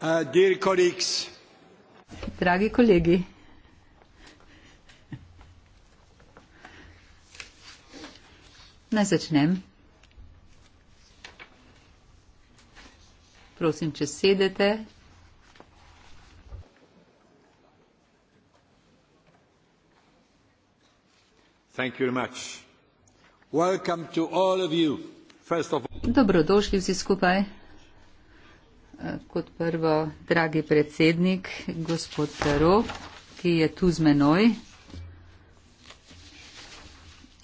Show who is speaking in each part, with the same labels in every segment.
Speaker 1: Uh,
Speaker 2: Dragi kolegi, naj začnem. Prosim, če sedete.
Speaker 1: Thank you very much. Welcome to all of you. First of all.
Speaker 2: Dobrodošli vsi skupaj kot prvo, dragi predsednik, gospod Taro, ki je tu z menoj.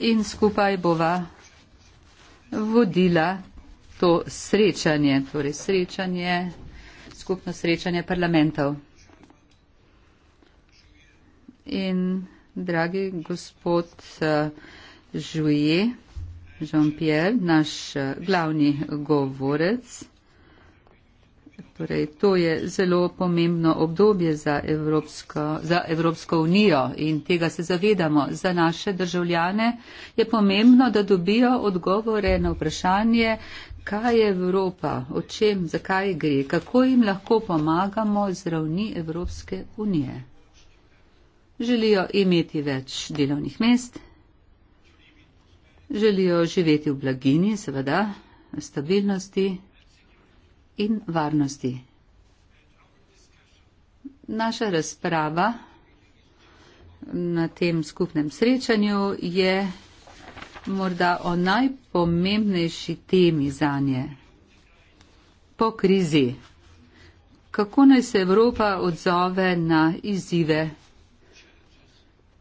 Speaker 2: In skupaj bova vodila to srečanje, torej srečanje, skupno srečanje parlamentov. In dragi gospod uh, eh, Žuje, Jean-Pierre, naš uh, glavni govorec, Torej, to je zelo pomembno obdobje za Evropsko, za Evropsko unijo in tega se zavedamo. Za naše državljane je pomembno, da dobijo odgovore na vprašanje, kaj je Evropa, o čem, zakaj gre, kako jim lahko pomagamo z ravni Evropske unije. Želijo imeti več delovnih mest, želijo živeti v blagini, seveda, stabilnosti in varnosti. Naša razprava na tem skupnem srečanju je morda o najpomembnejši temi za nje. Po krizi. Kako naj se Evropa odzove na izzive,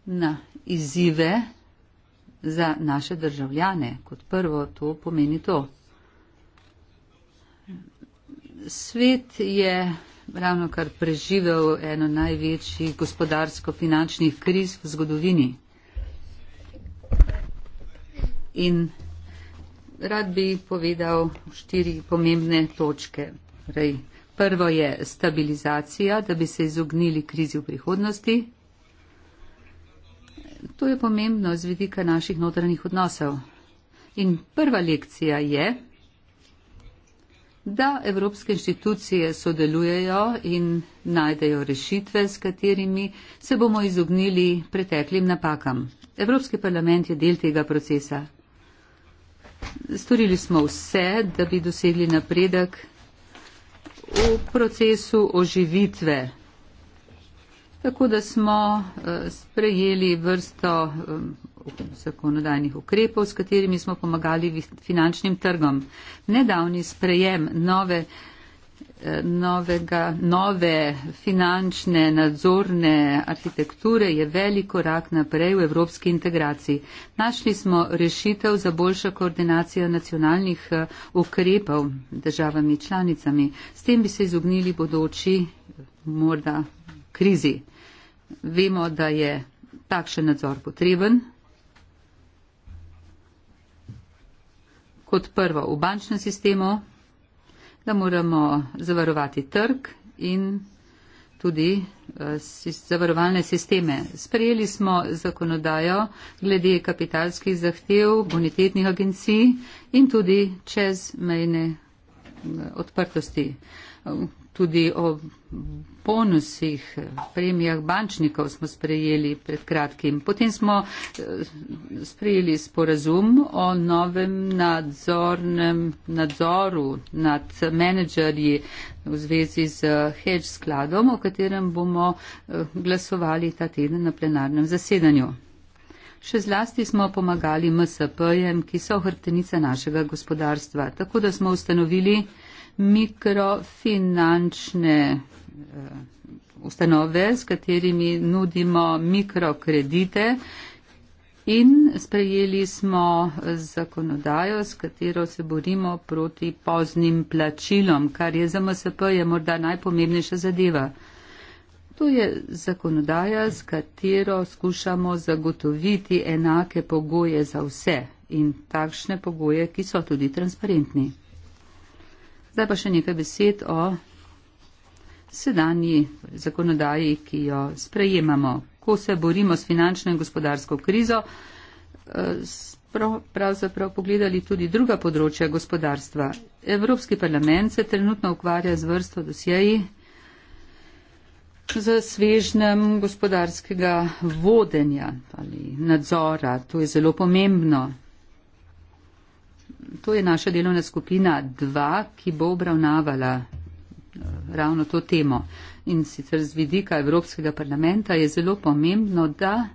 Speaker 2: na izzive za naše državljane? Kot prvo, to pomeni to svet je ravno kar preživel eno največjih gospodarsko-finančnih kriz v zgodovini. In rad bi povedal štiri pomembne točke. Rej, prvo je stabilizacija, da bi se izognili krizi v prihodnosti. To je pomembno z vidika naših notranjih odnosov. In prva lekcija je, da evropske inštitucije sodelujejo in najdejo rešitve, s katerimi se bomo izognili preteklim napakam. Evropski parlament je del tega procesa. Storili smo vse, da bi dosegli napredek v procesu oživitve. Tako da smo eh, sprejeli vrsto eh, zakonodajnih ukrepov, s katerimi smo pomagali finančnim trgom. Nedavni sprejem nove, eh, novega, nove finančne nadzorne arhitekture je velik korak naprej v evropski integraciji. Našli smo rešitev za boljšo koordinacijo nacionalnih eh, ukrepov državami članicami. S tem bi se izognili bodoči morda krizi. Vemo, da je takšen nadzor potreben, kot prvo v bančnem sistemu, da moramo zavarovati trg in tudi eh, zavarovalne sisteme. Sprejeli smo zakonodajo glede kapitalskih zahtev bonitetnih agencij in tudi čezmejne eh, odprtosti. Tudi o bonusih, premijah bančnikov smo sprejeli pred kratkim. Potem smo eh, sprejeli sporazum o novem nadzornem nadzoru nad menedžerji v zvezi z hedge skladom, o katerem bomo eh, glasovali ta teden na plenarnem zasedanju. Še zlasti smo pomagali MSP-jem, ki so hrtenica našega gospodarstva. Tako da smo ustanovili mikrofinančne eh, ustanove, s katerimi nudimo mikrokredite in sprejeli smo eh, zakonodajo, s katero se borimo proti poznim plačilom, kar je za MSP je morda najpomembnejša zadeva. To je zakonodaja, s katero skušamo zagotoviti enake pogoje za vse in takšne pogoje, ki so tudi transparentni. Zdaj pa še nekaj besed o sedanji zakonodaji, ki jo sprejemamo, ko se borimo s finančno in gospodarsko krizo. Eh, pravzaprav pogledali tudi druga področja gospodarstva. Evropski parlament se trenutno ukvarja z vrsto dosjeji z svežnem gospodarskega vodenja ali nadzora. To je zelo pomembno to je naša delovna skupina 2, ki bo obravnavala eh, ravno to temo. In sicer z vidika Evropskega parlamenta je zelo pomembno, da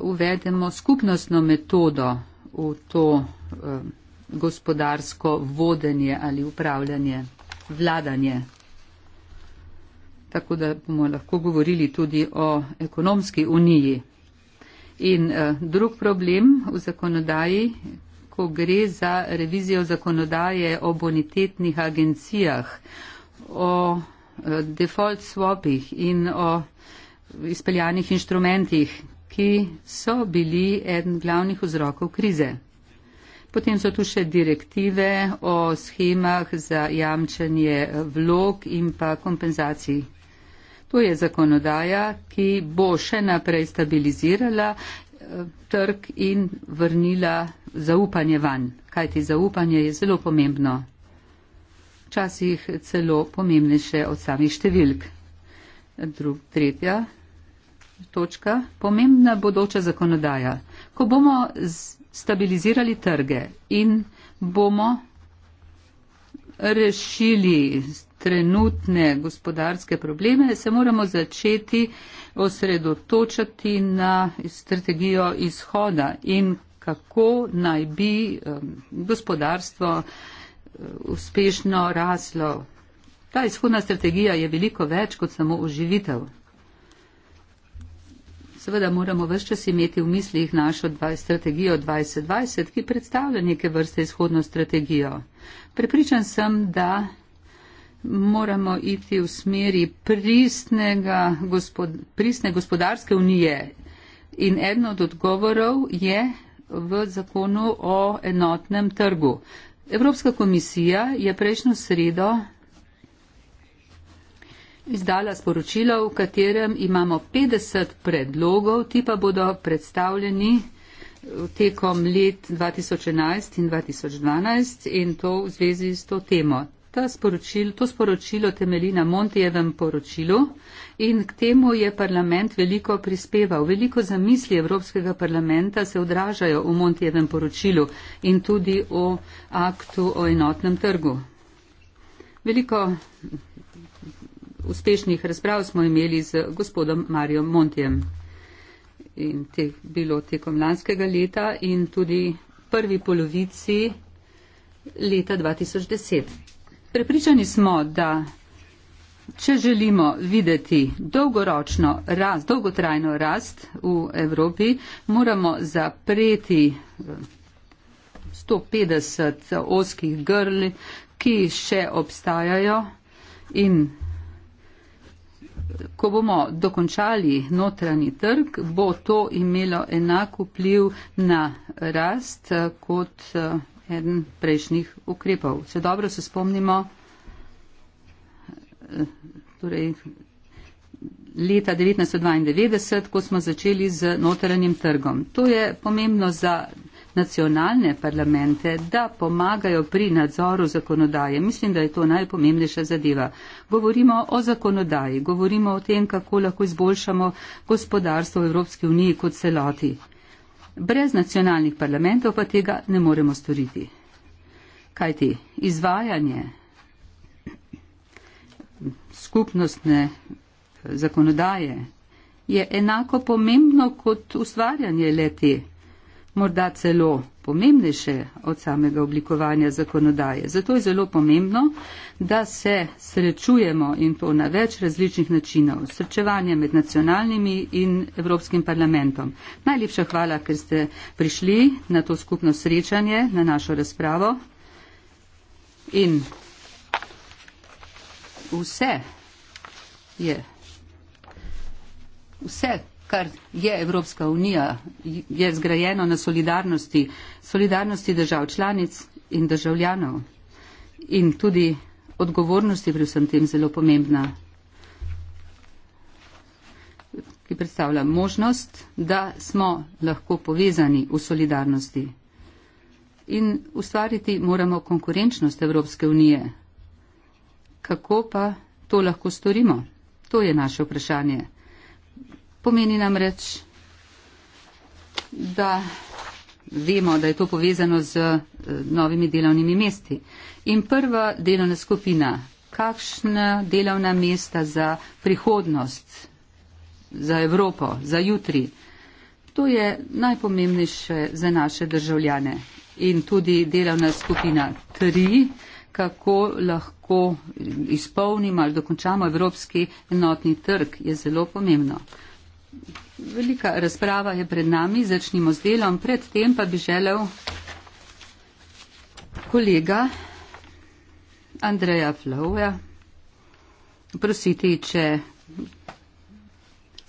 Speaker 2: uvedemo skupnostno metodo v to eh, gospodarsko vodenje ali upravljanje, vladanje. Tako da bomo lahko govorili tudi o ekonomski uniji. In eh, drug problem v zakonodaji, ko gre za revizijo zakonodaje o bonitetnih agencijah, o eh, default swapih in o izpeljanih inštrumentih, ki so bili eden glavnih vzrokov krize. Potem so tu še direktive o schemah za jamčanje vlog in pa kompenzacij. To je zakonodaja, ki bo še naprej stabilizirala trg in vrnila zaupanje van, kajti zaupanje je zelo pomembno, včasih celo pomembnejše od samih številk. Drug, tretja točka, pomembna bodoča zakonodaja. Ko bomo stabilizirali trge in bomo rešili trenutne gospodarske probleme, se moramo začeti osredotočati na strategijo izhoda in kako naj bi gospodarstvo uspešno raslo. Ta izhodna strategija je veliko več kot samo oživitev. Seveda moramo vse čas imeti v mislih našo strategijo 2020, ki predstavlja neke vrste izhodno strategijo. Prepričan sem, da moramo iti v smeri gospod, pristne gospodarske unije. In eden od odgovorov je v zakonu o enotnem trgu. Evropska komisija je prejšnjo sredo izdala sporočilo, v katerem imamo 50 predlogov, ti pa bodo predstavljeni tekom let 2011 in 2012 in to v zvezi s to temo sporočil, to sporočilo temelji na Montijevem poročilu in k temu je parlament veliko prispeval. Veliko zamisli Evropskega parlamenta se odražajo v Montijevem poročilu in tudi v aktu o enotnem trgu. Veliko uspešnih razprav smo imeli z gospodom Marijo Montijem in te bilo tekom lanskega leta in tudi prvi polovici leta 2010. Prepričani smo, da če želimo videti dolgoročno rast, dolgotrajno rast v Evropi, moramo zapreti 150 eh, oskih grl, ki še obstajajo in eh, ko bomo dokončali notranji trg, bo to imelo enako vpliv na rast eh, kot. Uh, eden prejšnjih ukrepov. Se dobro se spomnimo, eh, torej leta 1992, ko smo začeli z notranjim trgom. To je pomembno za nacionalne parlamente, da pomagajo pri nadzoru zakonodaje. Mislim, da je to najpomembnejša zadeva. Govorimo o zakonodaji, govorimo o tem, kako lahko izboljšamo gospodarstvo v Evropski uniji kot celoti brez nacionalnih parlamentov pa tega ne moremo storiti. Kaj ti izvajanje skupnostne zakonodaje je enako pomembno kot ustvarjanje lete morda celo pomembnejše od samega oblikovanja zakonodaje. Zato je zelo pomembno, da se srečujemo in to na več različnih načinov, srečevanje med nacionalnimi in Evropskim parlamentom. Najlepša hvala, ker ste prišli na to skupno srečanje, na našo razpravo in vse je. Vse kar je Evropska unija, je zgrajeno na solidarnosti, solidarnosti držav članic in državljanov. In tudi odgovornosti pri vsem tem zelo pomembna, ki predstavlja možnost, da smo lahko povezani v solidarnosti. In ustvariti moramo konkurenčnost Evropske unije. Kako pa to lahko storimo? To je naše vprašanje. Pomeni nam reč, da vemo, da je to povezano z eh, novimi delovnimi mesti. In prva delovna skupina, kakšna delovna mesta za prihodnost, za Evropo, za jutri, to je najpomembnejše za naše državljane. In tudi delovna skupina tri, kako lahko izpolnimo ali dokončamo evropski enotni trg, je zelo pomembno. Velika razprava je pred nami, začnimo z delom. Predtem pa bi želel kolega Andreja Flauja prositi, če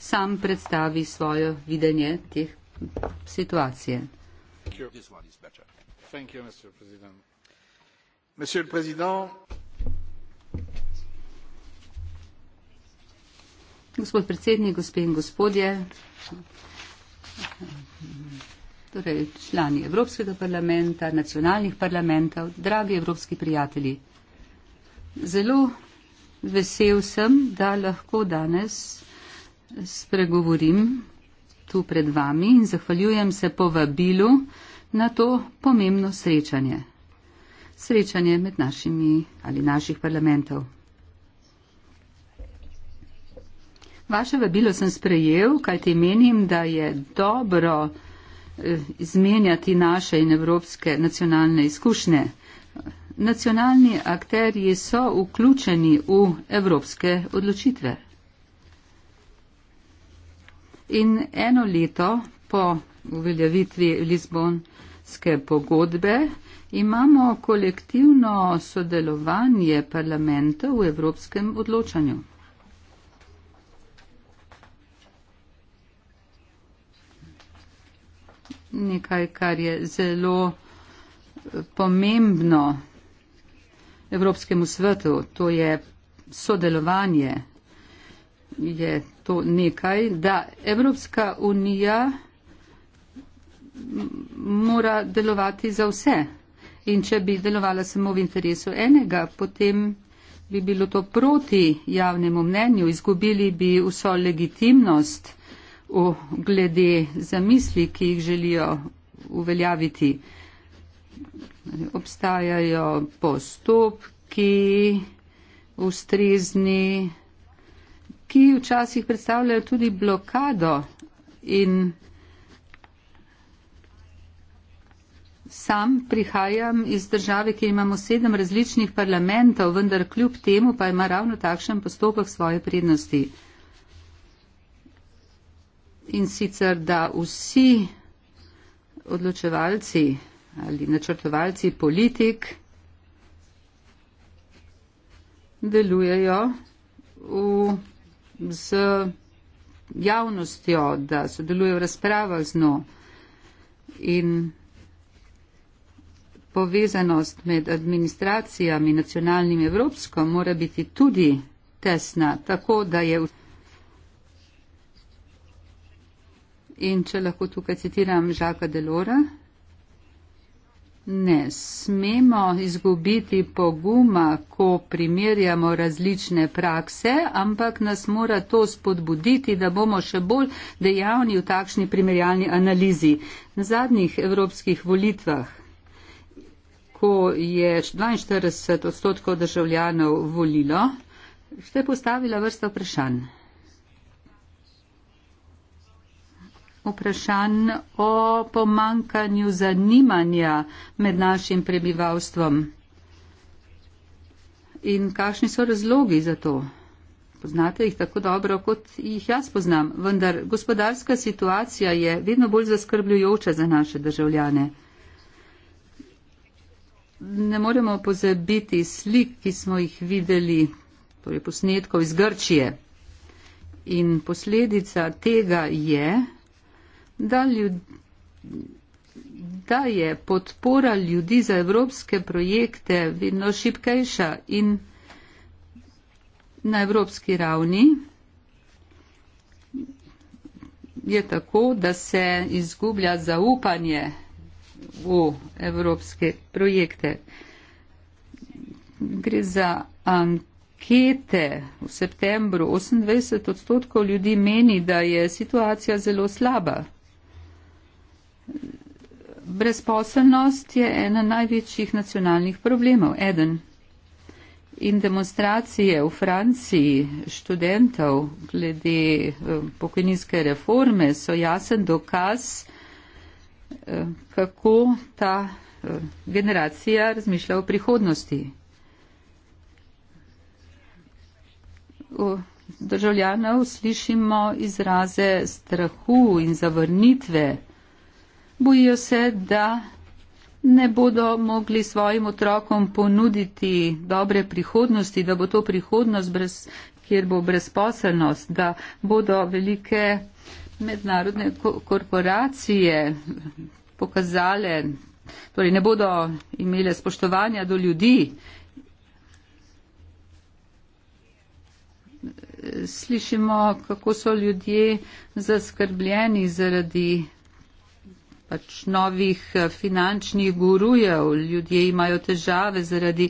Speaker 2: sam predstavi svojo videnje teh situacije.
Speaker 1: Thank you, Mr. President. Mr. President.
Speaker 2: Gospod predsednik, gospe in gospodje, torej člani Evropskega parlamenta, nacionalnih parlamentov, dragi evropski prijatelji. Zelo vesel sem, da lahko danes spregovorim tu pred vami in zahvaljujem se povabilu na to pomembno srečanje. Srečanje med našimi ali naših parlamentov. Vaše vabilo sem sprejel, kajti menim, da je dobro eh, izmenjati naše in evropske nacionalne izkušnje. Nacionalni akterji so vključeni v evropske odločitve. In eno leto po uveljavitvi Lizbonske pogodbe imamo kolektivno sodelovanje parlamentov v evropskem odločanju. nekaj, kar je zelo eh, pomembno Evropskemu svetu, to je sodelovanje. Je to nekaj, da Evropska unija mora delovati za vse. In če bi delovala samo v interesu enega, potem bi bilo to proti javnemu mnenju, izgubili bi vso legitimnost glede zamisli, ki jih želijo uveljaviti. Obstajajo postopki ustrezni, ki včasih predstavljajo tudi blokado in Sam prihajam iz države, kjer imamo sedem različnih parlamentov, vendar kljub temu pa ima ravno takšen postopek svoje prednosti in sicer, da vsi odločevalci ali načrtovalci politik delujejo v, z javnostjo, da sodelujejo v razpravah z njo in povezanost med administracijami nacionalnimi in evropsko mora biti tudi tesna, tako da je v. In če lahko tukaj citiram Žaka Delora, ne smemo izgubiti poguma, ko primerjamo različne prakse, ampak nas mora to spodbuditi, da bomo še bolj dejavni v takšni primerjalni analizi. Na zadnjih evropskih volitvah ko je 42 odstotkov državljanov volilo, ste postavila vrsta vprašanj. vprašanj o pomankanju zanimanja med našim prebivalstvom. In kakšni so razlogi za to? Poznate jih tako dobro, kot jih jaz poznam, vendar gospodarska situacija je vedno bolj zaskrbljujoča za naše državljane. Ne moremo pozabiti slik, ki smo jih videli, torej posnetkov iz Grčije. In posledica tega je, da, ljud, da je podpora ljudi za evropske projekte vedno šipkejša in na evropski ravni je tako, da se izgublja zaupanje v evropske projekte. Gre za ankete v septembru. 28 odstotkov ljudi meni, da je situacija zelo slaba brezposelnost je ena največjih nacionalnih problemov, eden. In demonstracije v Franciji študentov glede eh, pokojninske reforme so jasen dokaz, eh, kako ta eh, generacija razmišlja o prihodnosti. O državljanov slišimo izraze strahu in zavrnitve Bojijo se, da ne bodo mogli svojim otrokom ponuditi dobre prihodnosti, da bo to prihodnost, brez, kjer bo brezposelnost, da bodo velike mednarodne korporacije pokazale, torej ne bodo imele spoštovanja do ljudi. Slišimo, kako so ljudje zaskrbljeni zaradi pač novih eh, finančnih gurujev, ljudje imajo težave zaradi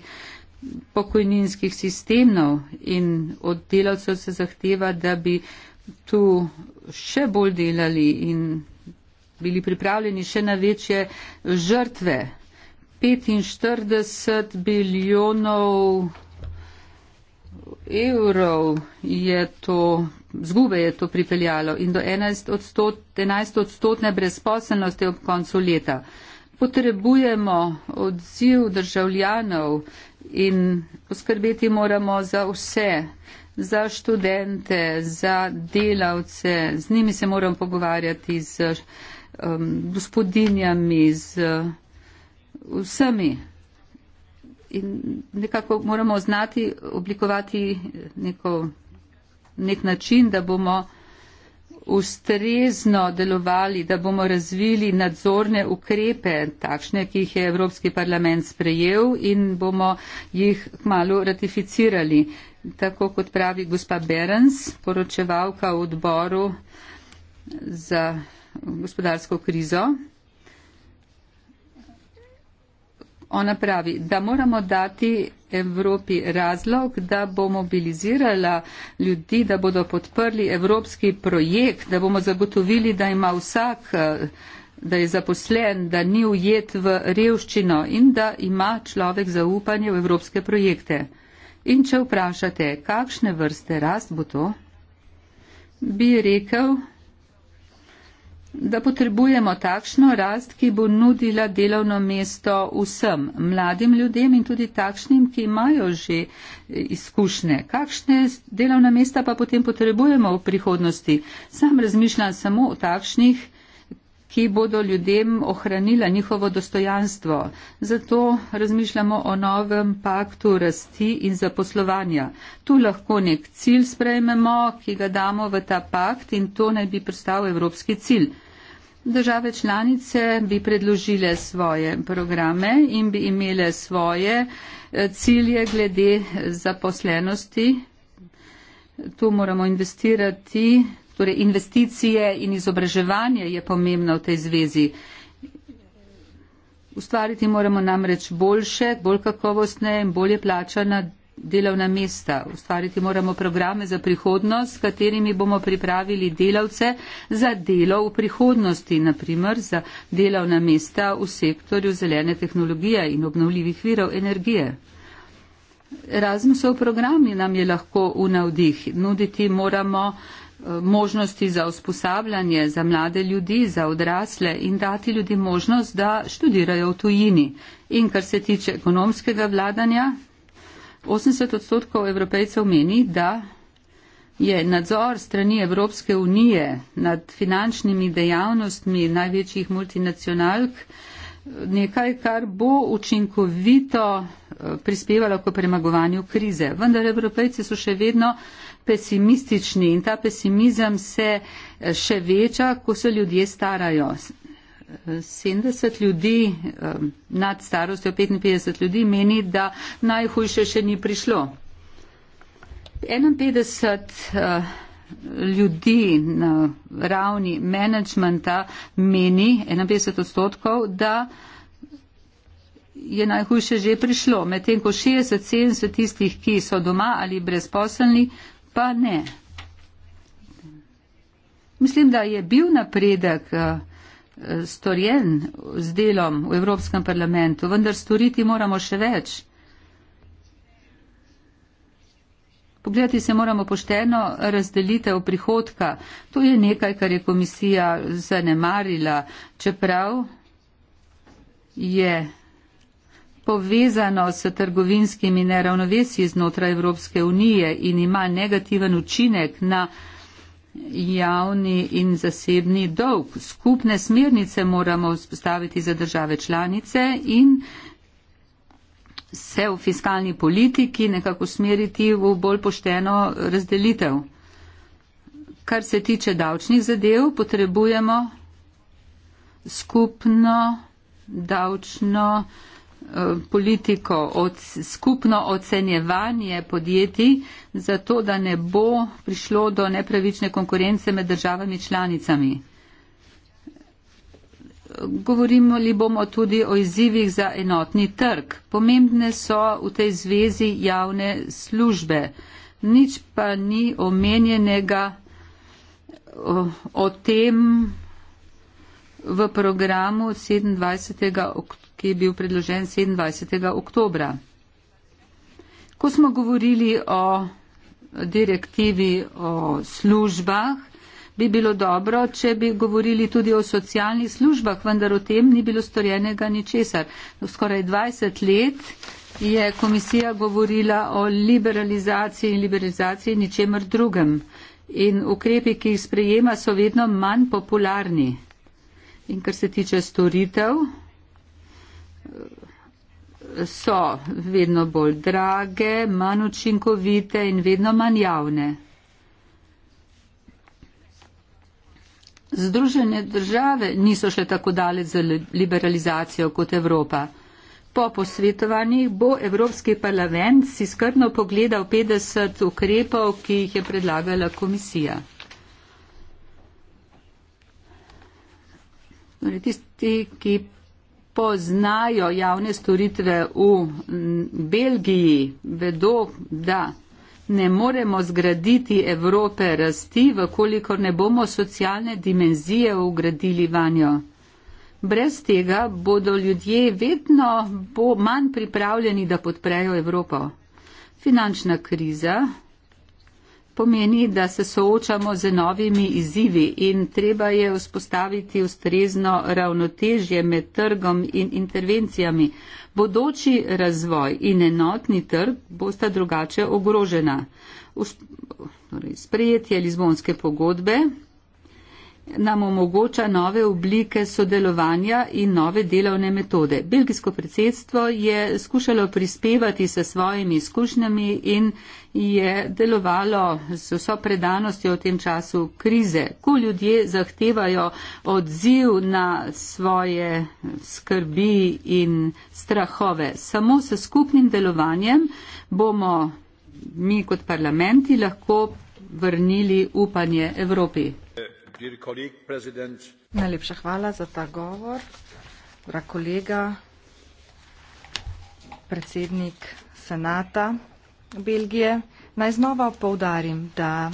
Speaker 2: pokojninskih sistemov in od delavcev se zahteva, da bi tu še bolj delali in bili pripravljeni še na večje žrtve. 45 bilijonov evrov je to, zgube je to pripeljalo in do 11, odstot, 11 odstotne brezposelnosti ob koncu leta. Potrebujemo odziv državljanov in poskrbeti moramo za vse, za študente, za delavce, z njimi se moramo pogovarjati, z um, gospodinjami, z uh, vsemi. In nekako moramo znati oblikovati neko, nek način, da bomo ustrezno delovali, da bomo razvili nadzorne ukrepe, takšne, ki jih je Evropski parlament sprejel in bomo jih kmalo ratificirali. Tako kot pravi gospa Berens, poročevalka v odboru za gospodarsko krizo, ona pravi, da moramo dati Evropi razlog, da bo mobilizirala ljudi, da bodo podprli evropski projekt, da bomo zagotovili, da ima vsak, da je zaposlen, da ni ujet v revščino in da ima človek zaupanje v evropske projekte. In če vprašate, kakšne vrste rast bo to, bi rekel, da potrebujemo takšno rast, ki bo nudila delovno mesto vsem mladim ljudem in tudi takšnim, ki imajo že eh, izkušnje. Kakšne delovna mesta pa potem potrebujemo v prihodnosti? Sam razmišljam samo o takšnih, ki bodo ljudem ohranila njihovo dostojanstvo. Zato razmišljamo o novem paktu rasti in zaposlovanja. Tu lahko nek cilj sprejmemo, ki ga damo v ta pakt in to naj bi predstavil evropski cilj. Države članice bi predložile svoje programe in bi imele svoje eh, cilje glede zaposlenosti. Tu moramo investirati, torej investicije in izobraževanje je pomembno v tej zvezi. Ustvariti moramo namreč boljše, bolj kakovostne in bolje plačane delovna mesta. Ustvariti moramo programe za prihodnost, s katerimi bomo pripravili delavce za delo v prihodnosti, naprimer za delovna mesta v sektorju zelene tehnologije in obnovljivih virov energije. Razmusov program je nam je lahko v navdih. Nuditi moramo eh, možnosti za usposabljanje za mlade ljudi, za odrasle in dati ljudi možnost, da študirajo v tujini. In kar se tiče ekonomskega vladanja, 80 odstotkov evropejcev meni, da je nadzor strani Evropske unije nad finančnimi dejavnostmi največjih multinacionalk nekaj, kar bo učinkovito eh, prispevalo k premagovanju krize. Vendar evropejci so še vedno pesimistični in ta pesimizem se eh, še veča, ko se ljudje starajo. 70 ljudi, nad starostjo 55 ljudi, meni, da najhujše še ni prišlo. 51 eh, ljudi na ravni menedžmenta meni, 51 odstotkov, da je najhujše že prišlo, medtem ko 60-70 tistih, ki so doma ali brezposelni, pa ne. Mislim, da je bil napredek. Eh, Eh, storjen z delom v Evropskem parlamentu, vendar storiti moramo še več. Pogledati se moramo pošteno razdelitev prihodka. To je nekaj, kar je komisija zanemarila, čeprav je povezano s trgovinskimi neravnovesji znotraj Evropske unije in ima negativen učinek na javni in zasebni dolg. Skupne smernice moramo vzpostaviti za države članice in se v fiskalni politiki nekako smeriti v bolj pošteno razdelitev. Kar se tiče davčnih zadev, potrebujemo skupno davčno uh, politiko, od, skupno ocenjevanje podjetij, zato da ne bo prišlo do nepravične konkurence med državami članicami. Govorimo li bomo tudi o izzivih za enotni trg. Pomembne so v tej zvezi javne službe. Nič pa ni omenjenega o, o tem, v programu, ki je bil predložen 27. oktobra. Ko smo govorili o direktivi o službah, bi bilo dobro, če bi govorili tudi o socialnih službah, vendar o tem ni bilo storjenega ničesar. No, skoraj 20 let je komisija govorila o liberalizaciji in liberalizaciji ničemer drugem. In ukrepi, ki jih sprejema, so vedno manj popularni. In kar se tiče storitev, so vedno bolj drage, manj učinkovite in vedno manj javne. Združene države niso še tako daleč z liberalizacijo kot Evropa. Po posvetovanjih bo Evropski parlament si skrbno pogledal 50 ukrepov, ki jih je predlagala komisija. Torej, tisti, ki poznajo javne storitve v Belgiji, vedo, da ne moremo zgraditi Evrope rasti, vkolikor ne bomo socialne dimenzije ugradili vanjo. Brez tega bodo ljudje vedno bo manj pripravljeni, da podprejo Evropo. Finančna kriza, pomeni, da se soočamo z novimi izzivi in treba je vzpostaviti ustrezno ravnotežje med trgom in intervencijami. Bodoči razvoj in enotni trg bosta drugače ogrožena. Usp torej, sprejetje Lizbonske pogodbe nam omogoča nove oblike sodelovanja in nove delovne metode. Belgijsko predsedstvo je skušalo prispevati se svojimi izkušnjami in je delovalo z vso predanostjo v tem času krize, ko ljudje zahtevajo odziv na svoje skrbi in strahove. Samo s skupnim delovanjem bomo mi kot parlamenti lahko vrnili upanje Evropi. Najlepša
Speaker 3: hvala za ta govor. Drag kolega, predsednik senata Belgije, naj znova povdarim, da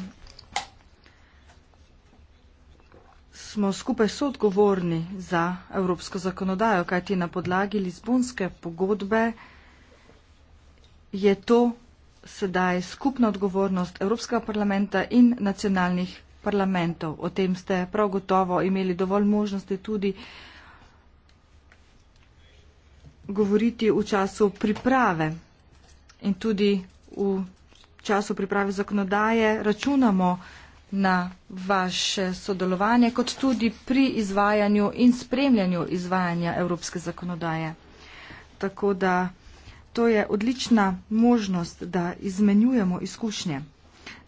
Speaker 3: smo skupaj soodgovorni za evropsko zakonodajo, kajti na podlagi Lizbonske pogodbe je to sedaj skupna odgovornost Evropskega parlamenta in nacionalnih parlamentov. O tem ste prav gotovo imeli dovolj možnosti tudi govoriti v času priprave in tudi v času priprave zakonodaje. Računamo na vaše sodelovanje, kot tudi pri izvajanju in spremljanju izvajanja evropske zakonodaje. Tako da to je odlična možnost, da izmenjujemo izkušnje.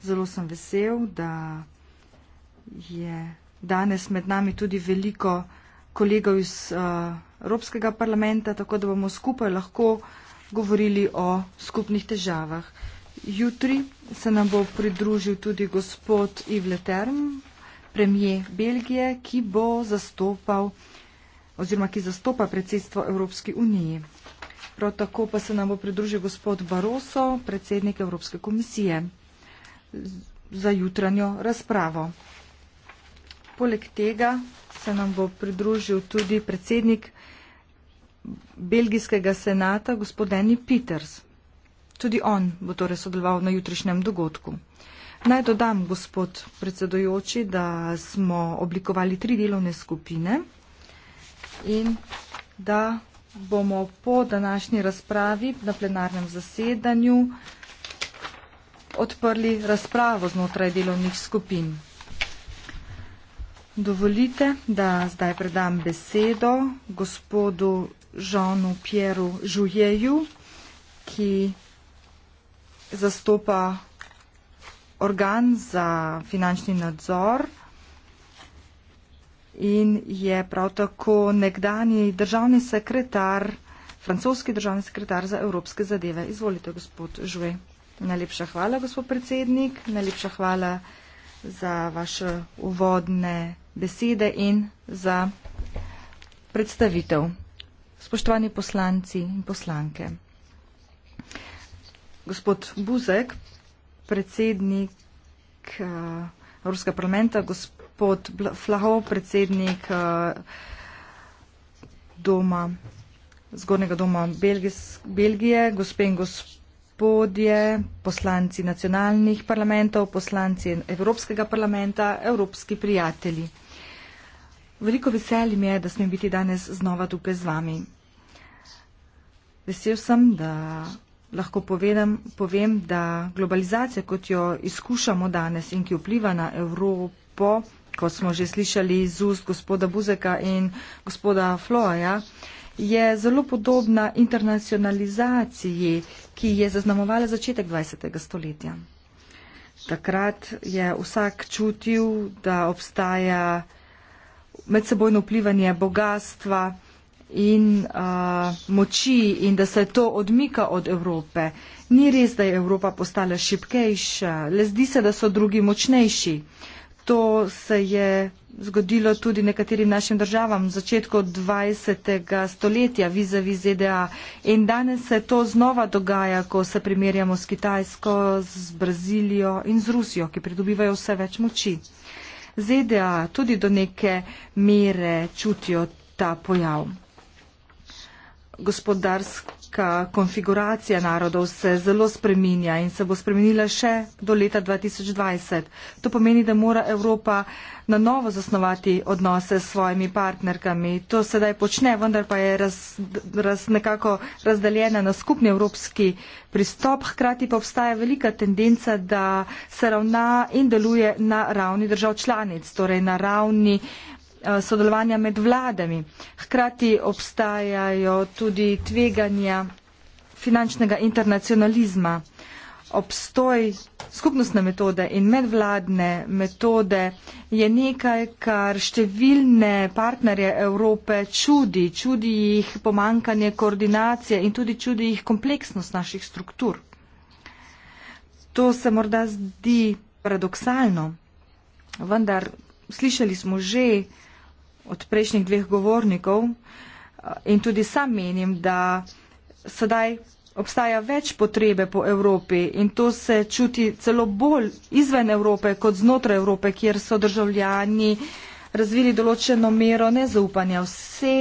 Speaker 3: Zelo sem vesel, da je danes med nami tudi veliko kolegov iz uh, Evropskega parlamenta, tako da bomo skupaj lahko govorili o skupnih težavah. Jutri se nam bo pridružil tudi gospod Yves Leterm, premije Belgije, ki bo zastopal oziroma ki zastopa predsedstvo Evropske unije. Prav tako pa se nam bo pridružil gospod Baroso, predsednik Evropske komisije, za jutranjo razpravo. Poleg tega se nam bo pridružil tudi predsednik Belgijskega senata, gospod Deni Peters. Tudi on bo torej sodeloval na jutrišnjem dogodku. Naj dodam, gospod predsedojoči, da smo oblikovali tri delovne skupine in da bomo po današnji razpravi na plenarnem zasedanju odprli razpravo znotraj delovnih skupin. Dovolite, da zdaj predam besedo gospodu Žanu Pieru Žujeju, ki zastopa organ za finančni nadzor in je prav tako nekdani državni sekretar, francoski državni sekretar za evropske zadeve. Izvolite, gospod Žuje. Najlepša hvala, gospod predsednik. Najlepša hvala za vaše uvodne besede in za predstavitev. Spoštovani poslanci in poslanke, gospod Buzek, predsednik eh, Evropskega parlamenta, gospod Flahov, predsednik eh, doma, zgornjega doma Belgis, Belgije, gospe in gospod gospodje, poslanci nacionalnih parlamentov, poslanci Evropskega parlamenta, evropski prijatelji. Veliko veselje mi je, da smem biti danes znova tukaj z vami. Vesel sem, da lahko povedem, povem, da globalizacija, kot jo izkušamo danes in ki vpliva na Evropo, kot smo že slišali iz ust gospoda Buzeka in gospoda Floja, ja, je zelo podobna internacionalizaciji, ki je zaznamovala začetek 20. stoletja. Takrat je vsak čutil, da obstaja medsebojno vplivanje bogatstva in uh, moči in da se to odmika od Evrope. Ni res, da je Evropa postala šipkejša, le zdi se, da so drugi močnejši. Uh, To se je zgodilo tudi nekaterim našim državam v začetku 20. stoletja vizavi ZDA. In danes se to znova dogaja, ko se primerjamo s Kitajsko, z Brazilijo in z Rusijo, ki pridobivajo vse več moči. ZDA tudi do neke mere čutijo ta pojav. Gospodarsko politična konfiguracija narodov se zelo spreminja in se bo spremenila še do leta 2020. To pomeni, da mora Evropa na novo zasnovati odnose s svojimi partnerkami. To sedaj počne, vendar pa je raz, raz nekako razdeljena na skupni evropski pristop. Hkrati pa obstaja velika tendenca, da se ravna in deluje na ravni držav članic, torej na ravni Eh, sodelovanja med vladami. Hkrati obstajajo tudi tveganja finančnega internacionalizma. Obstoj skupnostne metode in medvladne metode je nekaj, kar številne partnerje Evrope čudi. Čudi jih pomankanje koordinacije in tudi čudi jih kompleksnost naših struktur. To se morda zdi paradoksalno, vendar slišali smo že, od prejšnjih dveh govornikov eh, in tudi sam menim, da sedaj obstaja več potrebe po Evropi in to se čuti celo bolj izven Evrope kot znotraj Evrope, kjer so državljani razvili določeno mero nezaupanja. Vse,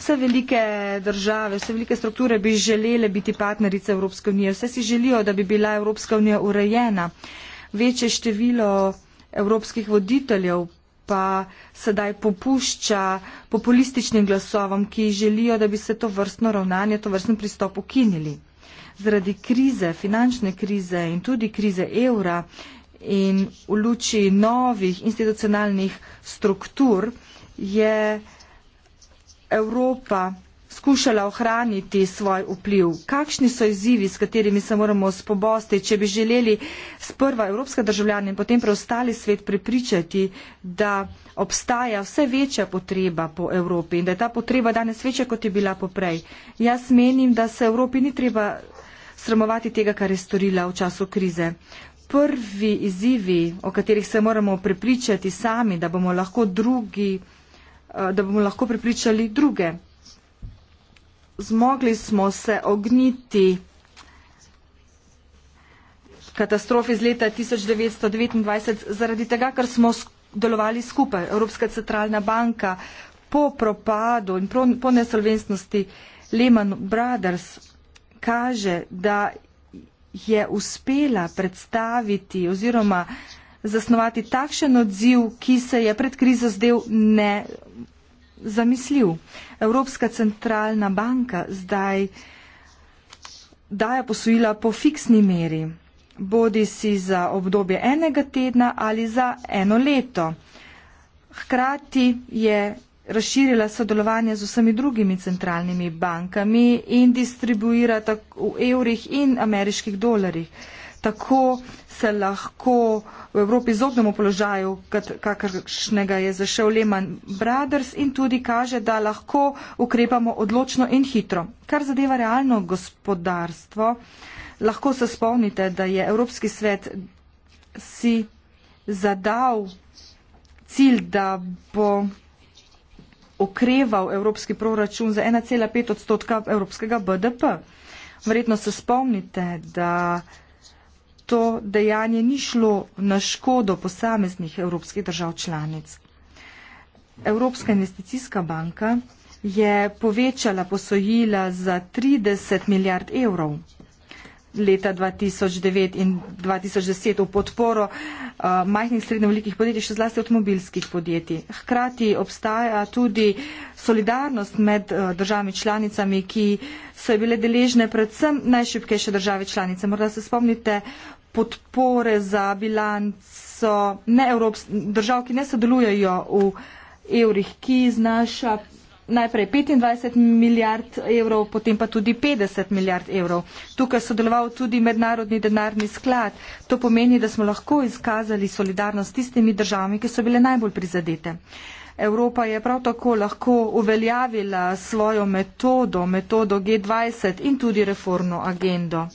Speaker 3: vse velike države, vse velike strukture bi želele biti partnerice Evropske unije. Vse si želijo, da bi bila Evropska unija urejena. Večje število evropskih voditeljev, pa sedaj popušča populističnim glasovom, ki želijo, da bi se to vrstno ravnanje, to vrstno pristop ukinili. Zaradi krize, finančne krize in tudi krize evra in v luči novih institucionalnih struktur je Evropa skušala ohraniti svoj vpliv. Kakšni so izzivi, s katerimi se moramo spobosti, če bi želeli sprva evropska državljana in potem preostali svet prepričati, da obstaja vse večja potreba po Evropi in da je ta potreba danes večja, kot je bila poprej. Jaz menim, da se Evropi ni treba sramovati tega, kar je storila v času krize. Prvi izzivi, o katerih se moramo prepričati sami, da bomo lahko, drugi, eh, da bomo lahko prepričali druge, zmogli smo se ogniti katastrofi iz leta 1929 zaradi tega, ker smo delovali skupaj. Evropska centralna banka po propadu in po nesolvenstnosti Lehman Brothers kaže, da je uspela predstaviti oziroma zasnovati takšen odziv, ki se je pred krizo zdel ne zamisljiv. Evropska centralna banka zdaj daje posojila po fiksni meri, bodi si za obdobje enega tedna ali za eno leto. Hkrati je razširila sodelovanje z vsemi drugimi centralnimi bankami in distribuira v evrih in ameriških dolarjih. Tako se lahko v Evropi izognemo položaju, kakršnega je zašel Lehman Brothers in tudi kaže, da lahko ukrepamo odločno in hitro. Kar zadeva realno gospodarstvo, lahko se spomnite, da je Evropski svet si zadal cilj, da bo okreval evropski proračun za 1,5 odstotka evropskega BDP. Verjetno se spomnite, da to dejanje ni šlo na škodo posameznih evropskih držav članic. Evropska investicijska banka je povečala posojila za 30 milijard evrov leta 2009 in 2010 v podporo uh, majhnih in srednjo velikih podjetij, še zlasti avtomobilskih podjetij. Hkrati obstaja tudi solidarnost med uh, državami članicami, ki so bile deležne predvsem najšipkejše države članice. Morda se spomnite podpore za bilanco držav, ki ne sodelujejo v evrih, ki znaša najprej 25 milijard evrov, potem pa tudi 50 milijard evrov. Tukaj sodeloval tudi mednarodni denarni sklad. To pomeni, da smo lahko izkazali solidarnost s tistimi državami, ki so bile najbolj prizadete. Evropa je prav tako lahko uveljavila svojo metodo, metodo G20 in tudi reformno agendo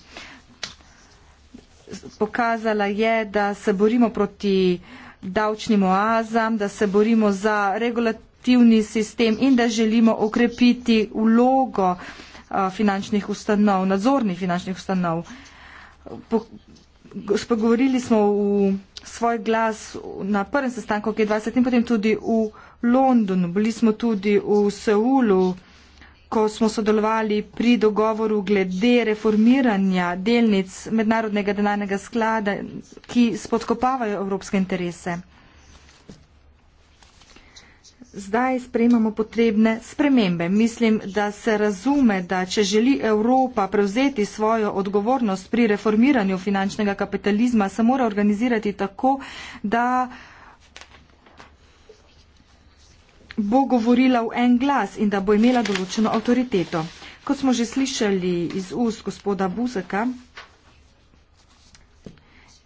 Speaker 3: pokazala je, da se borimo proti davčnim oazam, da se borimo za regulativni sistem in da želimo okrepiti vlogo uh, finančnih ustanov, nadzornih finančnih ustanov. Spogovorili smo v svoj glas na prvem sestanku G20 in potem tudi v Londonu. Bili smo tudi v Seulu ko smo sodelovali pri dogovoru glede reformiranja delnic mednarodnega denarnega sklada, ki spodkopavajo evropske interese. Zdaj sprejemamo potrebne spremembe. Mislim, da se razume, da če želi Evropa prevzeti svojo odgovornost pri reformiranju finančnega kapitalizma, se mora organizirati tako, da bo govorila v en glas in da bo imela določeno avtoriteto. Kot smo že slišali iz ust gospoda Buzeka,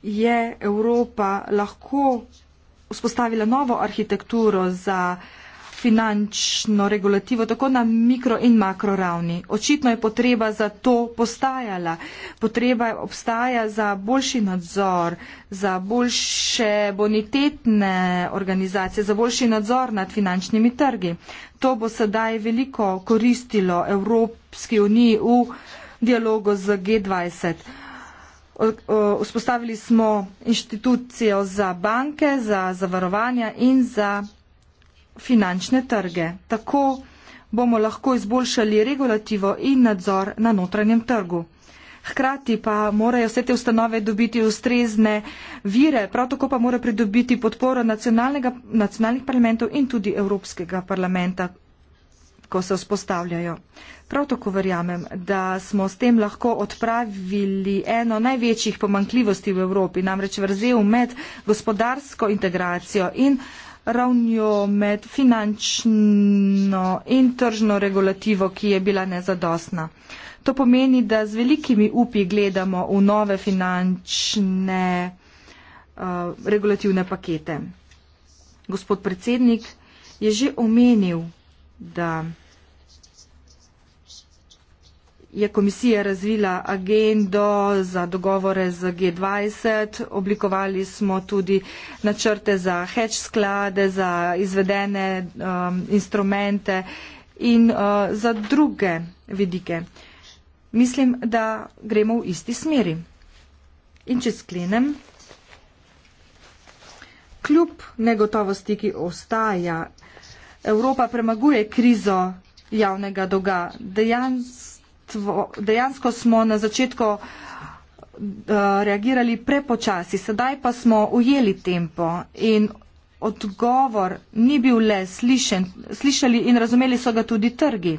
Speaker 3: je Evropa lahko vzpostavila novo arhitekturo za uh, finančno regulativo tako na mikro in makro ravni. Očitno je potreba za to postajala. Potreba obstaja za boljši nadzor, za boljše bonitetne organizacije, za boljši nadzor nad finančnimi trgi. To bo sedaj veliko koristilo Evropski uniji v dialogu z G20. Vzpostavili smo inštitucijo za banke, za zavarovanja in za finančne trge. Tako bomo lahko izboljšali regulativo in nadzor na notranjem trgu. Hkrati pa morajo vse te ustanove dobiti ustrezne vire, prav tako pa mora pridobiti podporo nacionalnih parlamentov in tudi Evropskega parlamenta, ko se vzpostavljajo. Prav tako verjamem, da smo s tem lahko odpravili eno največjih pomankljivosti v Evropi, namreč vrzel med gospodarsko integracijo in ravnjo med finančno in tržno regulativo, ki je bila nezadostna. To pomeni, da z velikimi upi gledamo v nove finančne uh, regulativne pakete. Gospod predsednik je že omenil, da je komisija razvila agendo za dogovore z G20, oblikovali smo tudi načrte za hedge sklade, za izvedene um, instrumente in uh, za druge vidike. Mislim, da gremo v isti smeri. In če sklenem, kljub negotovosti, ki ostaja, Evropa premaguje krizo javnega dolga. Dejans dejanstvo, dejansko smo na začetku eh, reagirali prepočasi, sedaj pa smo ujeli tempo in odgovor ni bil le slišen, slišali in razumeli so ga tudi trgi.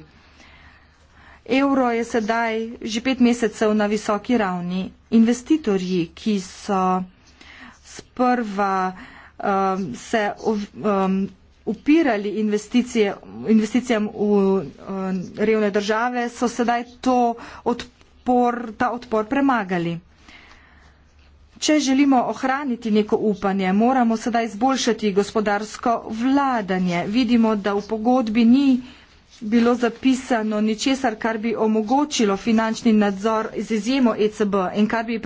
Speaker 3: Evro je sedaj že pet mesecev na visoki ravni. Investitorji, ki so sprva um, se. Um, upirali investicijam v uh, revne države, so sedaj odpor, ta odpor premagali. Če želimo ohraniti neko upanje, moramo sedaj izboljšati gospodarsko vladanje. Vidimo, da v pogodbi ni bilo zapisano ničesar, kar bi omogočilo finančni nadzor z izjemo ECB in kar bi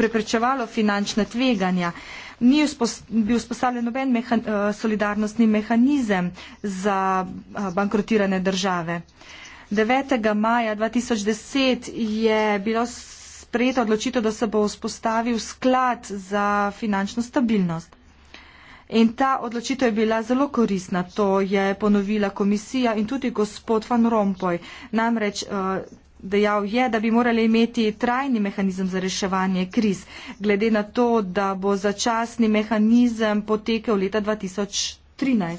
Speaker 3: preprečevalo finančne tveganja. Uh, ni vzpos, bil vzpostavljen noben meha, eh, solidarnostni mehanizem za eh, bankrotirane države. 9. maja 2010 je bilo sprejeto odločitev, da se bo vzpostavil sklad za finančno stabilnost. In ta odločitev je bila zelo koristna, to je ponovila komisija in tudi gospod Van Rompuy. Namreč eh, Dejal je, da bi morali imeti trajni mehanizem za reševanje kriz, glede na to, da bo začasni mehanizem potekel leta 2013.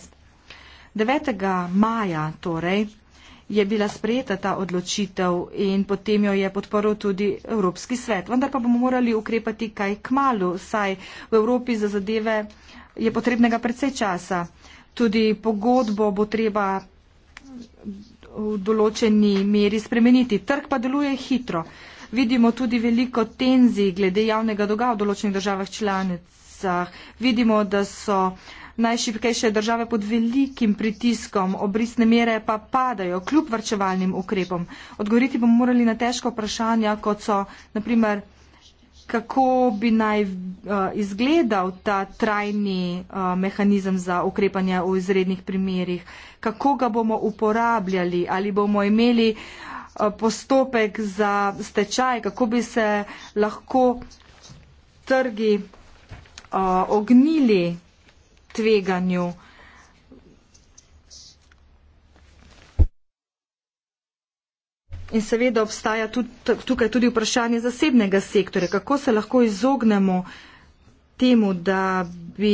Speaker 3: 9. maja torej je bila sprejeta ta odločitev in potem jo je podporil tudi Evropski svet. Vendar pa bomo morali ukrepati kaj k malu, saj v Evropi za zadeve je potrebnega precej časa. Tudi pogodbo bo treba v določeni meri spremeniti. Trg pa deluje hitro. Vidimo tudi veliko tenzij glede javnega dolga v določenih državah članicah. Vidimo, da so najšipkejše države pod velikim pritiskom, obrisne mere pa padajo kljub vrčevalnim ukrepom. Odgovoriti bomo morali na težko vprašanja, kot so naprimer kako bi naj uh, izgledal ta trajni uh, mehanizem za ukrepanje v izrednih primerih, kako ga bomo uporabljali, ali bomo imeli uh, postopek za stečaj, kako bi se lahko trgi uh, ognili tveganju. Uh, In seveda obstaja tudi, tukaj tudi vprašanje zasebnega sektorja, kako se lahko izognemo temu, da bi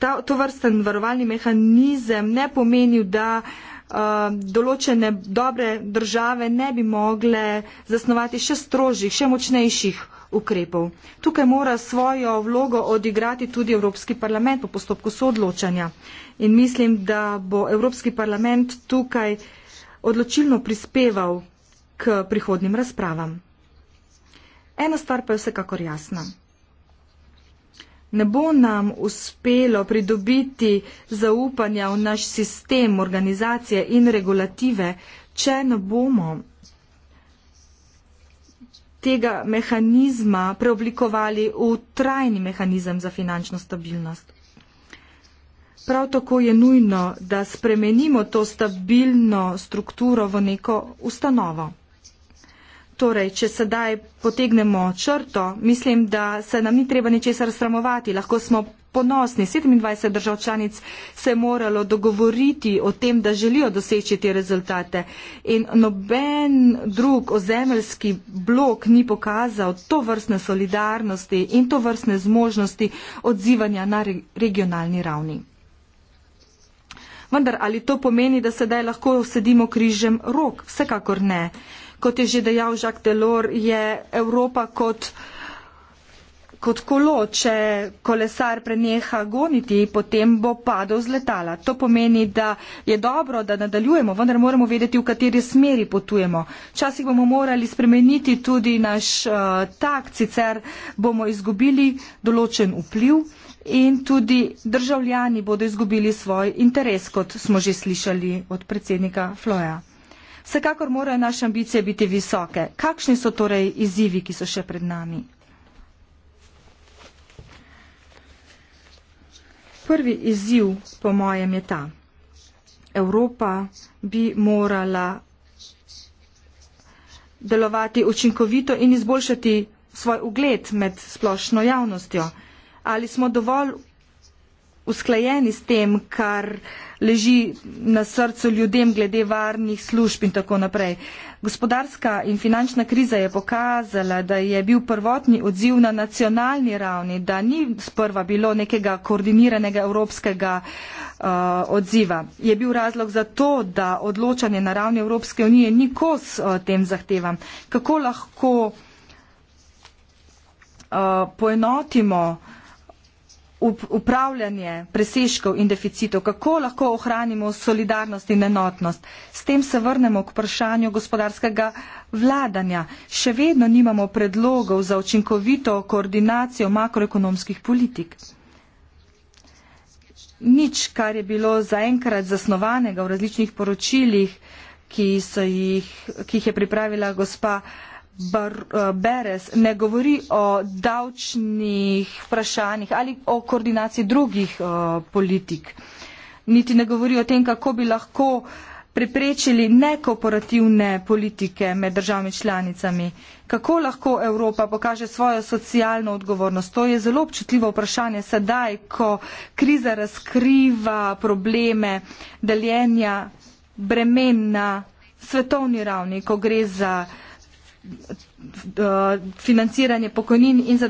Speaker 3: ta, to vrsten varovalni mehanizem ne pomenil, da uh, določene dobre države ne bi mogle zasnovati še strožjih, še močnejših ukrepov. Tukaj mora svojo vlogo odigrati tudi Evropski parlament po postopku soodločanja. In mislim, da bo Evropski parlament tukaj odločilno prispeval k prihodnim razpravam. Ena stvar pa je vsekakor jasna. Ne bo nam uspelo pridobiti zaupanja v naš sistem organizacije in regulative, če ne bomo tega mehanizma preoblikovali v trajni mehanizem za finančno stabilnost. Prav tako je nujno, da spremenimo to stabilno strukturo v neko ustanovo. Torej, če sedaj potegnemo črto, mislim, da se nam ni treba ničesar sramovati. Lahko smo ponosni. 27 držav članic se je moralo dogovoriti o tem, da želijo doseči te rezultate. In noben drug ozemeljski blok ni pokazal to vrstne solidarnosti in to vrstne zmožnosti odzivanja na regionalni ravni. Vendar ali to pomeni, da sedaj lahko sedimo križem rok? Vsekakor ne. Kot je že dejal Jacques Delors, je Evropa kot, kot kolo. Če kolesar preneha goniti, potem bo padel z letala. To pomeni, da je dobro, da nadaljujemo, vendar moramo vedeti, v kateri smeri potujemo. Včasih bomo morali spremeniti tudi naš uh, eh, tak, sicer bomo izgubili določen vpliv in tudi državljani bodo izgubili svoj interes, kot smo že slišali od predsednika Floja. Vsekakor morajo naše ambicije biti visoke. Kakšni so torej izzivi, ki so še pred nami? Prvi izziv, po mojem, je ta. Evropa bi morala delovati učinkovito in izboljšati svoj ugled med splošno javnostjo ali smo dovolj usklajeni s tem, kar leži na srcu ljudem glede varnih služb in tako naprej. Gospodarska in finančna kriza je pokazala, da je bil prvotni odziv na nacionalni ravni, da ni sprva bilo nekega koordiniranega evropskega uh, odziva. Je bil razlog za to, da odločanje na ravni Evropske unije ni kos uh, tem zahtevam. Kako lahko uh, poenotimo uh, upravljanje preseškov in deficitov, kako lahko ohranimo solidarnost in enotnost. S tem se vrnemo k vprašanju gospodarskega vladanja. Še vedno nimamo predlogov za učinkovito koordinacijo makroekonomskih politik. Nič, kar je bilo zaenkrat zasnovanega v različnih poročilih, ki, jih, ki jih je pripravila gospa Bar, eh, Beres ne govori o davčnih vprašanjih ali o koordinaciji drugih uh, politik. Niti ne govori o tem, kako bi lahko preprečili nekooperativne politike med državami članicami. Kako lahko Evropa pokaže svojo socialno odgovornost? To je zelo občutljivo vprašanje sedaj, ko kriza razkriva probleme deljenja bremen na svetovni ravni, ko gre za Eh, financiranje pokojnin in za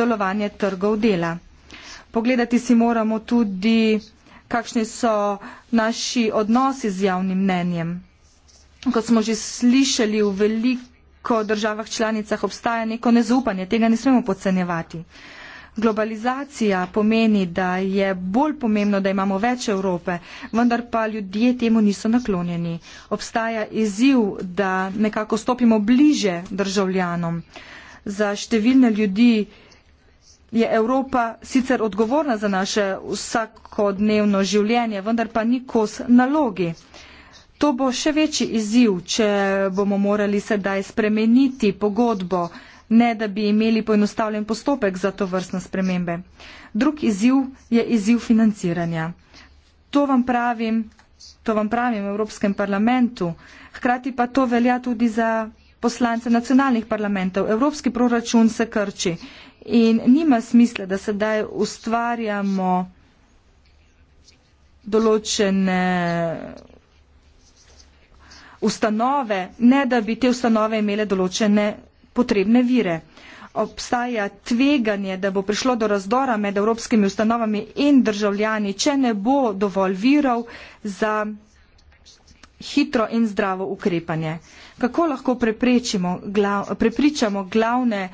Speaker 3: delovanje trgov dela. Pogledati si moramo tudi, kakšni so naši odnosi z javnim mnenjem. Kot smo že slišali, v veliko državah članicah obstaja neko nezaupanje, tega ne smemo podcenjevati. Globalizacija pomeni, da je bolj pomembno, da imamo več Evrope, vendar pa ljudje temu niso naklonjeni. Obstaja izziv, da nekako stopimo bliže državljanom. Za številne ljudi je Evropa sicer odgovorna za naše vsakodnevno življenje, vendar pa ni kos nalogi. To bo še večji izziv, če bomo morali sedaj spremeniti pogodbo ne da bi imeli poenostavljen postopek za to vrstne spremembe. Drugi izziv je izziv financiranja. To vam pravim, to vam pravim v Evropskem parlamentu, hkrati pa to velja tudi za poslance nacionalnih parlamentov. Evropski proračun se krči in nima smisla, da sedaj ustvarjamo določene ustanove, ne da bi te ustanove imele določene potrebne vire. Obstaja tveganje, da bo prišlo do razdora med evropskimi ustanovami in državljani, če ne bo dovolj virov za hitro in zdravo ukrepanje. Kako lahko glav, prepričamo glavne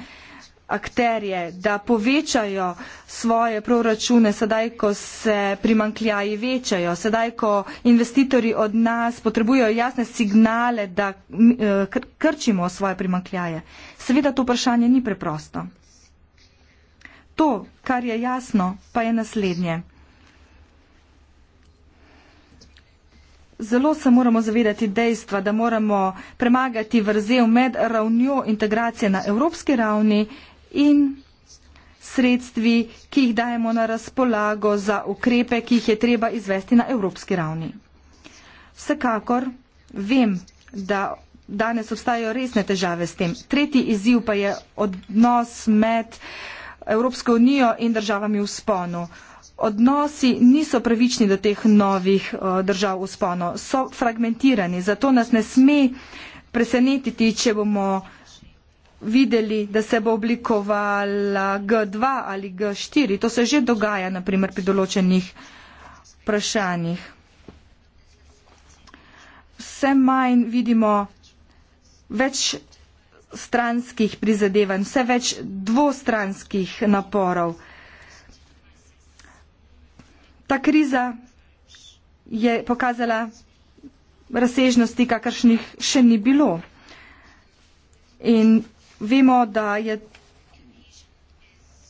Speaker 3: akterje, da povečajo svoje proračune, sedaj ko se primankljaji večajo, sedaj ko investitorji od nas potrebujejo jasne signale, da eh, krčimo svoje primankljaje. Seveda to vprašanje ni preprosto. To, kar je jasno, pa je naslednje. Zelo se moramo zavedati dejstva, da moramo premagati vrzel med ravnjo integracije na evropski ravni in sredstvi, ki jih dajemo na razpolago za ukrepe, ki jih je treba izvesti na evropski ravni. Vsekakor vem, da danes obstajajo resne težave s tem. Tretji izziv pa je odnos med Evropsko unijo in državami v sponu. Odnosi niso pravični do teh novih eh, držav v sponu, so fragmentirani, zato nas ne sme presenetiti, če bomo videli, da se bo oblikovala G2 ali G4. To se že dogaja, naprimer, pri določenih vprašanjih. Vse manj vidimo več stranskih prizadevanj, vse več dvostranskih naporov. Ta kriza je pokazala razsežnosti, kakršnih še ni bilo. In Vemo, da je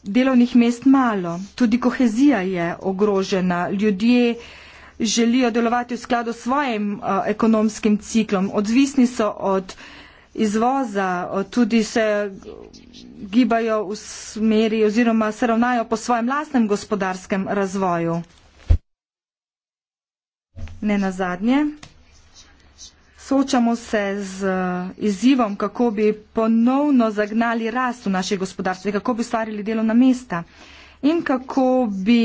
Speaker 3: delovnih mest malo, tudi kohezija je ogrožena, ljudje želijo delovati v skladu s svojim uh, ekonomskim ciklom, odvisni so od izvoza, tudi se gibajo v smeri oziroma se ravnajo po svojem lastnem gospodarskem razvoju. Ne na zadnje. Soočamo se z eh, izzivom, kako bi ponovno zagnali rast v naše gospodarstvo, kako bi ustvarili delovna mesta in kako bi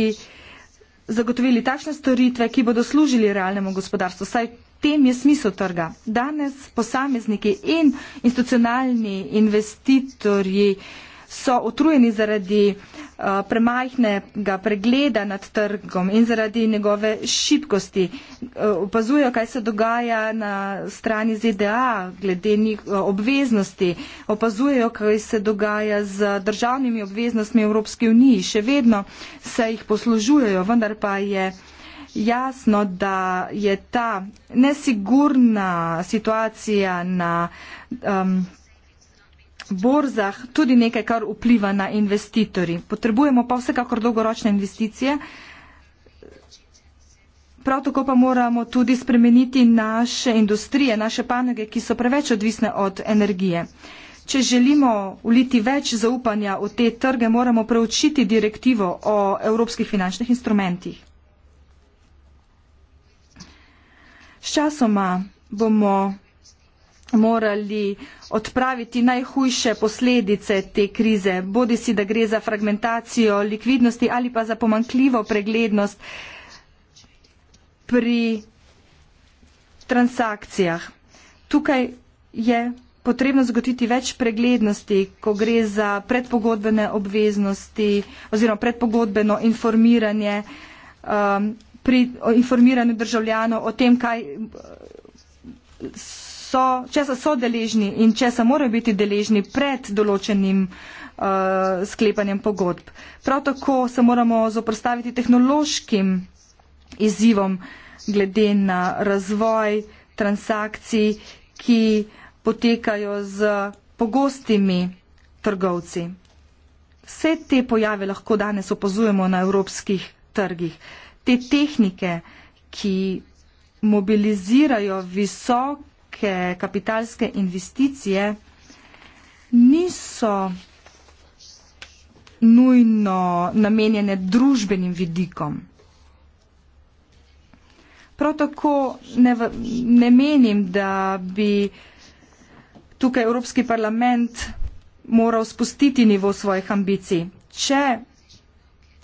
Speaker 3: zagotovili takšne storitve, ki bodo služili realnemu gospodarstvu. Saj tem je smisel trga. Danes posamezniki in institucionalni investitorji uh, so utrujeni zaradi uh, premajhnega pregleda nad trgom in zaradi njegove šibkosti. Uh, Opazujo, kaj se dogaja na strani ZDA glede njih uh, obveznosti. Opazujo, kaj se dogaja z državnimi obveznostmi Evropske unije. Še vedno se jih poslužujejo, vendar pa je jasno, da je ta nesigurna situacija na. Um, borzah tudi nekaj, kar vpliva na investitorji. Potrebujemo pa vsekakor dolgoročne investicije. Prav tako pa moramo tudi spremeniti naše industrije, naše panoge, ki so preveč odvisne od energije. Če želimo uliti več zaupanja v te trge, moramo preučiti direktivo o evropskih finančnih instrumentih. Sčasoma bomo morali odpraviti najhujše posledice te krize, bodi si da gre za fragmentacijo likvidnosti ali pa za pomankljivo preglednost pri transakcijah. Tukaj je potrebno zagotiti več preglednosti, ko gre za predpogodbene obveznosti oziroma predpogodbeno informiranje um, pri informiranju državljanov o tem, kaj so so, česa so deležni in česa morajo biti deležni pred določenim uh, sklepanjem pogodb. Prav tako se moramo zoprstaviti tehnološkim izzivom glede na razvoj transakcij, ki potekajo z pogostimi trgovci. Vse te pojave lahko danes opazujemo na evropskih trgih. Te tehnike, ki mobilizirajo visok velike kapitalske investicije niso nujno namenjene družbenim vidikom. Prav tako ne, ne menim, da bi tukaj Evropski parlament moral spustiti nivo svojih ambicij. Če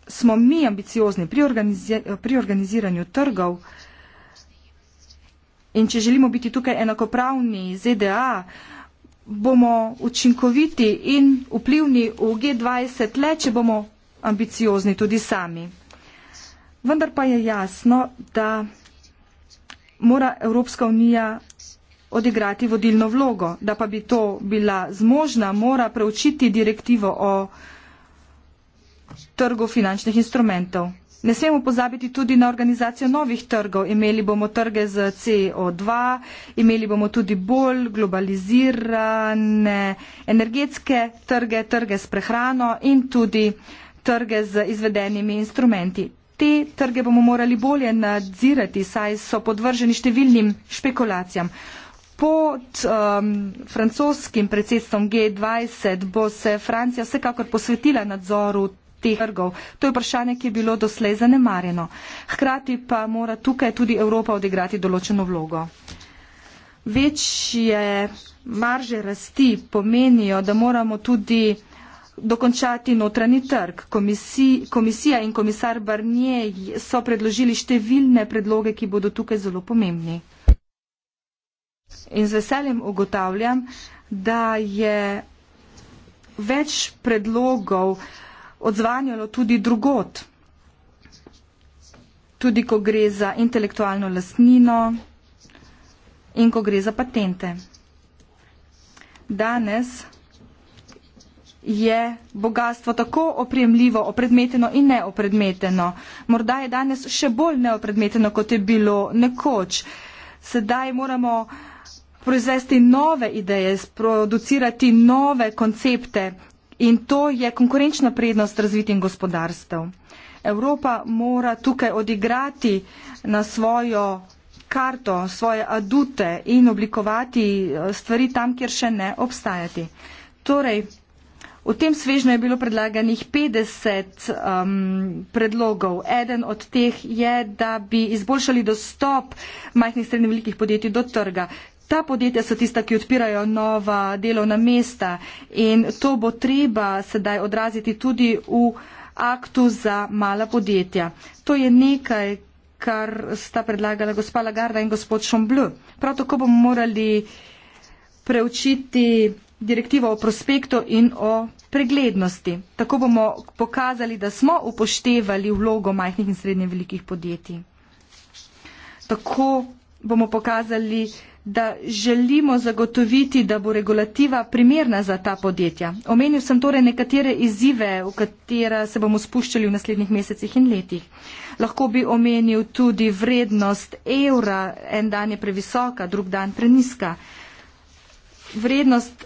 Speaker 3: smo mi ambiciozni pri, organizi pri organiziranju trgov, In če želimo biti tukaj enakopravni ZDA, bomo učinkoviti in vplivni v G20 le, če bomo ambiciozni tudi sami. Vendar pa je jasno, da mora Evropska unija odigrati vodilno vlogo, da pa bi to bila zmožna, mora preučiti direktivo o trgu finančnih instrumentov. Ne smemo pozabiti tudi na organizacijo novih trgov. Imeli bomo trge z CO2, imeli bomo tudi bolj globalizirane energetske trge, trge s prehrano in tudi trge z izvedenimi instrumenti. Te trge bomo morali bolje nadzirati, saj so podvrženi številnim špekulacijam. Pod um, francoskim predsedstvom G20 bo se Francija vsekakor posvetila nadzoru teh trgov. To je vprašanje, ki je bilo doslej zanemarjeno. Hkrati pa mora tukaj tudi Evropa odigrati določeno vlogo. Večje marže rasti pomenijo, da moramo tudi dokončati notranji trg. Komisi, komisija in komisar Barnier so predložili številne predloge, ki bodo tukaj zelo pomembni. In z veseljem ugotavljam, da je več predlogov uh, odzvanjalo tudi drugot. Tudi ko gre za intelektualno lastnino in ko gre za patente. Danes je bogatstvo tako opremljivo, opredmeteno in neopredmeteno. Morda je danes še bolj neopredmeteno, kot je bilo nekoč. Sedaj moramo proizvesti nove ideje, sproducirati nove koncepte In to je konkurenčna prednost razvitim gospodarstv. Evropa mora tukaj odigrati na svojo karto, svoje adute in oblikovati eh, stvari tam, kjer še ne obstajati. Torej, v tem svežnju je bilo predlaganih 50 um, predlogov. Eden od teh je, da bi izboljšali dostop majhnih srednjih velikih podjetij do trga. Ta podjetja so tista, ki odpirajo nova delovna mesta in to bo treba sedaj odraziti tudi v aktu za mala podjetja. To je nekaj, kar sta predlagala gospa Lagarda in gospod Šomblu. Prav tako bomo morali preučiti direktivo o prospektu in o preglednosti. Tako bomo pokazali, da smo upoštevali vlogo majhnih in srednje velikih podjetij. Tako bomo pokazali, da želimo zagotoviti, da bo regulativa primerna za ta podjetja. Omenil sem torej nekatere izzive, v katera se bomo spuščali v naslednjih mesecih in letih. Lahko bi omenil tudi vrednost evra, en dan je previsoka, drug dan preniska. Vrednost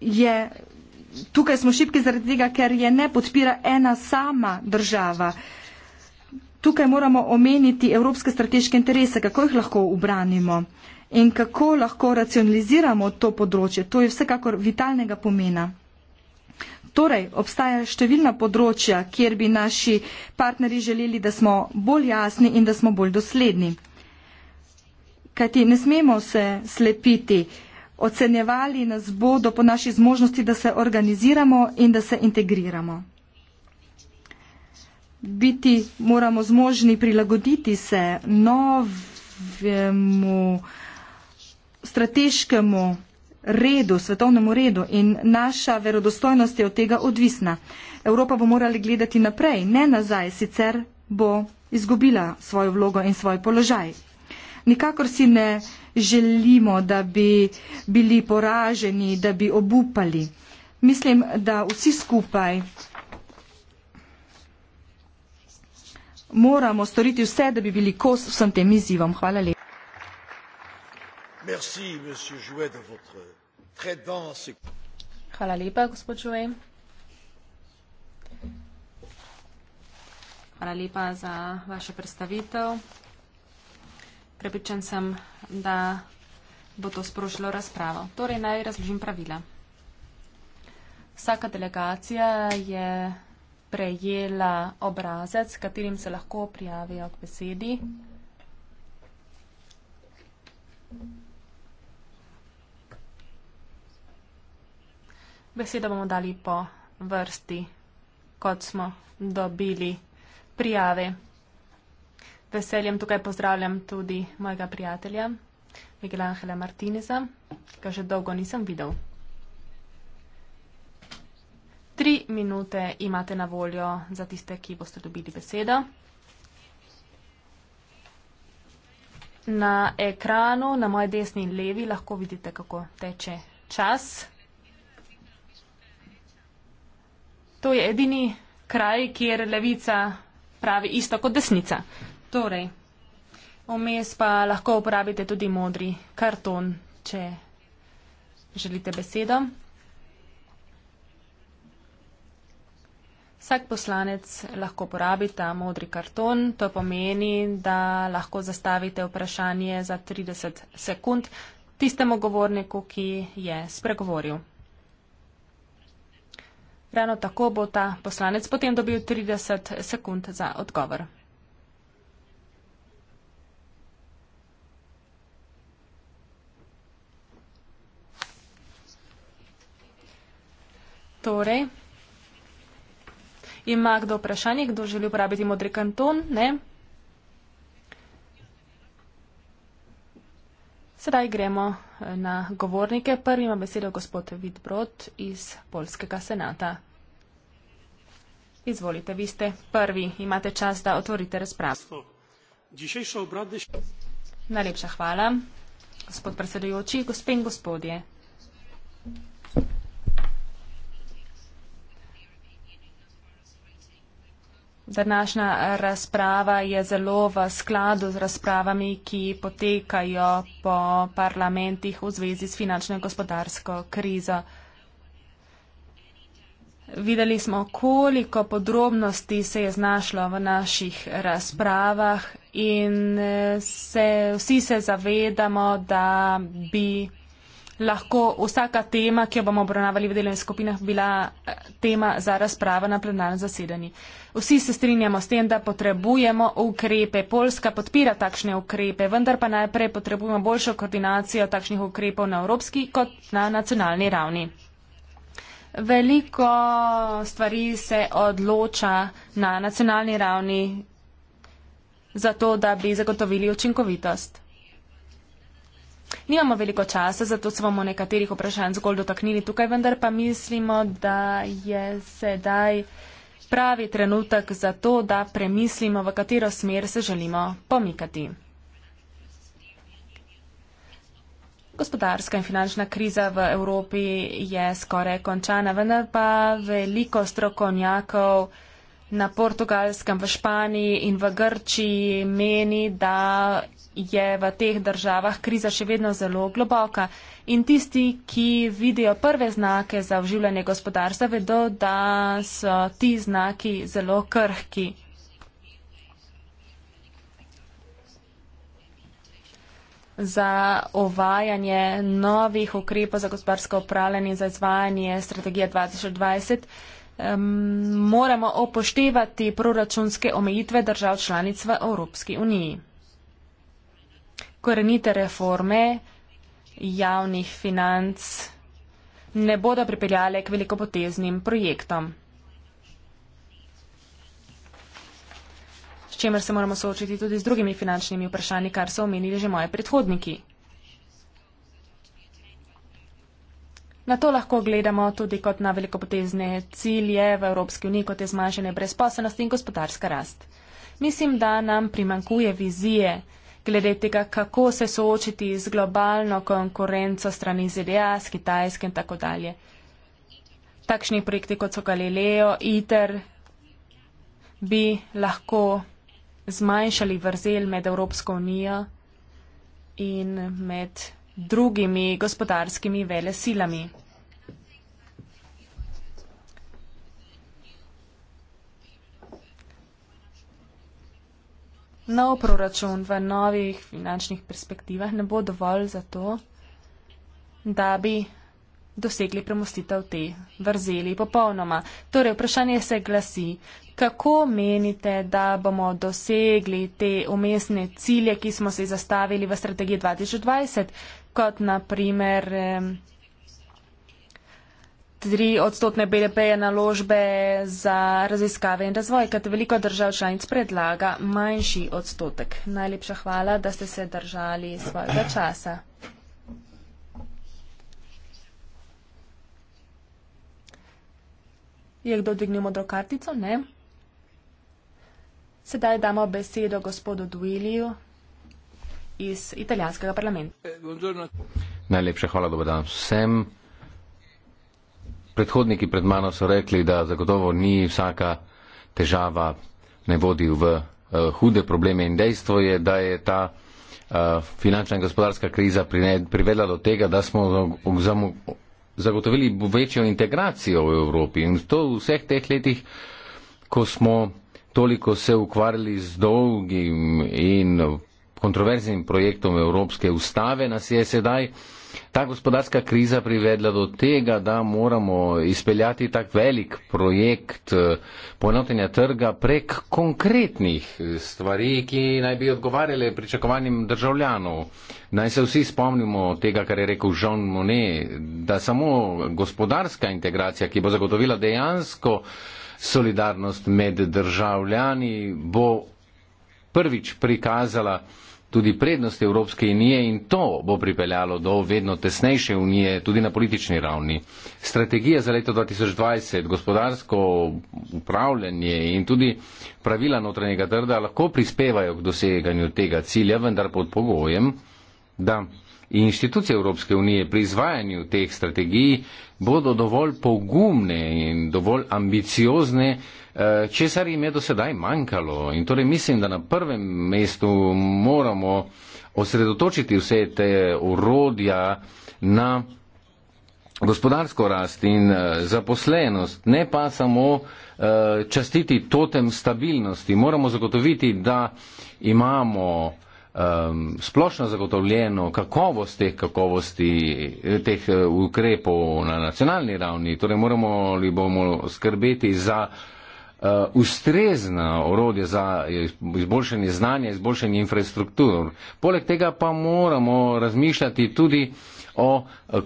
Speaker 3: je. Tukaj smo šipki zaradi tega, ker je ne podpira ena sama država. Uh, Tukaj moramo omeniti evropske strateške interese, kako jih lahko obranimo in kako lahko racionaliziramo to področje. To je vsekakor vitalnega pomena. Torej, obstaja številna področja, kjer bi naši partnerji želeli, da smo bolj jasni in da smo bolj dosledni. Kajti ne smemo se slepiti, ocenjevali nas bodo po naši zmožnosti, da se organiziramo in da se integriramo biti, moramo zmožni prilagoditi se novemu strateškemu redu, svetovnemu redu in naša verodostojnost je od tega odvisna. Evropa bo morala gledati naprej, ne nazaj, sicer bo izgubila svojo vlogo in svoj položaj. Nikakor si ne želimo, da bi bili poraženi, da bi obupali. Mislim, da vsi skupaj moramo storiti vse, da bi bili kos vsem tem izzivom. Hvala lepa.
Speaker 1: Merci, Jouet, de votre très dense...
Speaker 4: Hvala lepa, gospod Žuej. Hvala lepa za vašo predstavitev. Prepričan sem, da bo to sprožilo razpravo. Torej, naj razložim pravila. Vsaka delegacija je prejela obrazec, s katerim se lahko prijavijo k besedi. Besedo bomo dali po vrsti, kot smo dobili prijave. Veseljem tukaj pozdravljam tudi mojega prijatelja, Miguel Angela Martineza, ki ga že dolgo nisem videl. Tri minute imate na voljo za tiste, ki boste dobili besedo. Na ekranu, na moji desni in levi, lahko vidite, kako teče čas. To je edini kraj, kjer levica pravi isto kot desnica. Torej, vmes pa lahko uporabite tudi modri karton, če želite besedo. Vsak poslanec lahko porabi ta modri karton, to pomeni, da lahko zastavite vprašanje za 30 sekund tistemu govorniku, ki je spregovoril. Ravno tako bo ta poslanec potem dobil 30 sekund za odgovor. Torej, Ima kdo vprašanje, kdo želi uporabiti modri kanton? Ne. Sedaj gremo eh, na govornike. Prvi ima besedo gospod Vidbrod iz Polskega senata. Izvolite, vi ste prvi. Imate čas, da otvorite razpravo. Najlepša hvala, gospod predsedujoči, gospe in gospodje. Današnja razprava je zelo v skladu z razpravami, ki potekajo po parlamentih v zvezi s finančno in gospodarsko krizo. Videli smo, koliko podrobnosti se je znašlo v naših razpravah in se, vsi se zavedamo, da bi lahko vsaka tema, ki jo bomo obravnavali v delovnih skupinah, bila eh, tema za razprava na plenarnem zasedanju. Vsi se strinjamo s tem, da potrebujemo ukrepe. Polska podpira takšne ukrepe, vendar pa najprej potrebujemo boljšo koordinacijo takšnih ukrepov na evropski kot na nacionalni ravni. Veliko stvari se odloča na nacionalni ravni zato, da bi zagotovili učinkovitost. Nimamo veliko časa, zato se bomo nekaterih vprašanj zgolj dotaknili tukaj, vendar pa mislimo, da je sedaj pravi trenutek za to, da premislimo, v katero smer se želimo pomikati. Gospodarska in finančna kriza v Evropi je skoraj končana, vendar pa veliko strokovnjakov na Portugalskem, v Španiji in v Grčiji meni, da je v teh državah kriza še vedno zelo globoka. In tisti, ki vidijo prve znake za oživljanje gospodarstva, vedo, da so ti znaki zelo krhki. Za ovajanje novih ukrepov za gospodarsko upravljanje in za izvajanje strategije 2020 moramo upoštevati proračunske omejitve držav članic v Evropski uniji. Korenite reforme javnih financ ne bodo pripeljale k velikopoteznim projektom. S čemer se moramo soočiti tudi z drugimi finančnimi vprašanji, kar so omenili že moje predhodniki. Na to lahko gledamo tudi kot na velikopotezne cilje v Evropski uniji, kot je zmanjšanje brezposobnosti in gospodarska rast. Mislim, da nam primankuje vizije glede tega, kako se soočiti z globalno konkurenco strani ZDA, z Kitajske in tako dalje. Takšni projekti kot so Galileo, ITER bi lahko zmanjšali vrzel med Evropsko unijo in med drugimi gospodarskimi vele silami. Nov proračun v novih finančnih perspektivah ne bo dovolj za to, da bi dosegli premostitev te vrzeli popolnoma. Torej, vprašanje se glasi, kako menite, da bomo dosegli te umestne cilje, ki smo se zastavili v strategiji 2020? kot naprimer tri odstotne BDP naložbe za raziskave in razvoj, kot veliko držav članic predlaga manjši odstotek. Najlepša hvala, da ste se držali svojega časa. Je kdo dvignil modro kartico? Ne. Sedaj damo besedo gospodu Duiliju, iz italijanskega parlamenta.
Speaker 5: Najlepša hvala, dober dan vsem. Predhodniki pred mano so rekli, da zagotovo ni vsaka težava ne vodi v uh, hude probleme in dejstvo je, da je ta uh, finančna in gospodarska kriza privedla do tega, da smo zagotovili večjo integracijo v Evropi. In to v vseh teh letih, ko smo toliko se ukvarjali z dolgim in kontroverznim projektom Evropske ustave nas je sedaj ta gospodarska kriza privedla do tega, da moramo izpeljati tak velik projekt eh, ponotenja trga prek konkretnih eh, stvari, ki naj bi odgovarjale pričakovanjem državljanov. Naj se vsi spomnimo tega, kar je rekel Jean Monnet, da samo gospodarska integracija, ki bo zagotovila dejansko solidarnost med državljani, bo prvič prikazala tudi prednosti Evropske unije in to bo pripeljalo do vedno tesnejše unije tudi na politični ravni. Strategija za leto 2020, gospodarsko upravljanje in tudi pravila notranjega trda lahko prispevajo k doseganju tega cilja, vendar pod pogojem, da inštitucije Evropske unije pri izvajanju teh strategij bodo dovolj pogumne in dovolj ambiciozne, eh, česar jim je do sedaj manjkalo. In torej mislim, da na prvem mestu moramo osredotočiti vse te urodja na gospodarsko rast in eh, zaposlenost, ne pa samo eh, častiti totem stabilnosti. Moramo zagotoviti, da imamo um, splošno zagotovljeno kakovost teh kakovosti, teh eh, ukrepov na nacionalni ravni, torej moramo ali bomo skrbeti za Uh, ustrezna orodja za izboljšanje znanja, izboljšanje infrastruktur. Poleg tega pa moramo razmišljati tudi o eh,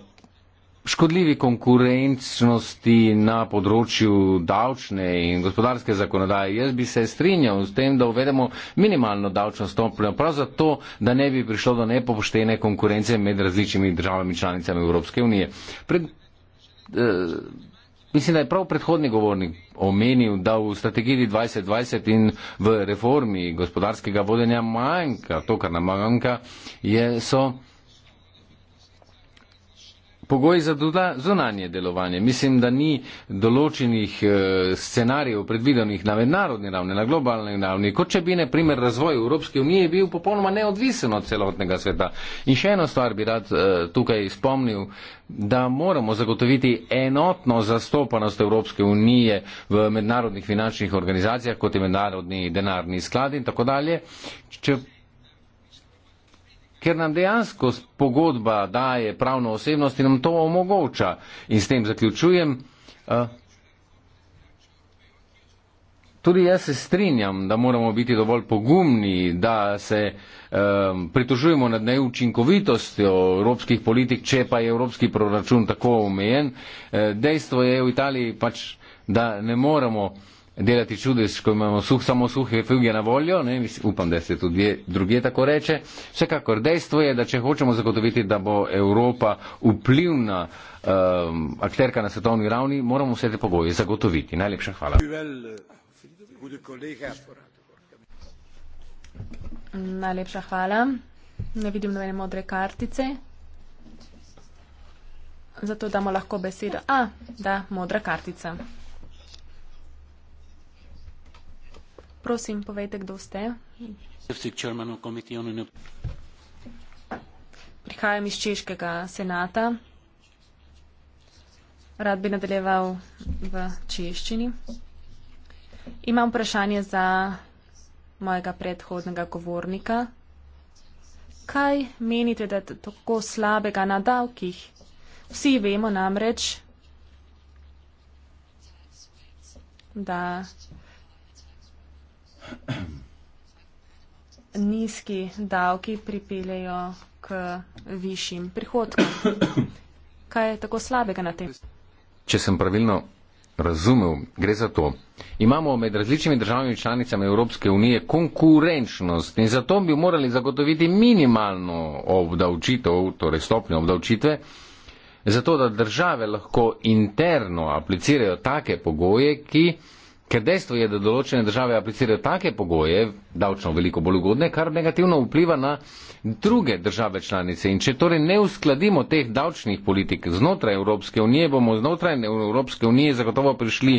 Speaker 5: škodljivi konkurenčnosti na področju davčne in gospodarske zakonodaje. Jaz bi se strinjal s tem, da uvedemo minimalno davčno stopnjo, prav zato, da ne bi prišlo do nepopoštene konkurence med različnimi državami članicami Evropske unije. Pred, eh, mislim, da je prav predhodni govornik omenil, da v strategiji 2020 in v reformi gospodarskega vodenja manjka, to, kar nam manjka, je, so pogoj za zunanje delovanje. Mislim, da ni določenih eh, scenarijev predvidenih na mednarodni ravni, na globalni ravni, kot če bi, na primer, razvoj Evropske unije bil popolnoma neodvisen od celotnega sveta. In še eno stvar bi rad eh, tukaj spomnil, da moramo zagotoviti enotno zastopanost Evropske unije v mednarodnih finančnih organizacijah, kot je mednarodni denarni sklad in tako dalje. Če ker nam dejansko pogodba daje pravno osebnost in nam to omogoča. In s tem zaključujem. Tudi jaz se strinjam, da moramo biti dovolj pogumni, da se um, pritožujemo nad neučinkovitostjo evropskih politik, če pa je evropski proračun tako omejen. E, dejstvo je v Italiji pač, da ne moremo. Uh, delati čudež, ko imamo suh, samo suhe fuge na voljo, ne, upam, da se tudi druge tako reče. Vsekakor dejstvo je, da če hočemo zagotoviti, da bo Evropa vplivna um, akterka na svetovni ravni, moramo vse te pogoje zagotoviti. Najlepša hvala.
Speaker 4: Najlepša hvala. Ne vidim nobene modre kartice. Zato damo lahko besedo. A, da, modra kartica. Prosim, povejte, kdo ste. Prihajam iz Češkega senata. Rad bi nadaljeval v češčini. Imam vprašanje za mojega predhodnega govornika. Kaj menite, da je tako slabega na davkih? Vsi vemo namreč, da nizki davki pripeljejo k višjim prihodkom. Kaj je tako slabega na tem?
Speaker 5: Če sem pravilno razumel, gre za to. Imamo med različnimi državami članicami Evropske unije konkurenčnost in zato bi morali zagotoviti minimalno obdavčitev, torej stopnjo obdavčitve, zato da države lahko interno aplicirajo take pogoje, ki Ker dejstvo je, da določene države aplicirajo take pogoje, davčno veliko bolj ugodne, kar negativno vpliva na druge države članice. In če torej ne uskladimo teh davčnih politik znotraj Evropske unije, bomo znotraj Evropske unije zagotovo prišli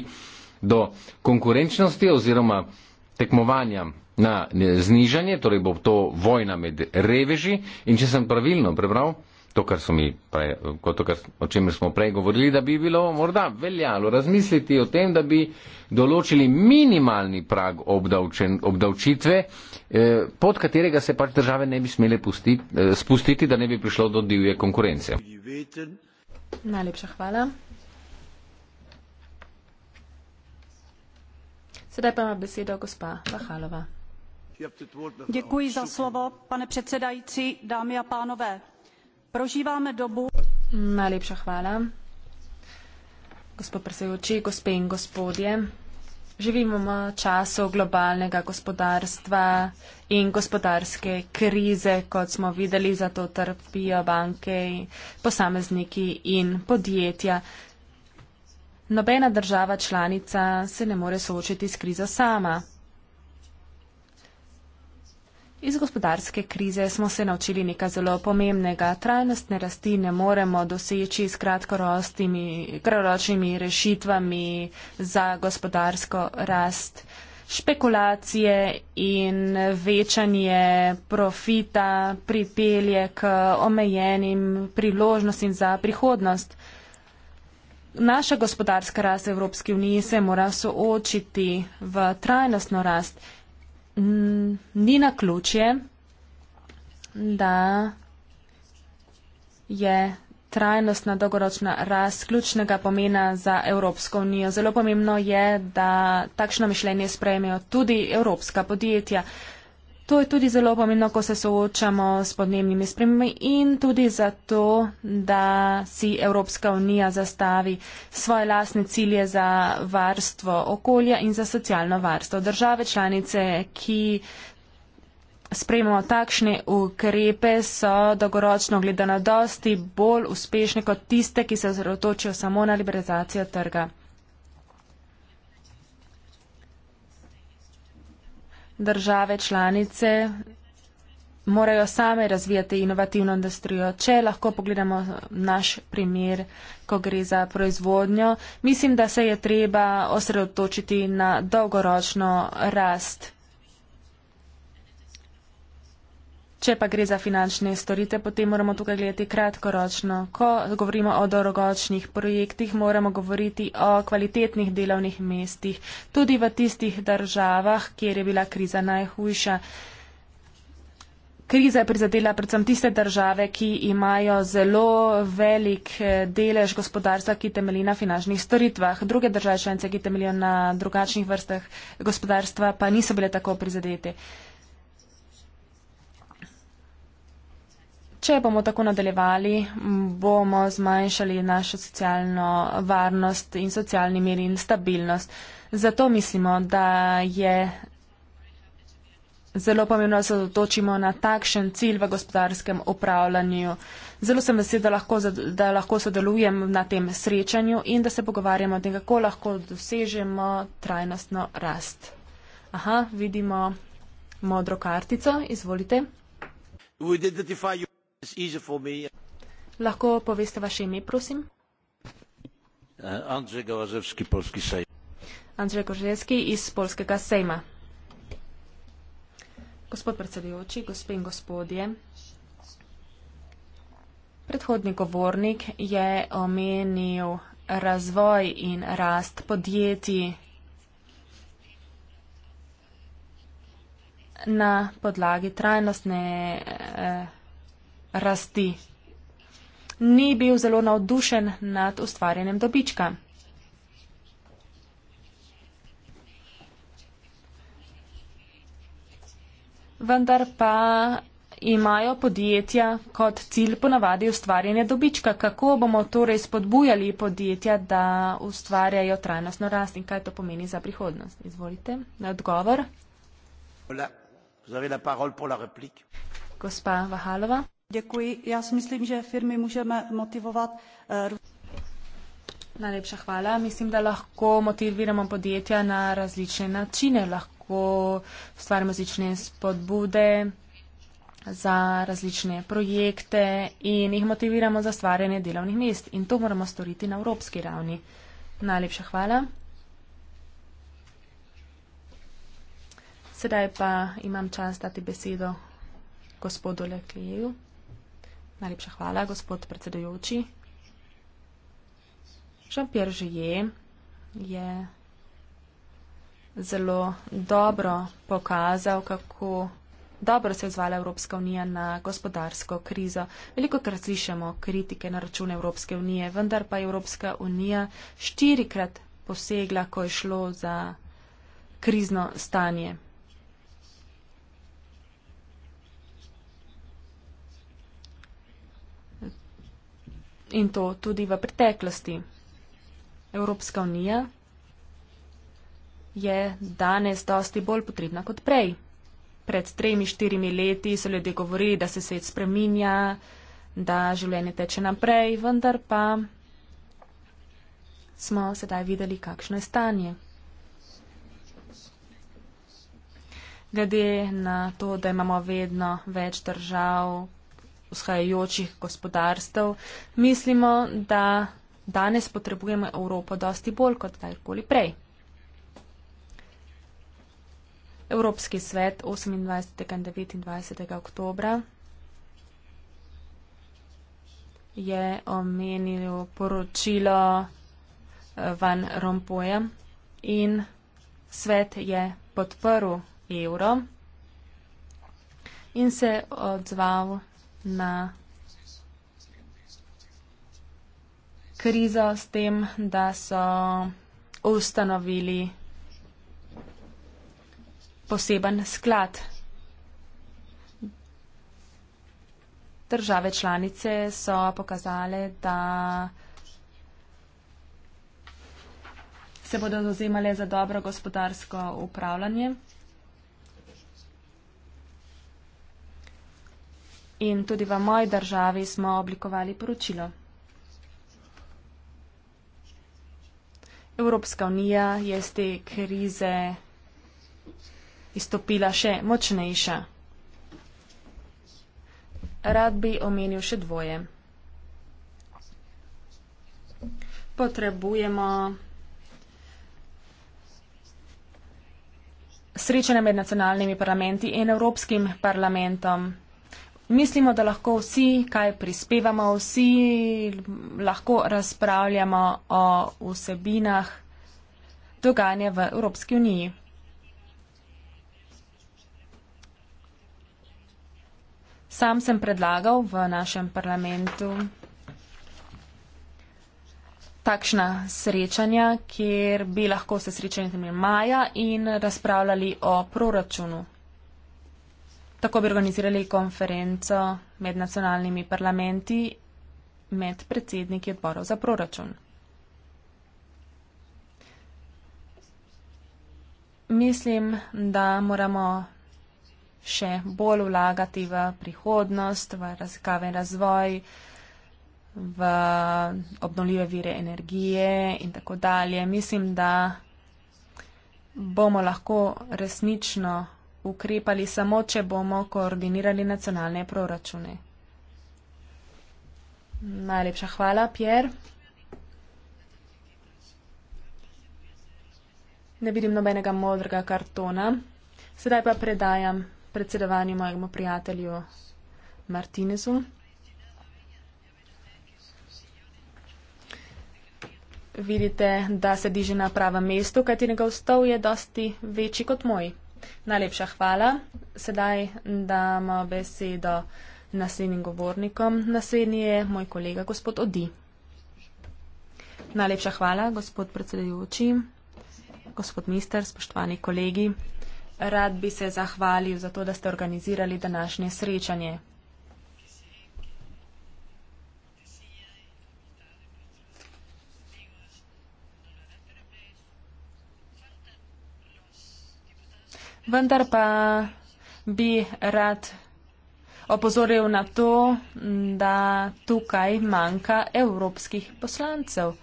Speaker 5: do konkurenčnosti oziroma tekmovanja na znižanje, torej bo to vojna med reveži. In če sem pravilno prebral, to, kar so mi prej, kot to, kar, o čemer smo prej govorili, da bi bilo morda veljalo razmisliti o tem, da bi določili minimalni prag obdavčen, obdavčitve, eh, pod katerega se pač države ne bi smele pustiti, eh, spustiti, da ne bi prišlo do divje konkurence.
Speaker 4: Najlepša hvala. Sedaj pa ima besedo gospa Vahalova. Děkuji za slovo, pane předsedající, dámy a pánové. Proživamo dobo. Najlepša hvala. Gospod presejoči, gospe in gospodje, živimo v času globalnega gospodarstva in gospodarske krize, kot smo videli, zato trpijo banke, posamezniki in podjetja. Nobena država članica se ne more soočiti s krizo sama. Iz gospodarske krize smo se naučili nekaj zelo pomembnega. Trajnostne rasti ne moremo doseči s kratkoročnimi rešitvami za gospodarsko rast. Špekulacije in večanje profita pripelje k omejenim priložnostim za prihodnost. Naša gospodarska rast v Evropski uniji se mora soočiti v trajnostno rast. Mm, ni na ključje, da je trajnostna dolgoročna rast ključnega pomena za Evropsko unijo. Zelo pomembno je, da takšno mišljenje sprejmejo tudi evropska podjetja to je tudi zelo pomembno, ko se soočamo s podnebnimi spremembami in tudi zato, da si Evropska unija zastavi svoje lasne cilje za varstvo okolja in za socialno varstvo. Države članice, ki sprejmemo takšne ukrepe, so dolgoročno gledano dosti bolj uspešne kot tiste, ki se zrotočijo samo na liberalizacijo trga. države članice morajo same razvijati inovativno industrijo. Če lahko pogledamo naš primer, ko gre za proizvodnjo, mislim, da se je treba osredotočiti na dolgoročno rast Če pa gre za finančne storitve, potem moramo tukaj gledati kratkoročno. Ko govorimo o dolgoročnih projektih, moramo govoriti o kvalitetnih delovnih mestih, tudi v tistih državah, kjer je bila kriza najhujša. Kriza je prizadela predvsem tiste države, ki imajo zelo velik eh, delež gospodarstva, ki temelji na finančnih storitvah. Druge države članice, ki temeljijo na drugačnih vrstah gospodarstva, pa niso bile tako prizadete. Če bomo tako nadaljevali, bomo zmanjšali našo socialno varnost in socialni mir in stabilnost. Zato mislimo, da je zelo pomembno, da se dotočimo na takšen cilj v gospodarskem upravljanju. Zelo sem vesel, da lahko, da lahko sodelujem na tem srečanju in da se pogovarjamo o tem, kako lahko dosežemo trajnostno rast. Aha, vidimo modro kartico, izvolite lahko poveste vaše ime prosim
Speaker 1: eh, andrzej gałazewski polski sejm
Speaker 4: andrzej gałazewski iz polskega sejma gospod predsedujoči gospe in gospodje predhodni govornik je omenil razvoj in rast podjetij na podlagi trajnostne eh, rasti. Ni bil zelo navdušen nad ustvarjanjem dobička. Vendar pa imajo podjetja kot cilj ponavadi ustvarjanje dobička. Kako bomo torej spodbujali podjetja, da ustvarjajo trajnostno rast in kaj to pomeni za prihodnost? Izvolite na odgovor. Gospa Vahalova. Děkuji. Já si myslím, že firmy můžeme motivovat. Eh, Najlepša hvala. Mislim, da lahko motiviramo podjetja na različne načine. Lahko stvarimo različne spodbude za različne projekte in jih motiviramo za stvarjanje delovnih mest. In to moramo storiti na evropski ravni. Najlepša hvala. Sedaj pa imam čas dati besedo gospodu Lekleju. Najlepša hvala, gospod predsedujoči. Jean-Pierre Žije je zelo dobro pokazal, kako dobro se je izvala Evropska unija na gospodarsko krizo. Veliko krat slišemo kritike na račun Evropske unije, vendar pa je Evropska unija štirikrat posegla, ko je šlo za krizno stanje. in to tudi v preteklosti. Evropska unija je danes dosti bolj potrebna kot prej. Pred tremi, štirimi leti so ljudje govorili, da se svet spreminja, da življenje teče naprej, vendar pa smo sedaj videli, kakšno je stanje. Glede na to, da imamo vedno več držav, vzhajajočih gospodarstev, mislimo, da danes potrebujemo Evropo dosti bolj kot kajkoli prej. Evropski svet 28. in 29. oktobra je omenil poročilo eh, Van Rompuyja in svet je podprl evro in se odzval na krizo s tem, da so ustanovili poseben sklad. Države članice so pokazale, da se bodo zauzemale za dobro gospodarsko upravljanje. in tudi v moji državi smo oblikovali poročilo. Evropska unija je iz te krize izstopila še močnejša. Rad bi omenil še dvoje. Potrebujemo srečanje med nacionalnimi parlamenti in Evropskim parlamentom mislimo, da lahko vsi, kaj prispevamo, vsi lahko razpravljamo o vsebinah dogajanja v Evropski uniji. Sam sem predlagal v našem parlamentu takšna srečanja, kjer bi lahko se srečali maja in razpravljali o proračunu. Tako bi organizirali konferenco med nacionalnimi parlamenti, med predsedniki odborov za proračun. Mislim, da moramo še bolj vlagati v prihodnost, v razkave razvoj, v obnovljive vire energije in tako dalje. Mislim, da bomo lahko resnično ukrepali samo, če bomo koordinirali nacionalne proračune. Najlepša hvala, Pierre. Ne vidim nobenega modrega kartona. Sedaj pa predajam predsedovanju mojemu prijatelju Martinezu. Vidite, da sedi že na pravem mestu, kajti njegov stol je dosti večji kot moj. Najlepša hvala. Sedaj dam besedo naslednjim govornikom. Naslednji je moj kolega gospod Odi. Najlepša hvala, gospod predsedujoči, gospod minister, spoštovani kolegi. Rad bi se zahvalil za to, da ste organizirali današnje srečanje. vendar pa bi rad opozoril na to, da tukaj manjka evropskih poslancev.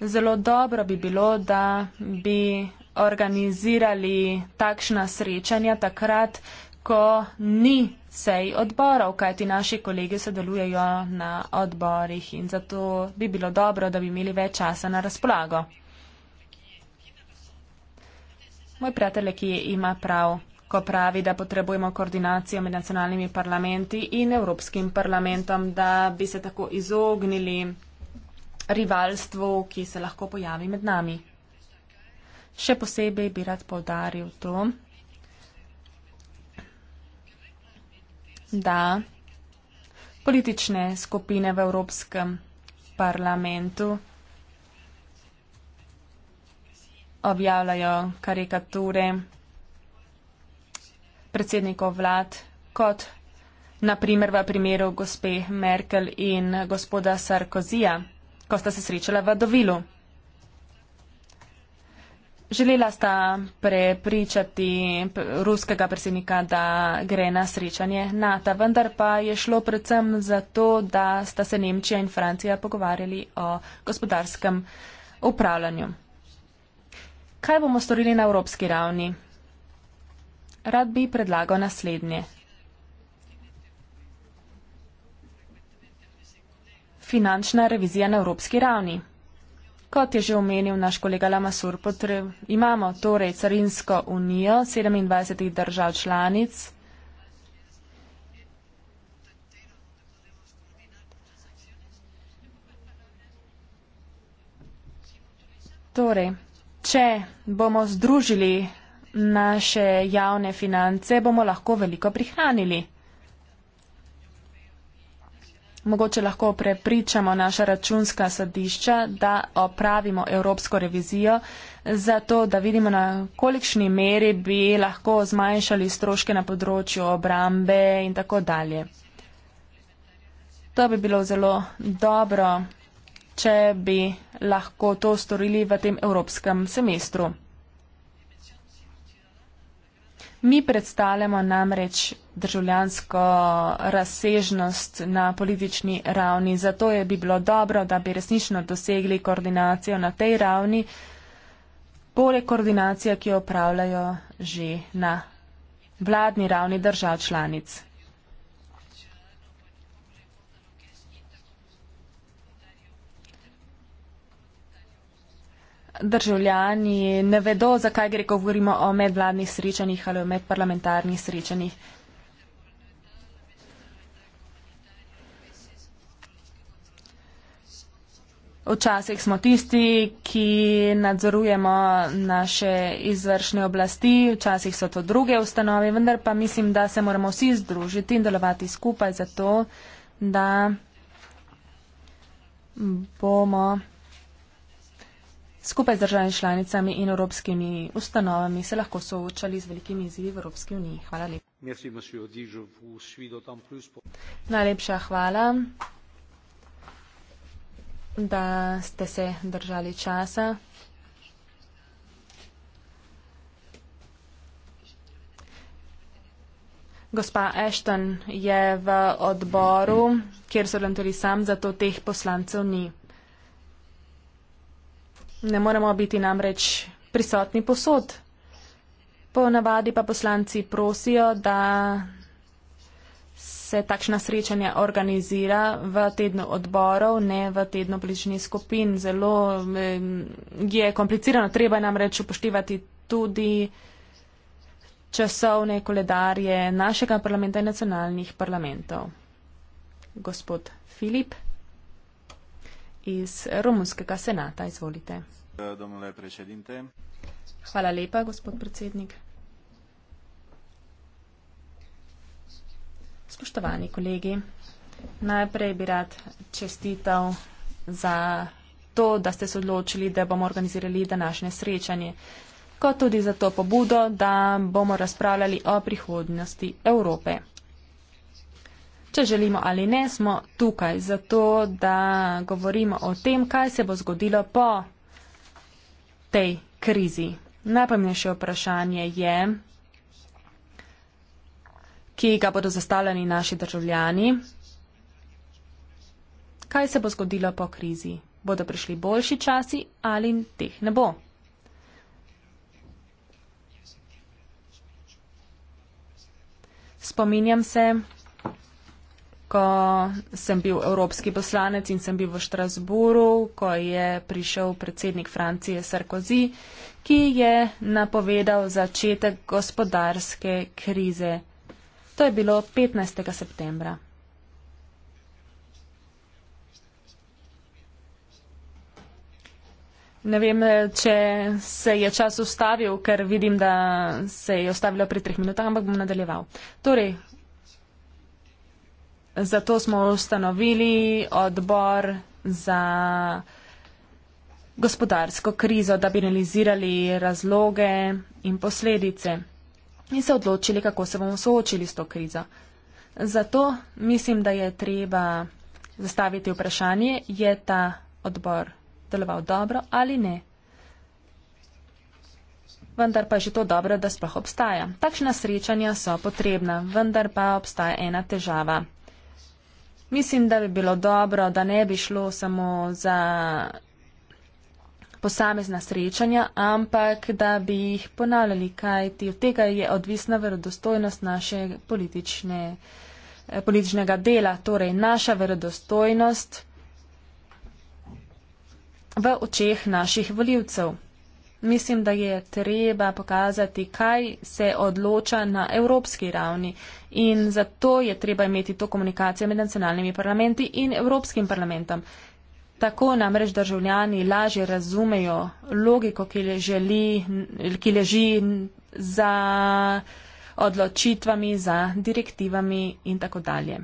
Speaker 4: Zelo dobro bi bilo, da bi organizirali takšna srečanja takrat, ko ni sej odborov, kajti naši kolegi sodelujejo na odborih in zato bi bilo dobro, da bi imeli več časa na razpolago. Moj prijatelj Leki ima prav, ko pravi, da potrebujemo koordinacijo med nacionalnimi parlamenti in Evropskim parlamentom, da bi se tako izognili rivalstvu, ki se lahko pojavi med nami. Še posebej bi rad povdaril to, da politične skupine v Evropskem parlamentu objavljajo karikature predsednikov vlad, kot naprimer v primeru gospe Merkel in gospoda Sarkozija, ko sta se srečala v Dovilu. Želela sta prepričati ruskega predsednika, da gre na srečanje NATO, vendar pa je šlo predvsem zato, da sta se Nemčija in Francija pogovarjali o gospodarskem upravljanju. Kaj bomo storili na evropski ravni? Rad bi predlagal naslednje. Finančna revizija na evropski ravni. Kot je že omenil naš kolega Lamasur, potreb, imamo torej carinsko unijo 27 držav članic, Torej, če bomo združili naše javne finance, bomo lahko veliko prihranili. Mogoče lahko prepričamo naša računska sodišča, da opravimo evropsko revizijo, zato da vidimo, na kolikšni meri bi lahko zmanjšali stroške na področju obrambe in tako dalje. To bi bilo zelo dobro če bi lahko to storili v tem evropskem semestru. Mi predstavljamo namreč državljansko razsežnost na politični ravni, zato je bi bilo dobro, da bi resnično dosegli koordinacijo na tej ravni, poleg koordinacije, ki jo upravljajo že na vladni ravni držav članic. državljani ne vedo, zakaj gre, ko govorimo o medvladnih srečanjih ali o medparlamentarnih srečanjih. Včasih smo tisti, ki nadzorujemo naše izvršne oblasti, včasih so to druge ustanove, vendar pa mislim, da se moramo vsi združiti in delovati skupaj zato, da bomo skupaj z državami članicami in evropskimi ustanovami se lahko soočali z velikimi izzivi v Evropski uniji. Hvala lepa. Najlepša hvala, da ste se držali časa. Gospa Ashton je v odboru, kjer so tudi sam, zato teh poslancev ni. Ne moremo biti namreč prisotni posod. Ponavadi pa poslanci prosijo, da se takšna srečanja organizira v tednu odborov, ne v tednu bližnji skupin. Zelo je komplicirano, treba je namreč upoštevati tudi časovne koledarje našega parlamenta in nacionalnih parlamentov. Gospod Filip iz Romunskega senata. Izvolite. Hvala lepa, gospod predsednik. Spoštovani kolegi, najprej bi rad čestital za to, da ste se odločili, da bomo organizirali današnje srečanje, kot tudi za to pobudo, da bomo razpravljali o prihodnosti Evrope. Če želimo ali ne, smo tukaj zato, da govorimo o tem, kaj se bo zgodilo po tej krizi. Najpomembnejše vprašanje je, ki ga bodo zastavljali naši državljani. Kaj se bo zgodilo po krizi? Bodo prišli boljši časi ali teh ne bo? Spominjam se, ko sem bil evropski poslanec in sem bil v Štrasburu, ko je prišel predsednik Francije Sarkozy, ki je napovedal začetek gospodarske krize. To je bilo 15. septembra. Ne vem, če se je čas ustavil, ker vidim, da se je ustavilo pri treh minutah, ampak bom nadaljeval. Torej, Zato smo ustanovili odbor za gospodarsko krizo, da bi analizirali razloge in posledice in se odločili, kako se bomo soočili s to krizo. Zato mislim, da je treba zastaviti vprašanje, je ta odbor deloval dobro ali ne. Vendar pa je že to dobro, da sploh obstaja. Takšna srečanja so potrebna, vendar pa obstaja ena težava. Mislim, da bi bilo dobro, da ne bi šlo samo za posamezna srečanja, ampak da bi jih ponavljali, kajti od tega je odvisna verodostojnost naše politične, eh, političnega dela, torej naša verodostojnost v očeh naših voljivcev mislim, da je treba pokazati, kaj se odloča na evropski ravni. In zato je treba imeti to komunikacijo med nacionalnimi parlamenti in evropskim parlamentom. Tako namreč državljani lažje razumejo logiko, ki, želi, ki leži za odločitvami, za direktivami in tako dalje.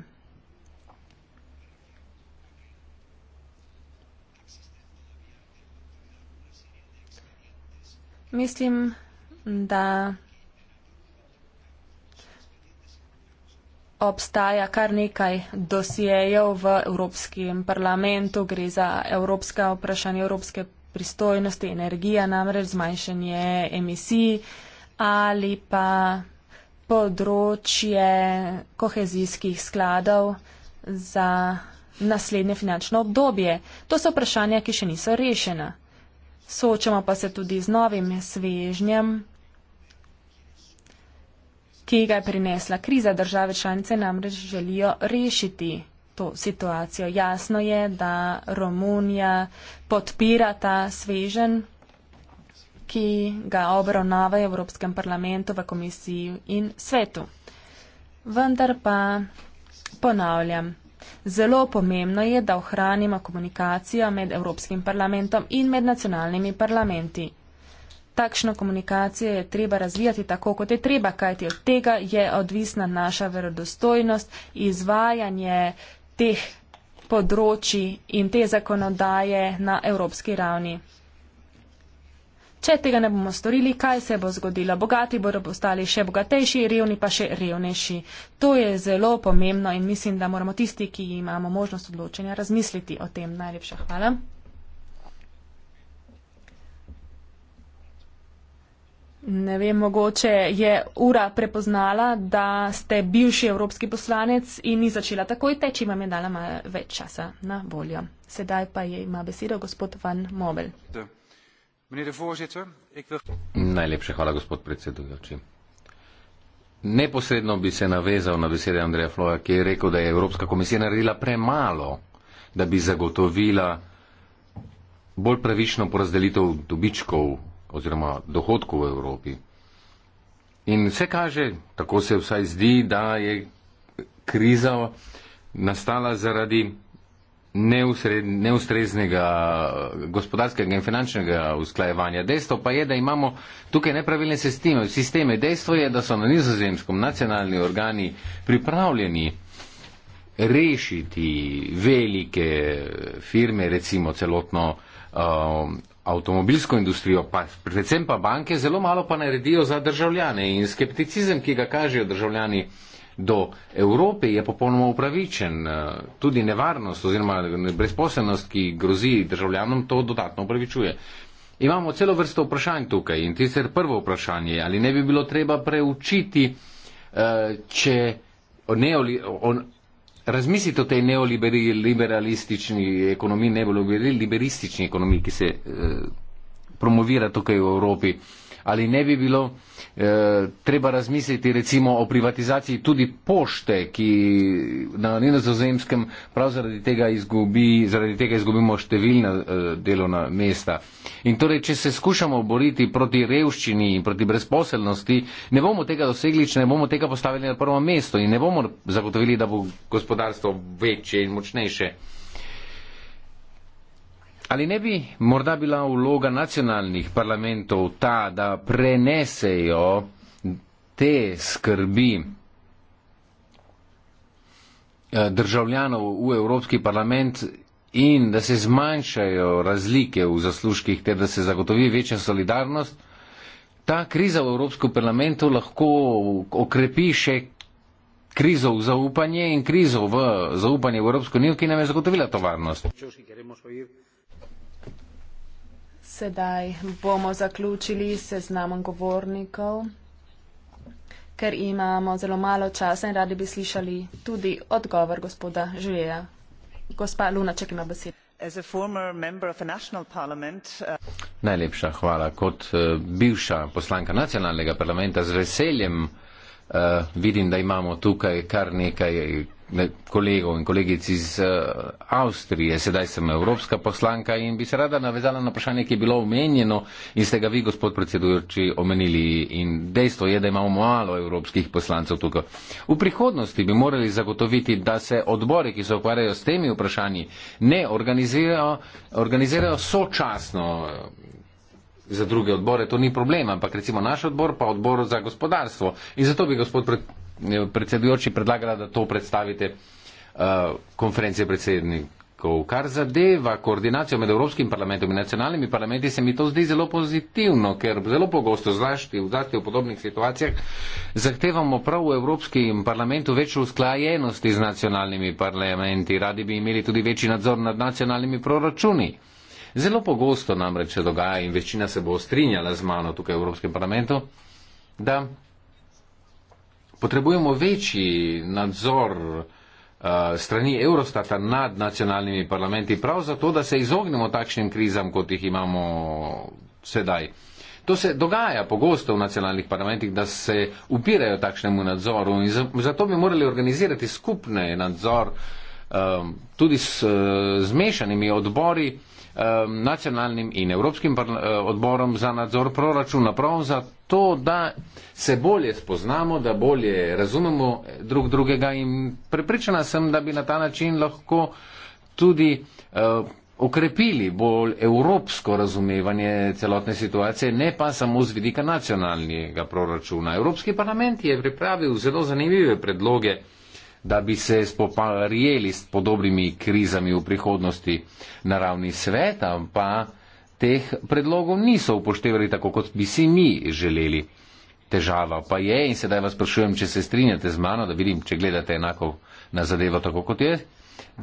Speaker 4: Mislim, da obstaja kar nekaj dosijejev v Evropskem parlamentu, gre za evropska vprašanja, evropske pristojnosti, energija, namreč zmanjšanje emisij ali pa področje kohezijskih skladov za naslednje finančno obdobje. To so vprašanja, ki še niso rešena. Soočamo pa se tudi z novim svežnjem, ki ga je prinesla kriza. Države članice namreč želijo rešiti to situacijo. Jasno je, da Romunija podpira ta svežen, ki ga obravnava v Evropskem parlamentu, v komisiji in svetu. Vendar pa ponavljam, Zelo pomembno je, da ohranimo komunikacijo med Evropskim parlamentom in med nacionalnimi parlamenti. Takšno komunikacijo je treba razvijati tako, kot je treba, kajti od tega je odvisna naša verodostojnost, izvajanje teh področji in te zakonodaje na evropski ravni. Če tega ne bomo storili, kaj se bo zgodilo? Bogati bodo postali še bogatejši, revni pa še revnejši. To je zelo pomembno in mislim, da moramo tisti, ki imamo možnost odločenja, razmisliti o tem. Najlepša hvala. Ne vem, mogoče je ura prepoznala, da ste bivši evropski poslanec in ni začela takoj teči, vam je dala več časa na voljo. Sedaj pa je ima besedo gospod Van Mobel.
Speaker 2: De.
Speaker 5: Najlepša hvala, gospod predsedujoči. Neposredno bi se navezal na besede Andreja Floja, ki je rekel, da je Evropska komisija naredila premalo, da bi zagotovila bolj pravično porazdelitev dobičkov oziroma dohodkov v Evropi. In vse kaže, tako se vsaj zdi, da je kriza nastala zaradi neustreznega eh, gospodarskega in finančnega usklajevanja. Dejstvo pa je, da imamo tukaj nepravilne sisteme. Dejstvo je, da so na nizozemskom nacionalni organi pripravljeni rešiti velike firme, recimo celotno um, avtomobilsko industrijo, pa, predvsem pa banke, zelo malo pa naredijo za državljane in skepticizem, ki ga kažejo državljani, do Evrope je popolnoma upravičen. Eh, tudi nevarnost oziroma brezposelnost, ki grozi državljanom, to dodatno upravičuje. Imamo celo vrsto vprašanj tukaj in tisto prvo vprašanje je, ali ne bi bilo treba preučiti, eh, če neoli, on, razmisliti o tej neoliberalistični ekonomiji, neoliberalistični ekonomiji, ki se eh, promovira tukaj v Evropi ali ne bi bilo e, treba razmisliti recimo o privatizaciji tudi pošte, ki na Nizozemskem prav zaradi tega, izgubi, zaradi tega izgubimo številna e, delovna mesta. In torej, če se skušamo boriti proti revščini in proti brezposelnosti, ne bomo tega dosegli, če ne bomo tega postavili na prvo mesto in ne bomo zagotovili, da bo gospodarstvo večje in močnejše. Ali ne bi morda bila vloga nacionalnih parlamentov ta, da prenesejo te skrbi eh, državljanov v Evropski parlament in da se zmanjšajo razlike v zaslužkih ter da se zagotovi večja solidarnost, ta kriza v Evropskem parlamentu lahko okrepi še krizo v zaupanje in krizo v zaupanje v Evropsko unijo, ki nam je zagotovila to varnost.
Speaker 4: Sedaj bomo zaključili seznam govornikov, ker imamo zelo malo časa in radi bi slišali tudi odgovor gospoda Žujeja. Gospa Lunaček ima besedo. Uh,
Speaker 5: Najlepša hvala. Kot eh, bivša poslanka nacionalnega parlamenta z veseljem. Uh, vidim, da imamo tukaj kar nekaj kolegov in kolegic iz uh, Avstrije. Sedaj sem evropska poslanka in bi se rada navezala na vprašanje, ki je bilo omenjeno in ste ga vi, gospod predsedujoči, omenili. In dejstvo je, da imamo malo evropskih poslancev tukaj. V prihodnosti bi morali zagotoviti, da se odbore, ki se ukvarjajo s temi vprašanji, ne organizirajo, organizirajo sočasno za druge odbore to ni problem, ampak recimo naš odbor pa odbor za gospodarstvo. In zato bi gospod pred, predsedujoči predlagala, da to predstavite uh, konferencije predsednikov. Kar zadeva koordinacijo med Evropskim parlamentom in nacionalnimi parlamenti, se mi to zdi zelo pozitivno, ker zelo pogosto, zlašti, zlašti v podobnih situacijah, zahtevamo prav v Evropskem parlamentu večjo usklajenosti z nacionalnimi parlamenti. Radi bi imeli tudi večji nadzor nad nacionalnimi proračuni. Zelo pogosto namreč se dogaja in večina se bo strinjala z mano tukaj v Evropskem parlamentu, da potrebujemo večji nadzor uh, strani Eurostata nad nacionalnimi parlamenti, prav zato, da se izognemo takšnim krizam, kot jih imamo sedaj. To se dogaja pogosto v nacionalnih parlamentih, da se upirajo takšnemu nadzoru in zato bi morali organizirati skupne nadzor eh, tudi s eh, zmešanimi odbori, Um, nacionalnim in evropskim uh, odborom za nadzor proračuna. Prav zato, da se bolje spoznamo, da bolje razumemo drug drugega in prepričana sem, da bi na ta način lahko tudi uh, okrepili bolj evropsko razumevanje celotne situacije, ne pa samo z vidika nacionalnega proračuna. Evropski parlament je pripravil zelo zanimive predloge da bi se spoparjeli s podobnimi krizami v prihodnosti na ravni sveta, pa teh predlogov niso upoštevali tako, kot bi si mi želeli. Težava pa je in sedaj vas sprašujem, če se strinjate z mano, da vidim, če gledate enako na zadevo tako, kot je,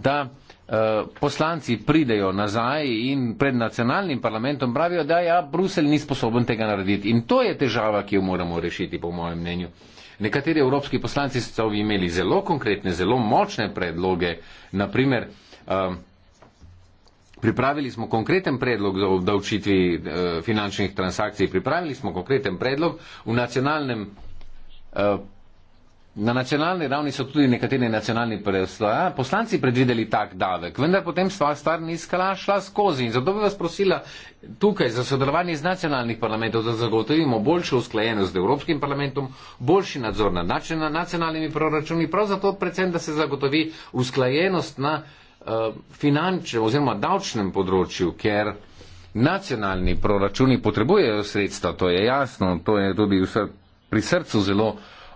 Speaker 5: da eh, poslanci pridejo nazaj in pred nacionalnim parlamentom pravijo, da ja, Bruselj ni sposoben tega narediti. In to je težava, ki jo moramo rešiti, po mojem mnenju. Eh, Nekateri evropski poslanci so imeli zelo konkretne, zelo močne predloge. Naprimer, um, pripravili smo konkreten predlog za obdavčitvi uh, finančnih transakcij, pripravili smo konkreten predlog v nacionalnem uh, Na nacionalni ravni so tudi nekateri nacionalni poslanci predvideli tak davek, vendar potem sva stvar ni skala, šla skozi. In zato bi vas prosila tukaj za sodelovanje z nacionalnih parlamentov, da zagotovimo boljšo usklajenost z Evropskim parlamentom, boljši nadzor nad nacionalnimi proračuni, prav zato predvsem, da se zagotovi usklajenost na uh, finančnem oziroma davčnem področju, ker. Nacionalni proračuni potrebujejo sredstva, to je jasno, to je tudi vse pri srcu zelo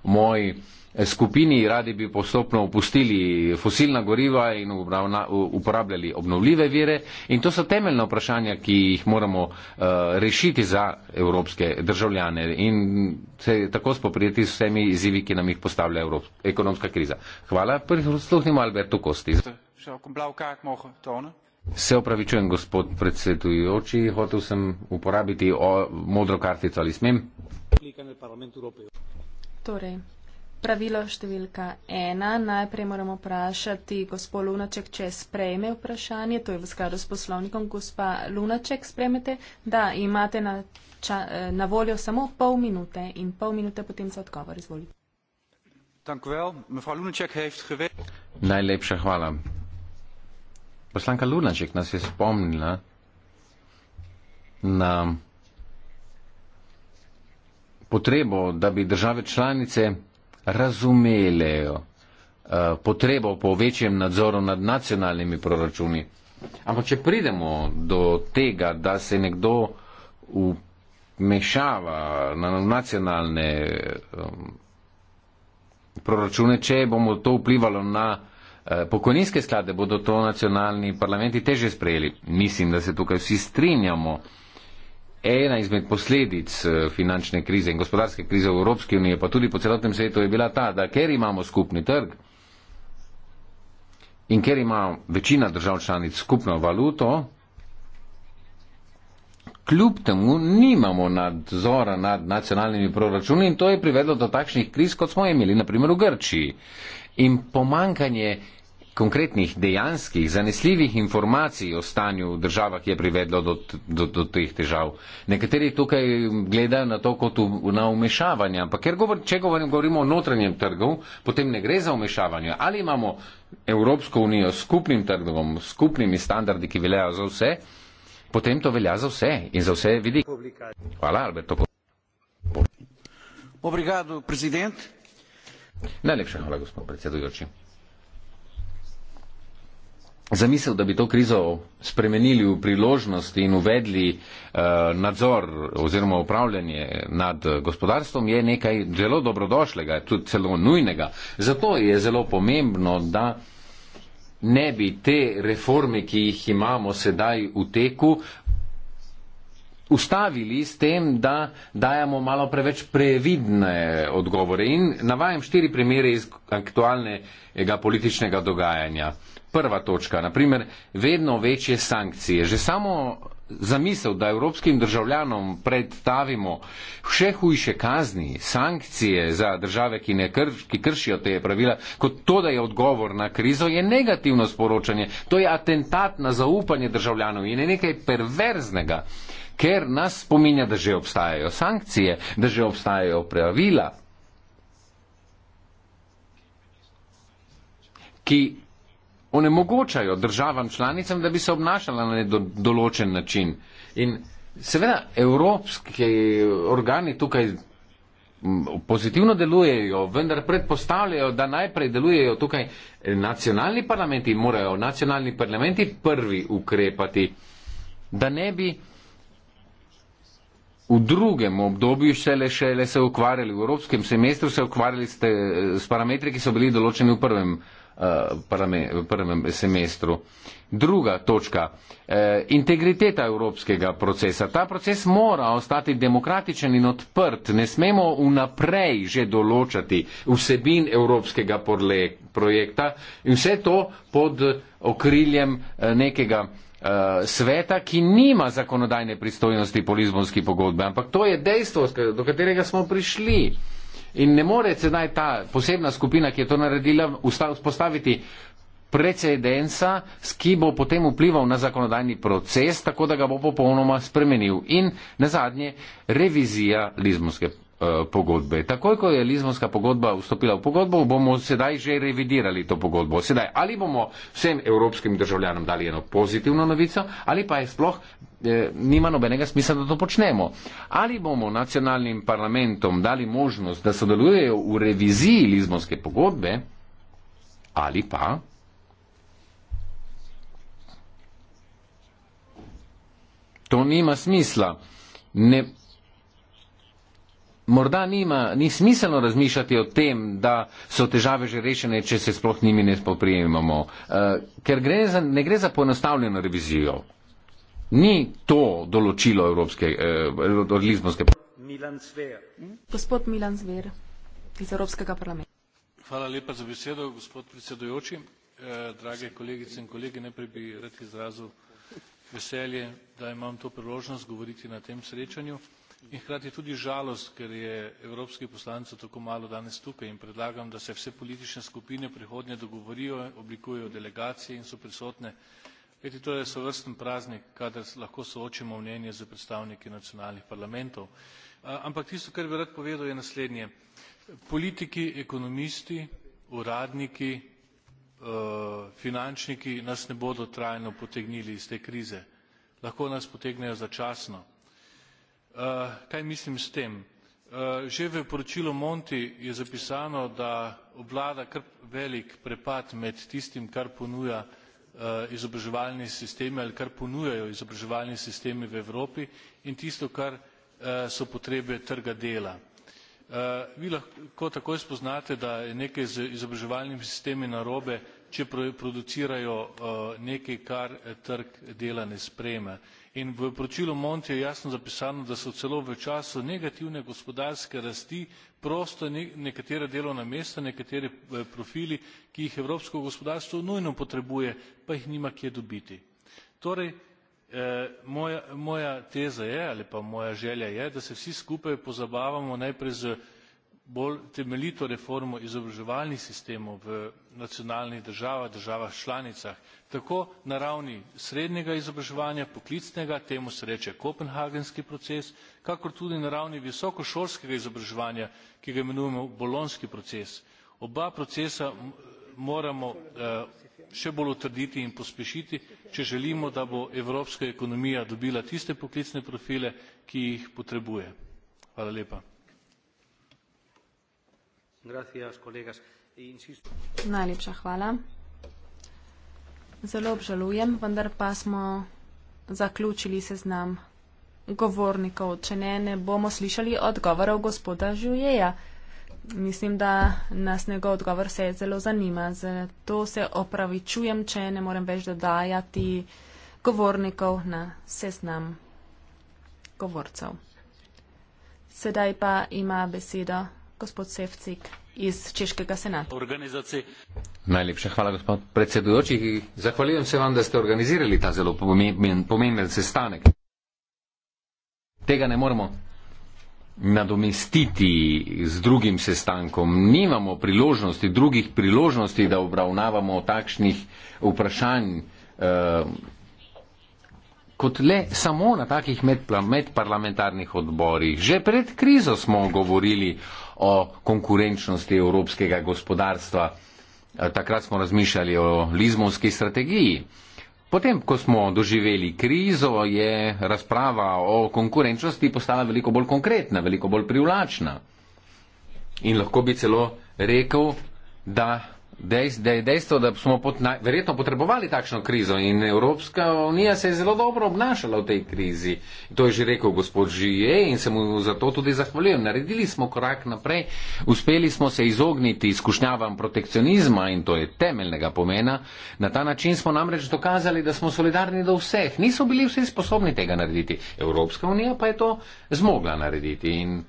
Speaker 5: moj. Eh, skupini radi bi postopno opustili fosilna goriva in uporabljali obnovljive vire. In to so temeljna vprašanja, ki jih moramo eh, rešiti za evropske državljane in se tako spoprijeti s vsemi izzivi, ki nam jih postavlja ekonomska kriza. Hvala. Prisluhnimo Albertu Kosti. Se opravičujem, gospod predsedujoči, hotel sem uporabiti modro kartico ali smem.
Speaker 4: Torej, Pravilo številka ena. Najprej moramo vprašati gospod Lunaček, če sprejme vprašanje. To je v skladu s poslovnikom. Gospa Lunaček, spremete? Da, imate na, ča, eh, na voljo samo pol minute in pol minute potem za odgovor. Izvolite.
Speaker 5: Najlepša hvala. Poslanka Lunaček nas je spomnila na potrebo, da bi države članice razumele eh, potrebo po večjem nadzoru nad nacionalnimi proračuni. Ampak če pridemo do tega, da se nekdo vmešava na nacionalne eh, proračune, če bomo to vplivalo na eh, pokojninske sklade, bodo to nacionalni parlamenti teže sprejeli. Mislim, da se tukaj vsi strinjamo. Ena izmed posledic eh, finančne krize in gospodarske krize v Evropski uniji, pa tudi po celotnem svetu, je bila ta, da ker imamo skupni trg in ker ima večina držav članic skupno valuto, kljub temu nimamo nadzora nad nacionalnimi proračuni in to je privedlo do takšnih kriz, kot smo imeli, naprimer v Grčiji. In pomankanje konkretnih, dejanskih, zanesljivih informacij o stanju v državah je privedlo do, do, do teh težav. Nekateri tukaj gledajo na to kot na umešavanje, ampak govor, če govorim, govorimo o notranjem trgu, potem ne gre za umešavanje. Ali imamo Evropsko unijo s skupnim trgom, s skupnimi standardi, ki veljajo za vse, potem to velja za vse in za vse vidi. Hvala, Alberto.
Speaker 1: Obrigado, president.
Speaker 5: Najlepša hvala, gospod predsedujoči zamisel, da bi to krizo spremenili v priložnost in uvedli eh, nadzor oziroma upravljanje nad eh, gospodarstvom, je nekaj zelo dobrodošlega, tudi celo nujnega. Zato je zelo pomembno, da ne bi te reforme, ki jih imamo sedaj v teku, ustavili s tem, da dajamo malo preveč previdne odgovore. In navajam štiri primere iz aktualnega političnega dogajanja prva točka, naprimer, vedno večje sankcije. Že samo zamisel, da evropskim državljanom predstavimo vse hujše kazni, sankcije za države, ki, kr ki kršijo te pravila, kot to, da je odgovor na krizo, je negativno sporočanje. To je atentat na zaupanje državljanov in je nekaj perverznega, ker nas spominja, da že obstajajo sankcije, da že obstajajo pravila. ki onemogočajo državam članicam, da bi se obnašala na določen način. In seveda evropski organi tukaj pozitivno delujejo, vendar predpostavljajo, da najprej delujejo tukaj nacionalni parlamenti, morajo nacionalni parlamenti prvi ukrepati, da ne bi v drugem obdobju šele šele se ukvarjali, v evropskem semestru se ukvarjali s, te, s parametri, ki so bili določeni v prvem Eh, v prvem semestru. Druga točka, eh, integriteta evropskega procesa. Ta proces mora ostati demokratičen in odprt. Ne smemo vnaprej že določati vsebin evropskega porle, projekta in vse to pod okriljem eh, nekega eh, sveta, ki nima zakonodajne pristojnosti po Lizbonski pogodbi. Ampak to je dejstvo, do katerega smo prišli. In ne more sedaj ta posebna skupina, ki je to naredila, vzpostaviti precedensa, ki bo potem vplival na zakonodajni proces, tako da ga bo popolnoma spremenil. In na zadnje, revizija Lizmonske eh, pogodbe. Takoj, ko je Lizbonska pogodba vstopila v pogodbo, bomo sedaj že revidirali to pogodbo. Sedaj, ali bomo vsem evropskim državljanom dali eno pozitivno novico, ali pa je sploh Eh, nima nobenega smisla, da to počnemo. Ali bomo nacionalnim parlamentom dali možnost, da sodelujejo v reviziji Lizbonske pogodbe, ali pa. To nima smisla. Ne, morda nima, ni smiselno razmišljati o tem, da so težave že rešene, če se sploh njimi ne spoprijemamo, uh, ker gre za, ne gre za poenostavljeno revizijo. Ni to določilo evropske, eh, od Lizbonske.
Speaker 1: Milan Zver. Gospod
Speaker 4: Milan Zver iz Evropskega parlamenta.
Speaker 1: Hvala lepa za besedo, gospod predsedujoči. Eh, drage kolegice in kolegi, najprej bi rad izrazil veselje, da imam to priložnost govoriti na tem srečanju in hkrati tudi žalost, ker je evropskih poslancev tako malo danes tukaj in predlagam, da se vse politične skupine prihodnje dogovorijo, oblikujejo delegacije in so prisotne Leti, to je sovrsten praznik, kadar lahko soočimo mnenje za predstavniki nacionalnih parlamentov. Ampak tisto, kar bi rad povedal, je naslednje. Politiki, ekonomisti, uradniki, e, finančniki nas ne bodo trajno potegnili iz te krize. Lahko nas potegnejo začasno. E, kaj mislim s tem? E, že v poročilu Monti je zapisano, da obvlada kar velik prepad med tistim, kar ponuja Eh, izobraževalni sistemi ali kar ponujajo izobraževalni sistemi v evropi in tisto kar eh, so potrebe trga dela. Eh, vi lahko takoj spoznate da je nekaj z izobraževalnimi sistemi narobe če producirajo nekaj kar trg dela ne sprejme in v poročilu monti je jasno zapisano da so celo v času negativne gospodarske rasti prosta nekatera delovna mesta nekateri eh, profili ki jih evropsko gospodarstvo nujno potrebuje pa jih nima kje dobiti. torej eh, moja teza je ali pa moja želja je da se vsi skupaj pozabavamo najprej s bolj temeljito reformo izobraževalnih sistemov v nacionalnih državah državah članicah tako na ravni srednjega izobraževanja poklicnega temu se reče kopenhagenski proces kakor tudi na ravni visokošolskega izobraževanja ki ga imenujemo bolonjski proces oba procesa moramo eh, še bolj utrditi in pospešiti če želimo da bo evropska ekonomija dobila tiste poklicne profile ki jih potrebuje hvala lepa E
Speaker 4: Najlepša hvala. Zelo obžalujem, vendar pa smo zaključili seznam govornikov. Če ne, ne bomo slišali odgovorov gospoda Žujeja. Mislim, da nas njegov odgovor se zelo zanima. Zato se opravičujem, če ne morem več dodajati govornikov na seznam govorcev. Sedaj pa ima besedo gospod Sevcik iz Češkega senata.
Speaker 5: Najlepša hvala, gospod predsedujoči. Zahvaljujem se vam, da ste organizirali ta zelo pomemben, pomemben sestanek. Tega ne moremo nadomestiti z drugim sestankom. Nimamo priložnosti, drugih priložnosti, da obravnavamo takšnih vprašanj. Uh, kot le samo na takih medparlamentarnih odborih. Že pred krizo smo govorili o konkurenčnosti evropskega gospodarstva. E, takrat smo razmišljali o lizmovski strategiji. Potem, ko smo doživeli krizo, je razprava o konkurenčnosti postala veliko bolj konkretna, veliko bolj privlačna. In lahko bi celo rekel, da dejstvo, da smo pot, na, verjetno potrebovali takšno krizo in Evropska unija se je zelo dobro obnašala v tej krizi. To je že rekel gospod Žije in se mu za to tudi zahvaljujem. Naredili smo korak naprej, uspeli smo se izogniti izkušnjavam protekcionizma in to je temeljnega pomena. Na ta način smo namreč dokazali, da smo solidarni do vseh. Niso bili vsi sposobni tega narediti. Evropska unija pa je to zmogla narediti. In,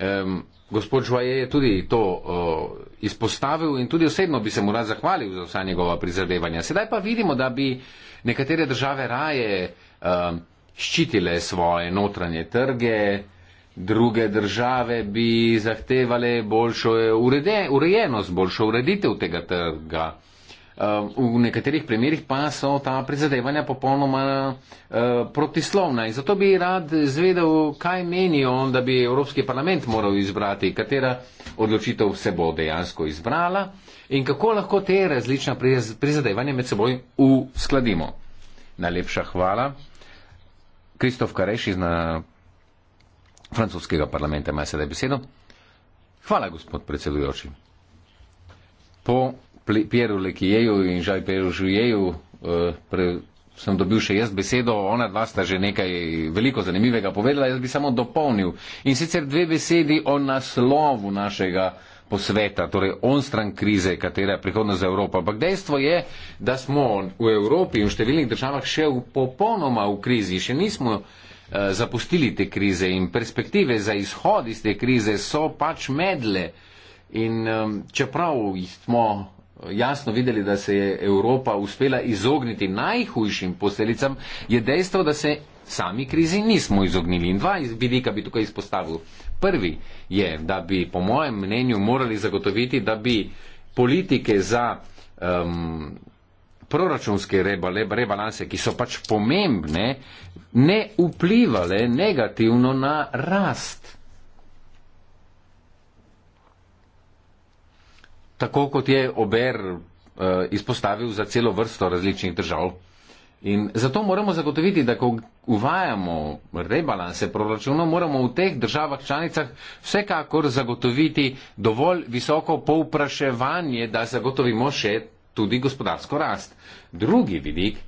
Speaker 5: um, Gospod Žvaje je tudi to uh, izpostavil in tudi osebno bi se mu rad zahvalil za vsa njegova prizadevanja. Sedaj pa vidimo, da bi nekatere države raje uh, ščitile svoje notranje trge, druge države bi zahtevale boljšo urede, urejenost, boljšo ureditev tega trga. Uh, Ehm, v nekaterih primerjih pa so ta prizadevanja popolnoma eh, protislovna. In zato bi rad zvedel, kaj menijo, da bi Evropski parlament moral izbrati, katera odločitev se bo dejansko izbrala in kako lahko te različna prizadevanja med seboj uskladimo. Najlepša hvala. Kristof Kareš iz francoskega parlamenta ima sedaj besedo. Hvala, gospod predsedujoči. Po Pieru Lekijeju in Žaj Pieru Žujeju. Sem dobil še jaz besedo, ona dva sta že nekaj veliko zanimivega povedala, jaz bi samo dopolnil. In sicer dve besedi o naslovu našega posveta, torej on stran krize, katera je prihodnost za Evropo. Ampak dejstvo je, da smo v Evropi in v številnih državah še v popolnoma v krizi, še nismo uh, zapustili te krize in perspektive za izhod iz te krize so pač medle. In um, čeprav smo jasno videli, da se je Evropa uspela izogniti najhujšim posledicam, je dejstvo, da se sami krizi nismo izognili. In dva vidika bi tukaj izpostavil. Prvi je, da bi po mojem mnenju morali zagotoviti, da bi politike za um, proračunske rebalanse, ki so pač pomembne, ne vplivale negativno na rast. tako kot je Ober eh, izpostavil za celo vrsto različnih držav. In zato moramo zagotoviti, da ko uvajamo rebalanse proračunov, moramo v teh državah članicah vsekakor zagotoviti dovolj visoko povpraševanje, da zagotovimo še tudi gospodarsko rast. Drugi vidik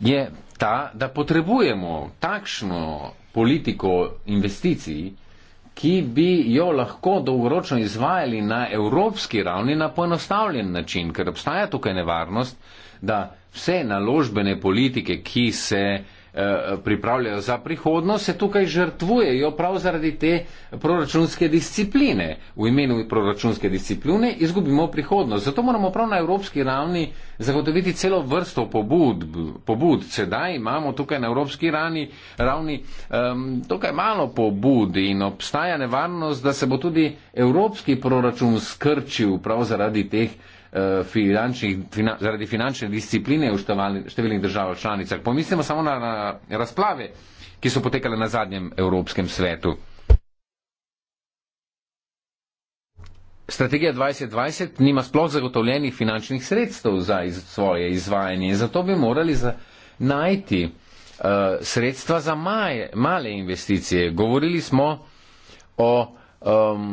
Speaker 5: je ta, da potrebujemo takšno politiko investicij, ki bi jo lahko dolgoročno izvajali na evropski ravni na poenostavljen način, ker obstaja tukaj nevarnost, da vse naložbene politike, ki se Eh, pripravljajo za prihodnost, se tukaj žrtvujejo prav zaradi te proračunske discipline. V imenu proračunske discipline izgubimo prihodnost. Zato moramo prav na evropski ravni zagotoviti celo vrsto pobud. pobud. Sedaj imamo tukaj na evropski ravni, ravni um, tukaj malo pobud in obstaja nevarnost, da se bo tudi evropski proračun skrčil prav zaradi teh Eh, finančnih, fina, zaradi finančne discipline v številnih državah članicah. Pomislimo samo na, na razplave, ki so potekale na zadnjem Evropskem svetu. Strategija 2020 nima sploh zagotovljenih finančnih sredstev za iz, svoje izvajanje in zato bi morali za, najti uh, sredstva za maje, male investicije. Govorili smo o um,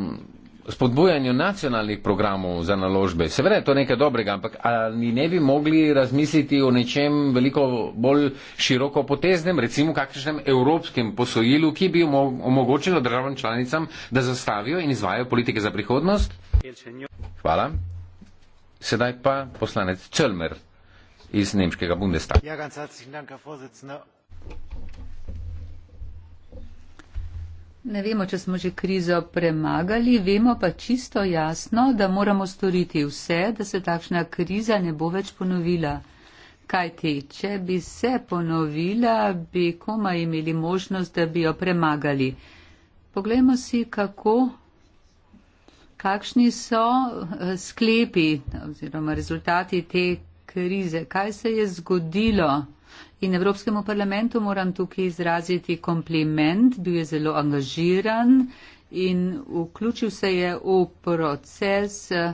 Speaker 5: spodbujanju nacionalnih programov za naložbe. Seveda je to nekaj dobrega, ampak ali ne bi mogli razmisliti o nečem veliko bolj široko poteznem, recimo kakšnem evropskem posojilu, ki bi omogočilo državam članicam, da zastavijo in izvajo politike za prihodnost? Hvala. Sedaj pa poslanec Čelmer iz Nemškega Bundestaga.
Speaker 1: Ja,
Speaker 2: Ne vemo, če smo že krizo premagali, vemo pa čisto jasno, da moramo storiti vse, da se takšna kriza ne bo več ponovila. Kaj ti, če bi se ponovila, bi koma imeli možnost, da bi jo premagali. Poglejmo si, kako, kakšni so eh, sklepi oziroma rezultati te krize, kaj se je zgodilo. In Evropskemu parlamentu moram tukaj izraziti kompliment, bil je zelo angažiran in vključil se je v proces eh,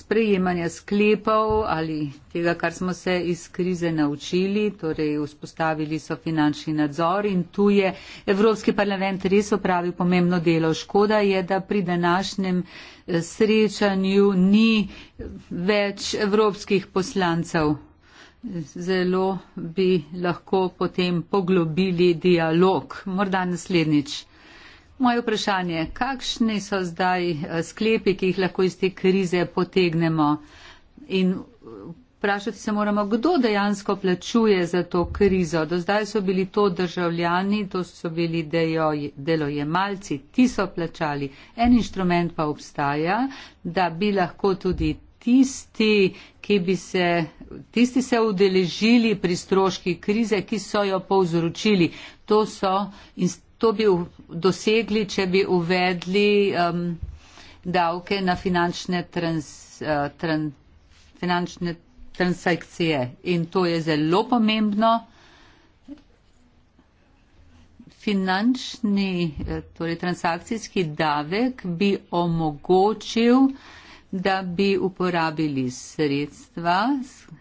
Speaker 2: sprejemanja sklepov ali tega, kar smo se iz krize naučili, torej vzpostavili so finančni nadzor in tu je Evropski parlament res opravil pomembno delo. Škoda je, da pri današnjem eh, srečanju ni več evropskih poslancev zelo bi lahko potem poglobili dialog, morda naslednjič. Moje vprašanje, kakšni so zdaj eh, sklepi, ki jih lahko iz te krize potegnemo? In vprašati se moramo, kdo dejansko plačuje za to krizo. Do zdaj so bili to državljani, to so bili dejo, delojemalci, ti so plačali. En inštrument pa obstaja, da bi lahko tudi tisti, ki bi se, tisti se udeležili pri stroški krize, ki so jo povzročili. To so in to bi dosegli, če bi uvedli um, davke na finančne, trans, uh, tran, finančne transakcije. In to je zelo pomembno. Finančni, eh, torej transakcijski davek bi omogočil, da bi uporabili sredstva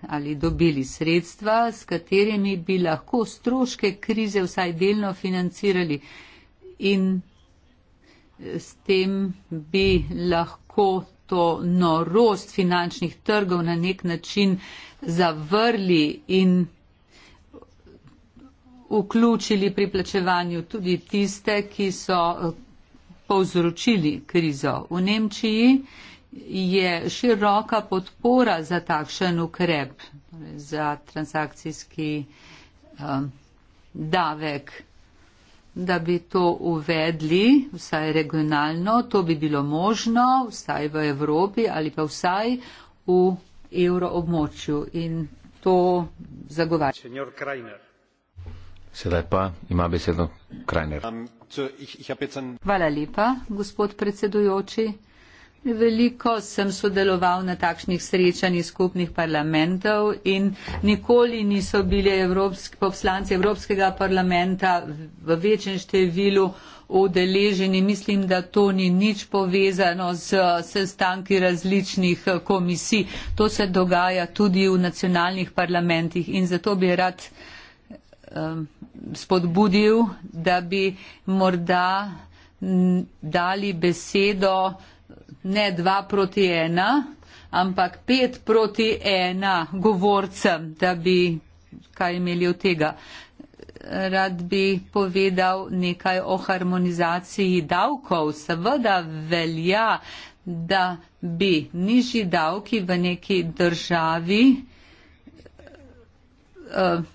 Speaker 2: ali dobili sredstva, s katerimi bi lahko stroške krize vsaj delno financirali in eh, s tem bi lahko to norost finančnih trgov na nek način zavrli in vključili pri plačevanju tudi tiste, ki so eh, povzročili krizo v Nemčiji je široka podpora za takšen ukrep, torej za transakcijski um, davek, da bi to uvedli vsaj regionalno, to bi bilo možno vsaj v Evropi ali pa vsaj v evroobmočju in to zagovarja.
Speaker 5: Sedaj pa ima besedo Krajner. Um,
Speaker 2: Hvala lepa, gospod predsedujoči. Veliko sem sodeloval na takšnih srečanjih skupnih parlamentov in nikoli niso bili evropski, poslanci Evropskega parlamenta v večjem številu udeleženi. Mislim, da to ni nič povezano z sestanki različnih eh, komisij. To se dogaja tudi v nacionalnih parlamentih in zato bi rad um, spodbudil, da bi morda dali besedo ne dva proti ena, ampak pet proti ena govorcem, da bi kaj imeli od tega. Rad bi povedal nekaj o harmonizaciji davkov. Seveda velja, da bi nižji davki v neki državi uh,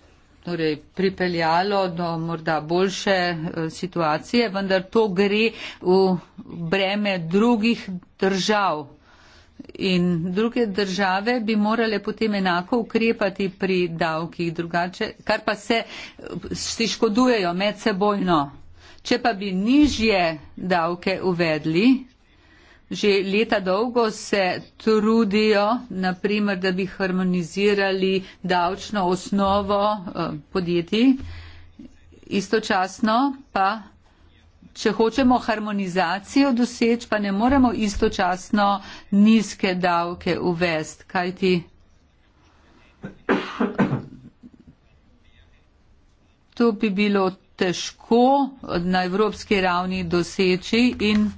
Speaker 2: torej, pripeljalo do morda boljše eh, situacije, vendar to gre v breme drugih držav. In druge države bi morale potem enako ukrepati pri davkih drugače, kar pa se eh, stiškodujejo medsebojno. Če pa bi nižje davke uvedli, že leta dolgo se trudijo, naprimer, da bi harmonizirali davčno osnovo eh, podjetij. Istočasno pa, če hočemo harmonizacijo doseč, pa ne moremo istočasno nizke davke uvesti, kaj ti. To bi bilo težko na evropski ravni doseči in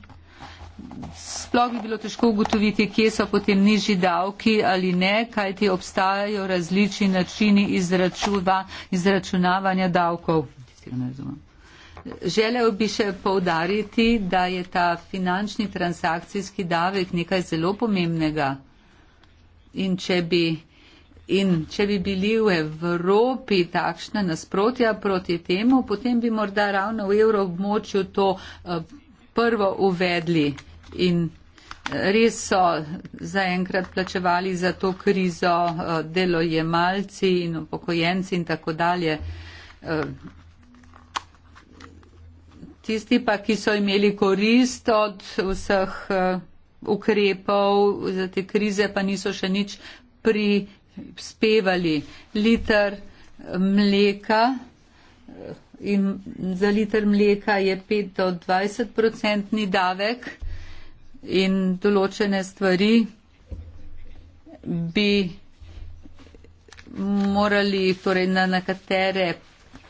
Speaker 2: sploh bi bilo težko ugotoviti, kje so potem nižji davki ali ne, kajti obstajajo različni načini izračuva, izračunavanja davkov. Želel bi še povdariti, da je ta finančni transakcijski davek nekaj zelo pomembnega. In če bi, in če bi bili v Evropi takšna nasprotja proti temu, potem bi morda ravno v evroobmočju to eh, prvo uvedli in res so zaenkrat plačevali za to krizo eh, delojemalci in upokojenci in tako dalje. Eh, tisti pa, ki so imeli korist od vseh eh, ukrepov za te krize, pa niso še nič prispevali. Liter mleka in za liter mleka je 5 do 20 procentni davek in določene stvari bi morali, torej na nekatere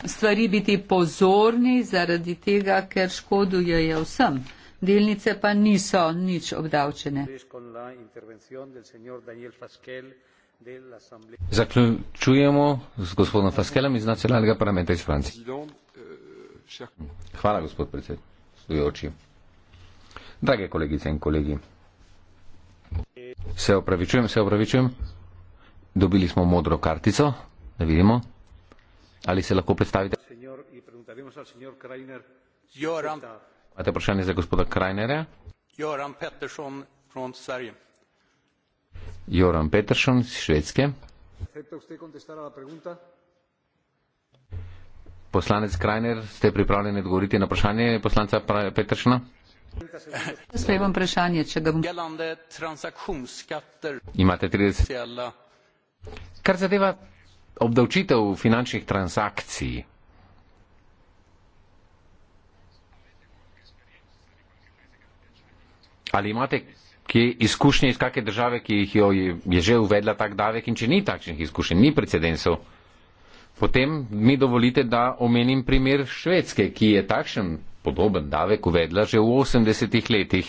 Speaker 2: stvari biti pozorni zaradi tega, ker škodujejo vsem. Delnice pa niso nič obdavčene.
Speaker 5: Zaključujemo z gospodom Faskelem iz nacionalnega parlamenta iz Francije. Hvala, gospod predsedujoči. Drage kolegice in kolegi, se opravičujem, se opravičujem. Dobili smo modro kartico, da vidimo. Ali se lahko predstavite? Imate vprašanje za gospoda Krajnerja?
Speaker 1: Joran Peterson iz Švedske.
Speaker 5: Joran Peterson iz Švedske. Poslanec Krajner, ste pripravljeni odgovoriti na vprašanje poslanca Petršna?
Speaker 2: jaz pa imam vprašanje če ga
Speaker 5: imate trideset
Speaker 2: kar
Speaker 1: zadeva
Speaker 5: obdavčitev finančnih transakcij ali imate kje izkušnje iz kakšne države ki jih jo je, je že uvedla tak davek in če ni takšnih izkušenj ni precedensov potem mi dovolite da omenim primer švedske ki je takšen podoben davek uvedla že v 80-ih letih.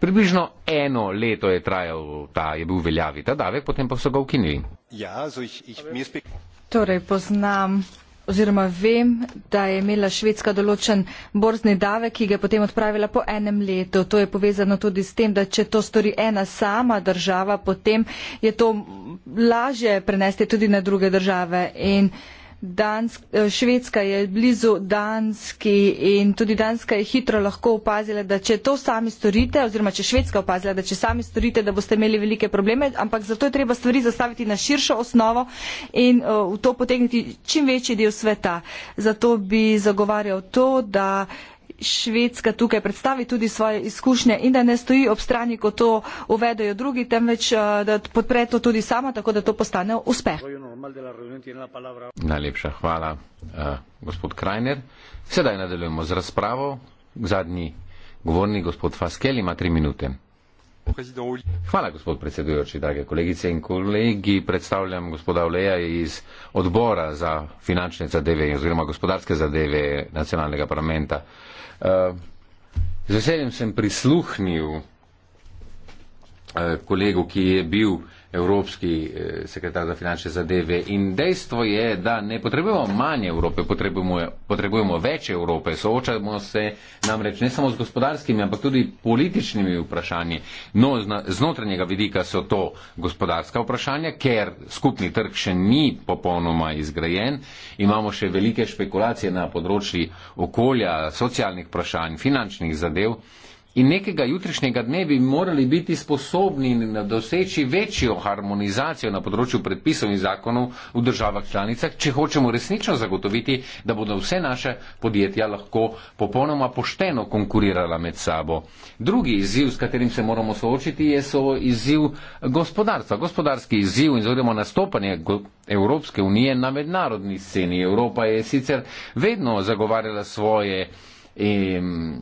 Speaker 5: Približno eno leto je trajal ta, je bil veljavi ta davek, potem pa so ga ukinili. Ja, ich, ich, spek...
Speaker 3: Torej, poznam oziroma vem, da je imela Švedska določen borzni davek, ki ga je potem odpravila po enem letu. To je povezano tudi s tem, da če to stori ena sama država, potem je to lažje prenesti tudi na druge države. In... Hmm. Dansk, eh, Švedska je blizu Danski in tudi Danska je hitro lahko opazila, da če to sami storite, oziroma če Švedska opazila, da če sami storite, da boste imeli velike probleme, ampak zato je treba stvari zastaviti na širšo osnovo in uh, v to potegniti čim večji del sveta. Zato bi zagovarjal to, da uh, Švedska tukaj predstavi tudi svoje izkušnje in da ne stoji ob strani, ko to uvedejo drugi, temveč eh, da podpre to tudi sama, tako da to postane uspeh.
Speaker 5: Najlepša hvala, uh, gospod Krajner. Sedaj nadaljujemo z razpravo. Zadnji govornik, gospod Faskel, ima tri minute. Hvala, gospod predsedujoči, drage kolegice in kolegi. Predstavljam gospoda Oleja iz odbora za finančne zadeve oziroma gospodarske zadeve nacionalnega parlamenta. Uh, Eh, z veseljem sem prisluhnil eh, kolegu, ki je bil uh, evropski eh, sekretar za finančne zadeve. In dejstvo je, da ne potrebujemo manj Evrope, potrebujemo, potrebujemo več Evrope. Soočamo se namreč ne samo z gospodarskimi, ampak tudi političnimi vprašanji. No, z notranjega vidika so to gospodarska vprašanja, ker skupni trg še ni popolnoma izgrajen. Imamo še velike špekulacije na področju okolja, socialnih vprašanj, finančnih zadev. In nekega jutrišnjega dne bi morali biti sposobni doseči večjo harmonizacijo na področju predpisov in zakonov v državah članicah, če hočemo resnično zagotoviti, da bodo vse naše podjetja lahko popolnoma pošteno konkurirala med sabo. Drugi izziv, s katerim se moramo soočiti, je so izziv gospodarstva. Gospodarski izziv in zovemo nastopanje Evropske unije na mednarodni sceni. Evropa je sicer vedno zagovarjala svoje. Em,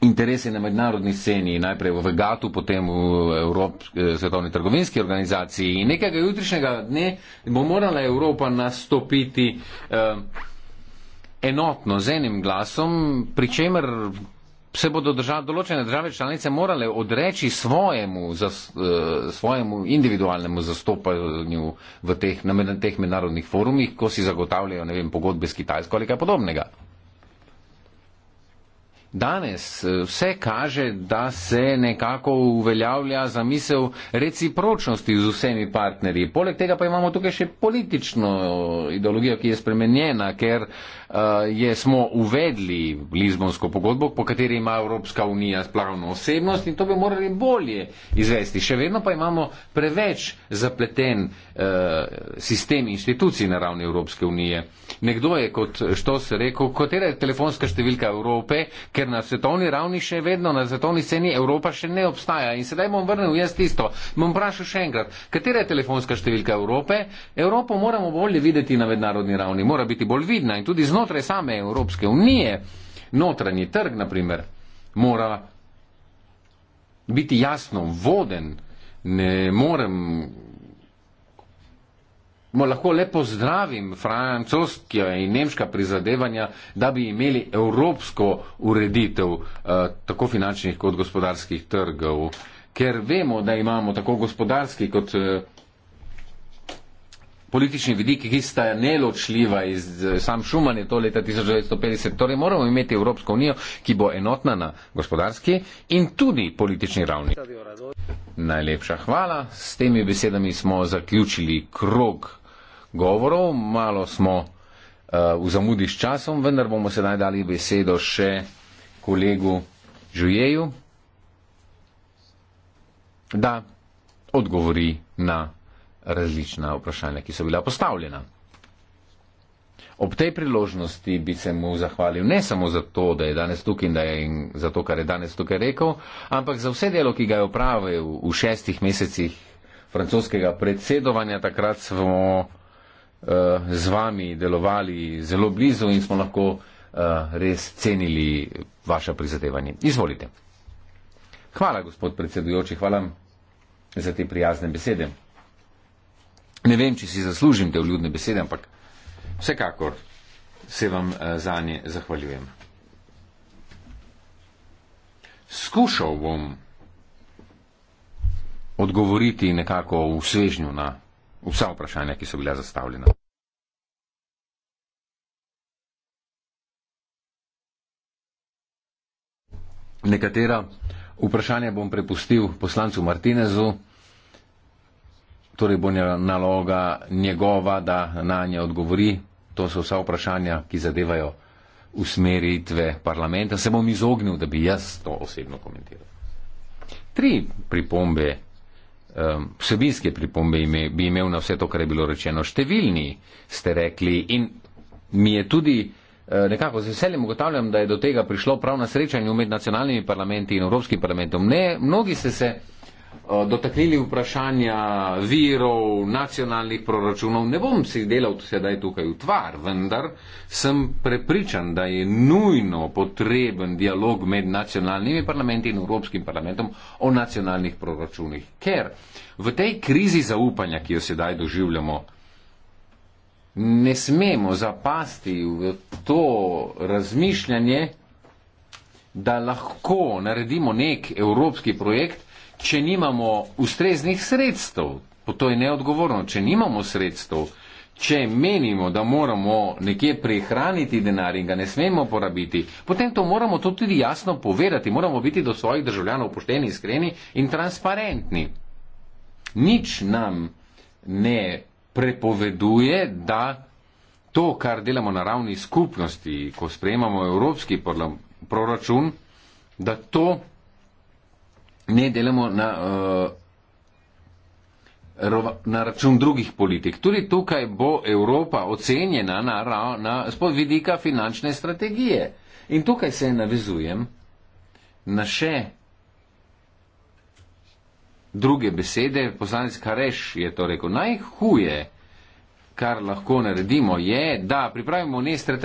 Speaker 5: interese na mednarodni sceni, najprej v Vegatu, potem v Evrop, eh, svetovni trgovinski organizaciji. In nekega jutrišnjega dne bo morala Evropa nastopiti eh, enotno, z enim glasom, pri čemer se bodo držav, določene države članice morale odreči svojemu, za, eh, svojemu individualnemu zastopanju v teh, na med, teh mednarodnih forumih, ko si zagotavljajo ne vem, pogodbe s Kitajsko ali kaj podobnega. Danes eh, vse kaže, da se nekako uveljavlja zamisel recipročnosti z vsemi partnerji. Poleg tega pa imamo tukaj še politično eh, ideologijo, ki je spremenjena, ker uh, je, smo uvedli Lizbonsko pogodbo, po kateri ima Evropska unija splavno osebnost in to bi morali bolje izvesti. Še vedno pa imamo preveč zapleten uh, sistem inštitucij na ravni Evropske unije. Nekdo je kot Štos rekel, katera je telefonska številka Evrope, ker ker na svetovni ravni še vedno, na svetovni sceni Evropa še ne obstaja. In sedaj bom vrnil jaz tisto. Bom vprašal še enkrat, katera je telefonska številka Evrope? Evropo moramo bolje videti na mednarodni ravni, mora biti bolj vidna in tudi znotraj same Evropske unije, notranji trg, naprimer, mora biti jasno voden. Ne morem Mo lahko lepo zdravim francoskega in nemška prizadevanja, da bi imeli evropsko ureditev eh, tako finančnih kot gospodarskih trgov, ker vemo, da imamo tako gospodarski kot eh, politični vidik, ki sta neločljiva iz eh, sam Šuman je to leta 1950. Torej moramo imeti Evropsko unijo, ki bo enotna na gospodarski in tudi politični ravni. Najlepša hvala. S temi besedami smo zaključili krog govorov, malo smo uh, v zamudi s časom, vendar bomo sedaj dali besedo še kolegu Žujeju, da odgovori na različna vprašanja, ki so bila postavljena. Ob tej priložnosti bi se mu zahvalil ne samo za to, da je danes tukaj in da je in za to, kar je danes tukaj rekel, ampak za vse delo, ki ga je opravil v šestih mesecih francoskega predsedovanja. Takrat smo uh, z vami delovali zelo blizu in smo lahko uh, res cenili vaše prizadevanje. Izvolite. Hvala, gospod predsedujoči, hvala za te prijazne besede. Ne vem, če si zaslužim te vljudne besede, ampak vsekakor se vam eh, za nje zahvaljujem. Skušal bom odgovoriti nekako v svežnju na vsa vprašanja, ki so bila zastavljena. Nekatera vprašanja bom prepustil poslancu Martinezu, torej bo naloga njegova, da na nje odgovori. To so vsa vprašanja, ki zadevajo usmeritve parlamenta. Se bom izognil, da bi jaz to osebno komentiral. Tri pripombe vsebinske pripombe bi imel na vse to, kar je bilo rečeno. Številni ste rekli in mi je tudi eh, nekako z veseljem ugotavljam, da je do tega prišlo prav na srečanju med nacionalnimi parlamenti in Evropskim parlamentom. Ne, mnogi ste se. se Eh, dotaknili vprašanja virov, nacionalnih proračunov. Ne bom si delal sedaj tukaj utvar, vendar sem prepričan, da je nujno potreben dialog med nacionalnimi parlamenti in Evropskim parlamentom o nacionalnih proračunih. Ker v tej krizi zaupanja, ki jo sedaj doživljamo, ne smemo zapasti v to razmišljanje, da lahko naredimo nek evropski projekt, če nimamo ustreznih sredstev, to je neodgovorno, če nimamo sredstev, če menimo, da moramo nekje prihraniti denar in ga ne smemo porabiti, potem to moramo to tudi jasno povedati, moramo biti do svojih državljanov pošteni, iskreni in transparentni. Nič nam ne prepoveduje, da to, kar delamo na ravni skupnosti, ko sprejemamo evropski proračun, da to ne delamo na, uh, na račun drugih politik. Tudi tukaj bo Evropa ocenjena na, na, na spodvidika finančne strategije. In tukaj se navezujem na še druge besede. Poslanec Kareš je to rekel. Najhuje, kar lahko naredimo, je, da pripravimo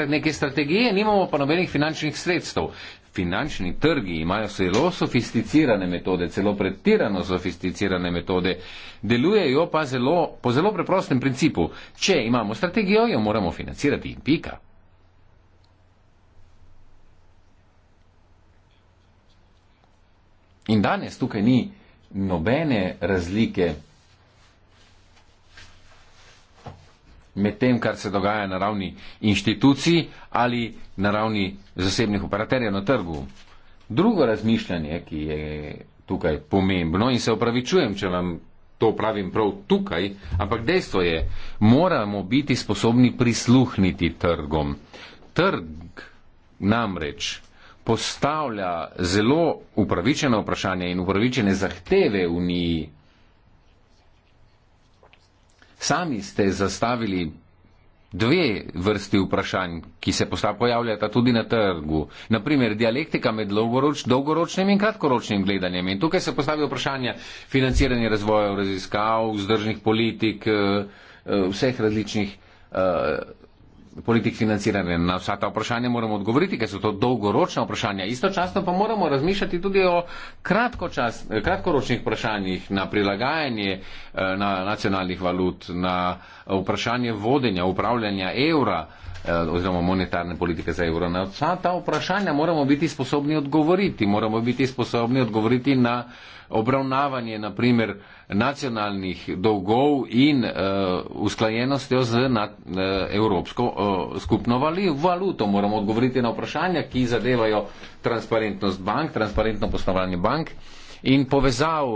Speaker 5: neke strategije, nimamo pa nobenih finančnih sredstev finančni trgi imajo zelo sofisticirane metode, celo pretirano sofisticirane metode, delujejo pa zelo, po zelo preprostem principu. Če imamo strategijo, jo moramo financirati in pika. In danes tukaj ni nobene razlike med tem, kar se dogaja na ravni inštitucij ali na ravni zasebnih operaterjev na trgu. Drugo razmišljanje, ki je tukaj pomembno in se opravičujem, če vam to pravim prav tukaj, ampak dejstvo je, moramo biti sposobni prisluhniti trgom. Trg namreč postavlja zelo upravičene vprašanja in upravičene zahteve v njih Sami ste zastavili dve vrsti vprašanj, ki se pojavljata tudi na trgu. Naprimer, dialektika med dolgoroč, dolgoročnim in kratkoročnim gledanjem. In tukaj se postavijo vprašanja financiranja razvoja raziskav, vzdržnih politik, eh, eh, vseh različnih eh, politik financiranja. Na vsa ta vprašanja moramo odgovoriti, ker so to dolgoročna vprašanja. Istočasno pa moramo razmišljati tudi o čas, kratkoročnih vprašanjih na prilagajanje eh, na nacionalnih valut, na vprašanje vodenja, upravljanja evra. Eh, oziroma monetarne politike za evro. Na vsa ta vprašanja moramo biti sposobni odgovoriti. Moramo biti sposobni odgovoriti na obravnavanje, naprimer, nacionalnih dolgov in uh, usklajenostjo z na, uh, evropsko uh, skupno valuto. Moramo odgovoriti na vprašanja, ki zadevajo transparentnost bank, transparentno poslovanje bank. Uh, in povezav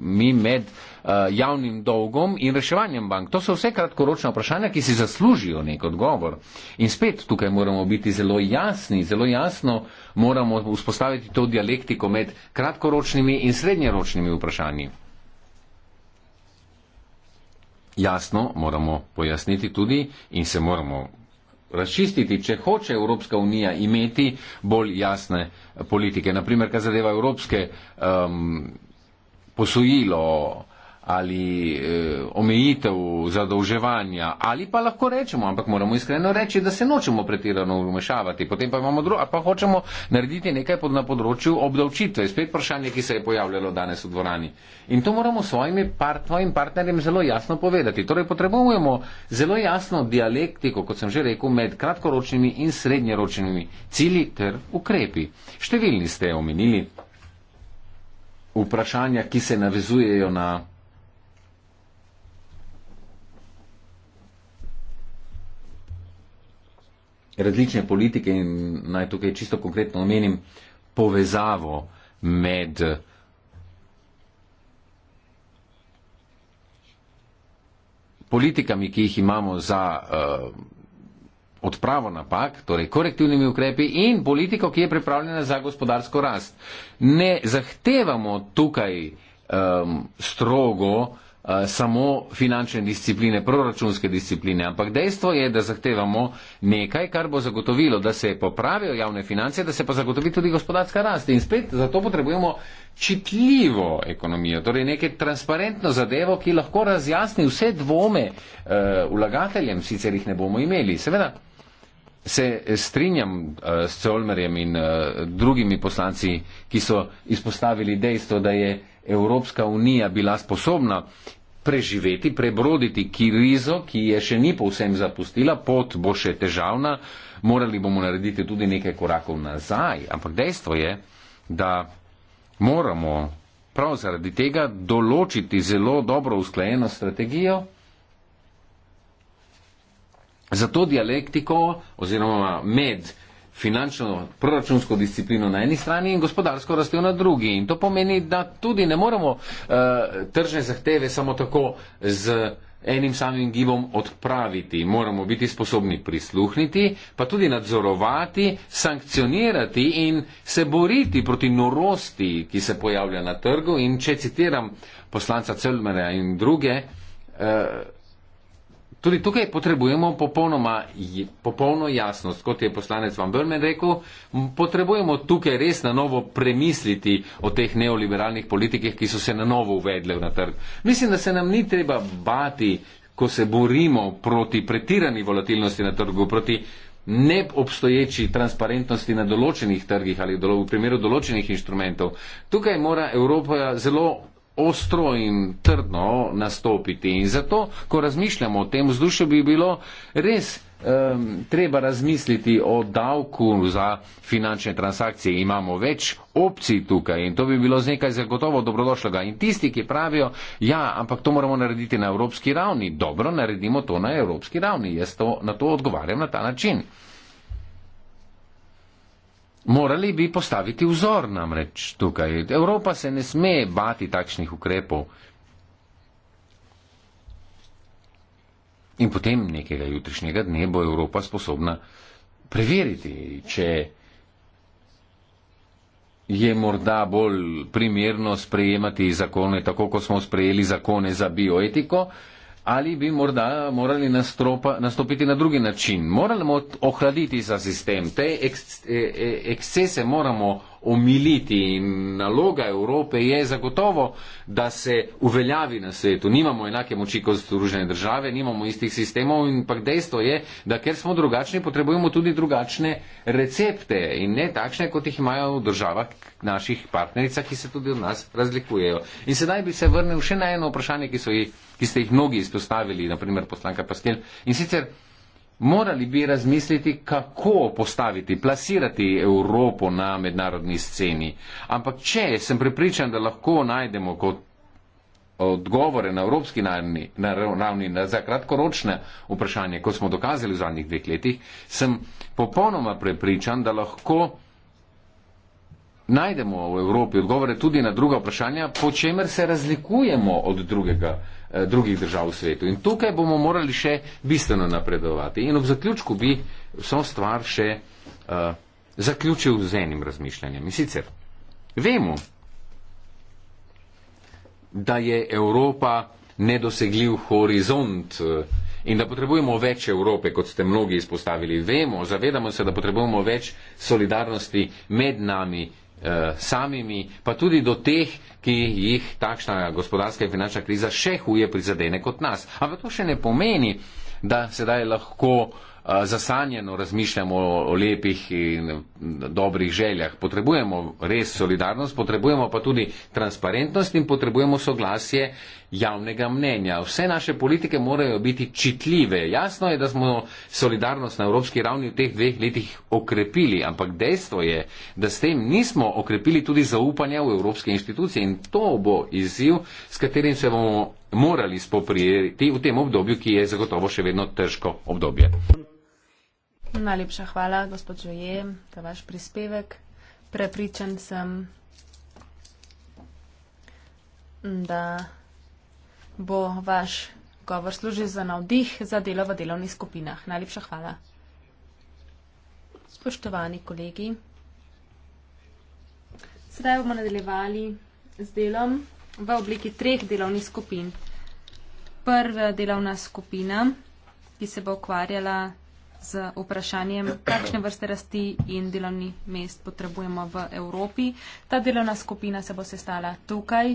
Speaker 5: mi med uh, javnim dolgom in reševanjem bank. To so vse kratkoročna vprašanja, ki si zaslužijo nek odgovor. In spet tukaj moramo biti zelo jasni, zelo jasno moramo vzpostaviti to dialektiko med kratkoročnimi in srednjeročnimi vprašanji. Jasno moramo pojasniti tudi in se moramo razčistiti, če hoče Evropska unija imeti bolj jasne politike. Naprimer, kar zadeva evropske um, posojilo, ali e, omejitev zadolževanja, ali pa lahko rečemo, ampak moramo iskreno reči, da se nočemo pretirano vmešavati, potem pa imamo drugo, ali pa hočemo narediti nekaj pod na področju obdavčitve, spet vprašanje, ki se je pojavljalo danes v dvorani. In to moramo svojim part, partnerjem zelo jasno povedati. Torej potrebujemo zelo jasno dialektiko, kot sem že rekel, med kratkoročnimi in srednjeročnimi cili ter ukrepi. Številni ste omenili vprašanja, ki se navezujejo na različne politike in naj tukaj čisto konkretno omenim povezavo med politikami, ki jih imamo za uh, odpravo napak, torej korektivnimi ukrepi in politiko, ki je pripravljena za gospodarsko rast. Ne zahtevamo tukaj um, strogo uh, Eh, samo finančne discipline, proračunske discipline, ampak dejstvo je, da zahtevamo nekaj, kar bo zagotovilo, da se popravijo javne finance, da se pa zagotovi tudi gospodarska rast. In spet zato potrebujemo čitljivo ekonomijo, torej neke transparentno zadevo, ki lahko razjasni vse dvome uh, vlagateljem, sicer jih ne bomo imeli. Seveda se strinjam uh, s Colmerjem in uh, drugimi poslanci, ki so izpostavili dejstvo, da je Evropska unija bila sposobna preživeti, prebroditi krizo, ki je še ni povsem zapustila, pot bo še težavna, morali bomo narediti tudi nekaj korakov nazaj, ampak dejstvo je, da moramo prav zaradi tega določiti zelo dobro usklajeno strategijo za to dialektiko oziroma med finančno, proračunsko disciplino na eni strani in gospodarsko rastejo na drugi. In to pomeni, da tudi ne moremo uh, tržne zahteve samo tako z enim samim gibom odpraviti. Moramo biti sposobni prisluhniti, pa tudi nadzorovati, sankcionirati in se boriti proti norosti, ki se pojavlja na trgu. In če citiram poslanca Celmera in druge, uh, Tudi tukaj potrebujemo popolnoma, popolno jasnost, kot je poslanec Van Brmen rekel, potrebujemo tukaj res na novo premisliti o teh neoliberalnih politikih, ki so se na novo uvedle na trg. Mislim, da se nam ni treba bati, ko se borimo proti pretirani volatilnosti na trgu, proti neobstoječi transparentnosti na določenih trgih ali v primeru določenih inštrumentov. Tukaj mora Evropa zelo ostro in trdno nastopiti. In zato, ko razmišljamo o tem vzdušju, bi bilo res um, treba razmisliti o davku za finančne transakcije. Imamo več opcij tukaj in to bi bilo z nekaj zagotovo dobrodošlega. In tisti, ki pravijo, ja, ampak to moramo narediti na evropski ravni, dobro, naredimo to na evropski ravni. Jaz to, na to odgovarjam na ta način. Morali bi postaviti vzor namreč tukaj. Evropa se ne sme bati takšnih ukrepov. In potem nekega jutrišnjega dne bo Evropa sposobna preveriti, če je morda bolj primerno sprejemati zakone, tako kot smo sprejeli zakone za bioetiko, ali bi morda morali nastropa, nastopiti na drugi način. Moramo ohladiti za sistem, te eks, eh, ekscese moramo omiliti in naloga Evrope je zagotovo, da se uveljavi na svetu. Nimamo enake moči kot združene države, nimamo istih sistemov in pa dejstvo je, da ker smo drugačni, potrebujemo tudi drugačne recepte in ne takšne, kot jih imajo v državah naših partnericah, ki se tudi od nas razlikujejo. In sedaj bi se vrnil še na eno vprašanje, ki so jih ki ste jih mnogi izpostavili, naprimer poslanka Pastel. In sicer morali bi razmisliti, kako postaviti, plasirati Evropo na mednarodni sceni. Ampak če sem prepričan, da lahko najdemo kot odgovore na evropski ravni, na ravni na za kratkoročne vprašanje, kot smo dokazali v zadnjih dveh letih, sem popolnoma prepričan, da lahko najdemo v Evropi odgovore tudi na druga vprašanja, po čemer se razlikujemo od drugega uh, Eh, drugih držav v svetu. In tukaj bomo morali še bistveno napredovati. In ob zaključku bi vso stvar še uh, zaključil z enim razmišljanjem. In sicer vemo, da je Evropa nedosegljiv horizont eh, in da potrebujemo več Evrope, kot ste mnogi izpostavili. Vemo, zavedamo se, da potrebujemo več solidarnosti med nami Eh, samimi, pa tudi do teh, ki jih takšna gospodarska in finančna kriza še huje prizadene kot nas. Ampak to še ne pomeni, da sedaj lahko uh, Eh, zasanjeno razmišljamo o lepih in dobrih željah. Potrebujemo res solidarnost, potrebujemo pa tudi transparentnost in potrebujemo soglasje javnega mnenja. Vse naše politike morajo biti čitljive. Jasno je, da smo solidarnost na evropski ravni v teh dveh letih okrepili, ampak dejstvo je, da s tem nismo okrepili tudi zaupanja v evropske inštitucije in to bo izziv, s katerim se bomo morali spoprijeti v tem obdobju, ki je zagotovo še vedno težko obdobje.
Speaker 4: Najlepša hvala, gospod Žoje, za vaš prispevek. Prepričan sem, da bo vaš govor služil za navdih za delo v delovnih skupinah. Najlepša hvala. Spoštovani kolegi, sedaj bomo nadaljevali z delom v obliki treh delovnih skupin. Prva delovna skupina, ki se bo ukvarjala z vprašanjem, kakšne vrste rasti in delovni mest potrebujemo v Evropi. Ta delovna skupina se bo sestala tukaj.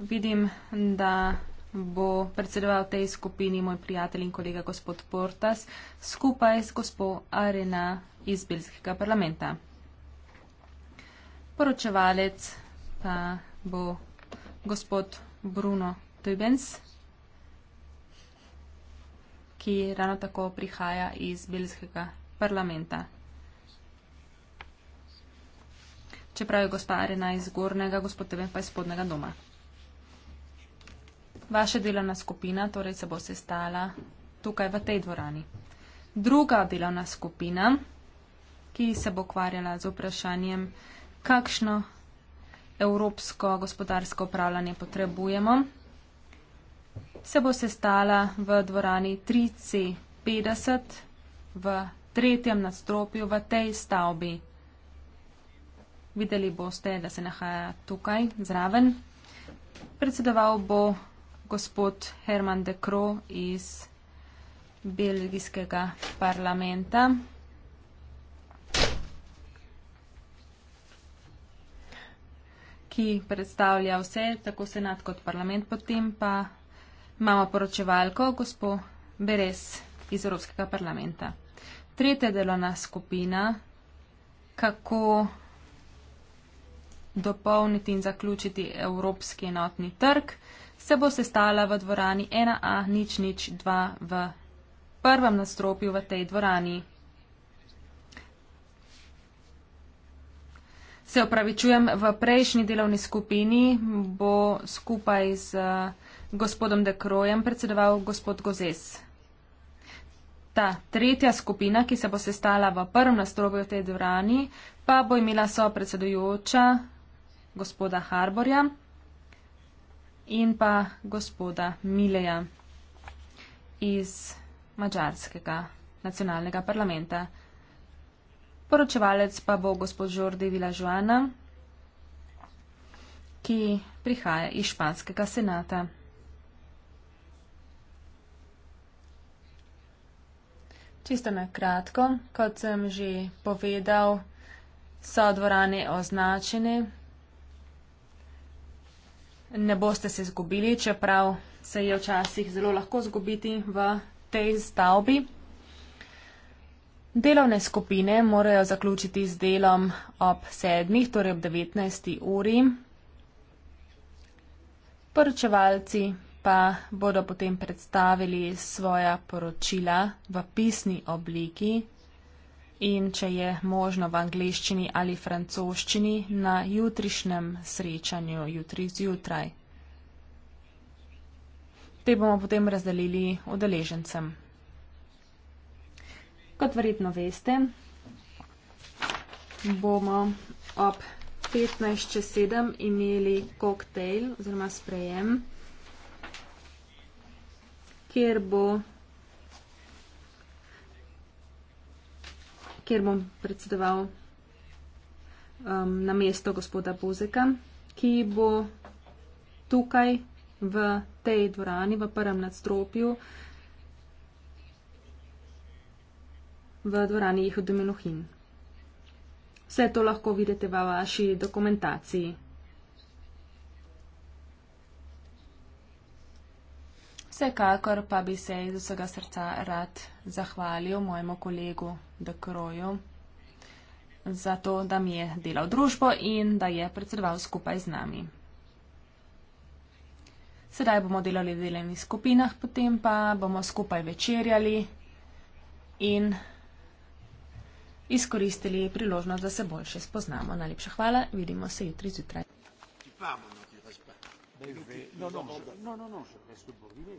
Speaker 4: Vidim, da bo predsedoval tej skupini moj prijatelj in kolega gospod Portas skupaj z gospod Arena iz Belgijskega parlamenta. Poročevalec pa bo gospod Bruno Tübens ki ravno tako prihaja iz belskega parlamenta. Čeprav je gospa Arena iz zgornjega, gospod Teven pa iz spodnega doma. Vaša delovna skupina torej se bo sestala tukaj v tej dvorani. Druga delovna skupina, ki se bo ukvarjala z vprašanjem, kakšno evropsko gospodarsko upravljanje potrebujemo, se bo sestala v dvorani 3C50 v tretjem nadstropju v tej stavbi. Videli boste, da se nahaja tukaj zraven. Predsedoval bo gospod Herman de Kro iz belgijskega parlamenta. ki predstavlja vse, tako senat kot parlament, potem pa Imamo poročevalko, gospo Beres iz Evropskega parlamenta. Tretja delovna skupina, kako dopolniti in zaključiti Evropski enotni trg, se bo sestala v dvorani 1A002 v prvem nastropju v tej dvorani. Se opravičujem, v prejšnji delovni skupini bo skupaj z. Uh, gospodom De Krojem predsedoval gospod Gozes. Ta tretja skupina, ki se bo sestala v prvem nastrobju te dvorani, pa bo imela so predsedujoča gospoda Harborja in pa gospoda Mileja iz Mačarskega nacionalnega parlamenta. Poročevalec pa bo gospod Žordi Vilažuana, ki prihaja iz španskega senata. Čisto na kratko, kot sem že povedal, so dvorane označene. Ne boste se zgubili, čeprav se je včasih zelo lahko zgubiti v tej stavbi. Delovne skupine morajo zaključiti z delom ob 7. torej ob 19. uri. Poročevalci pa bodo potem predstavili svoja poročila v pisni obliki in če je možno v angliščini ali francoščini na jutrišnjem srečanju jutri zjutraj. Te bomo potem razdelili udeležencem. Kot verjetno veste, bomo ob 15.07 imeli koktejl oziroma sprejem kjer bo kjer bom predsedoval um, na mesto gospoda Bozeka, ki bo tukaj v tej dvorani, v prvem nadstropju, v dvorani Jehudomenohin. Vse to lahko vidite v vaši dokumentaciji. Vsekakor pa bi se iz vsega srca rad zahvalil mojemu kolegu Dekroju za to, da mi je delal družbo in da je predsedoval skupaj z nami. Sedaj bomo delali v delenih skupinah, potem pa bomo skupaj večerjali in izkoristili priložnost, da se boljše spoznamo. Najlepša hvala, vidimo se jutri zjutraj.
Speaker 1: Vamos. Non, non, non, je reste bourguignon.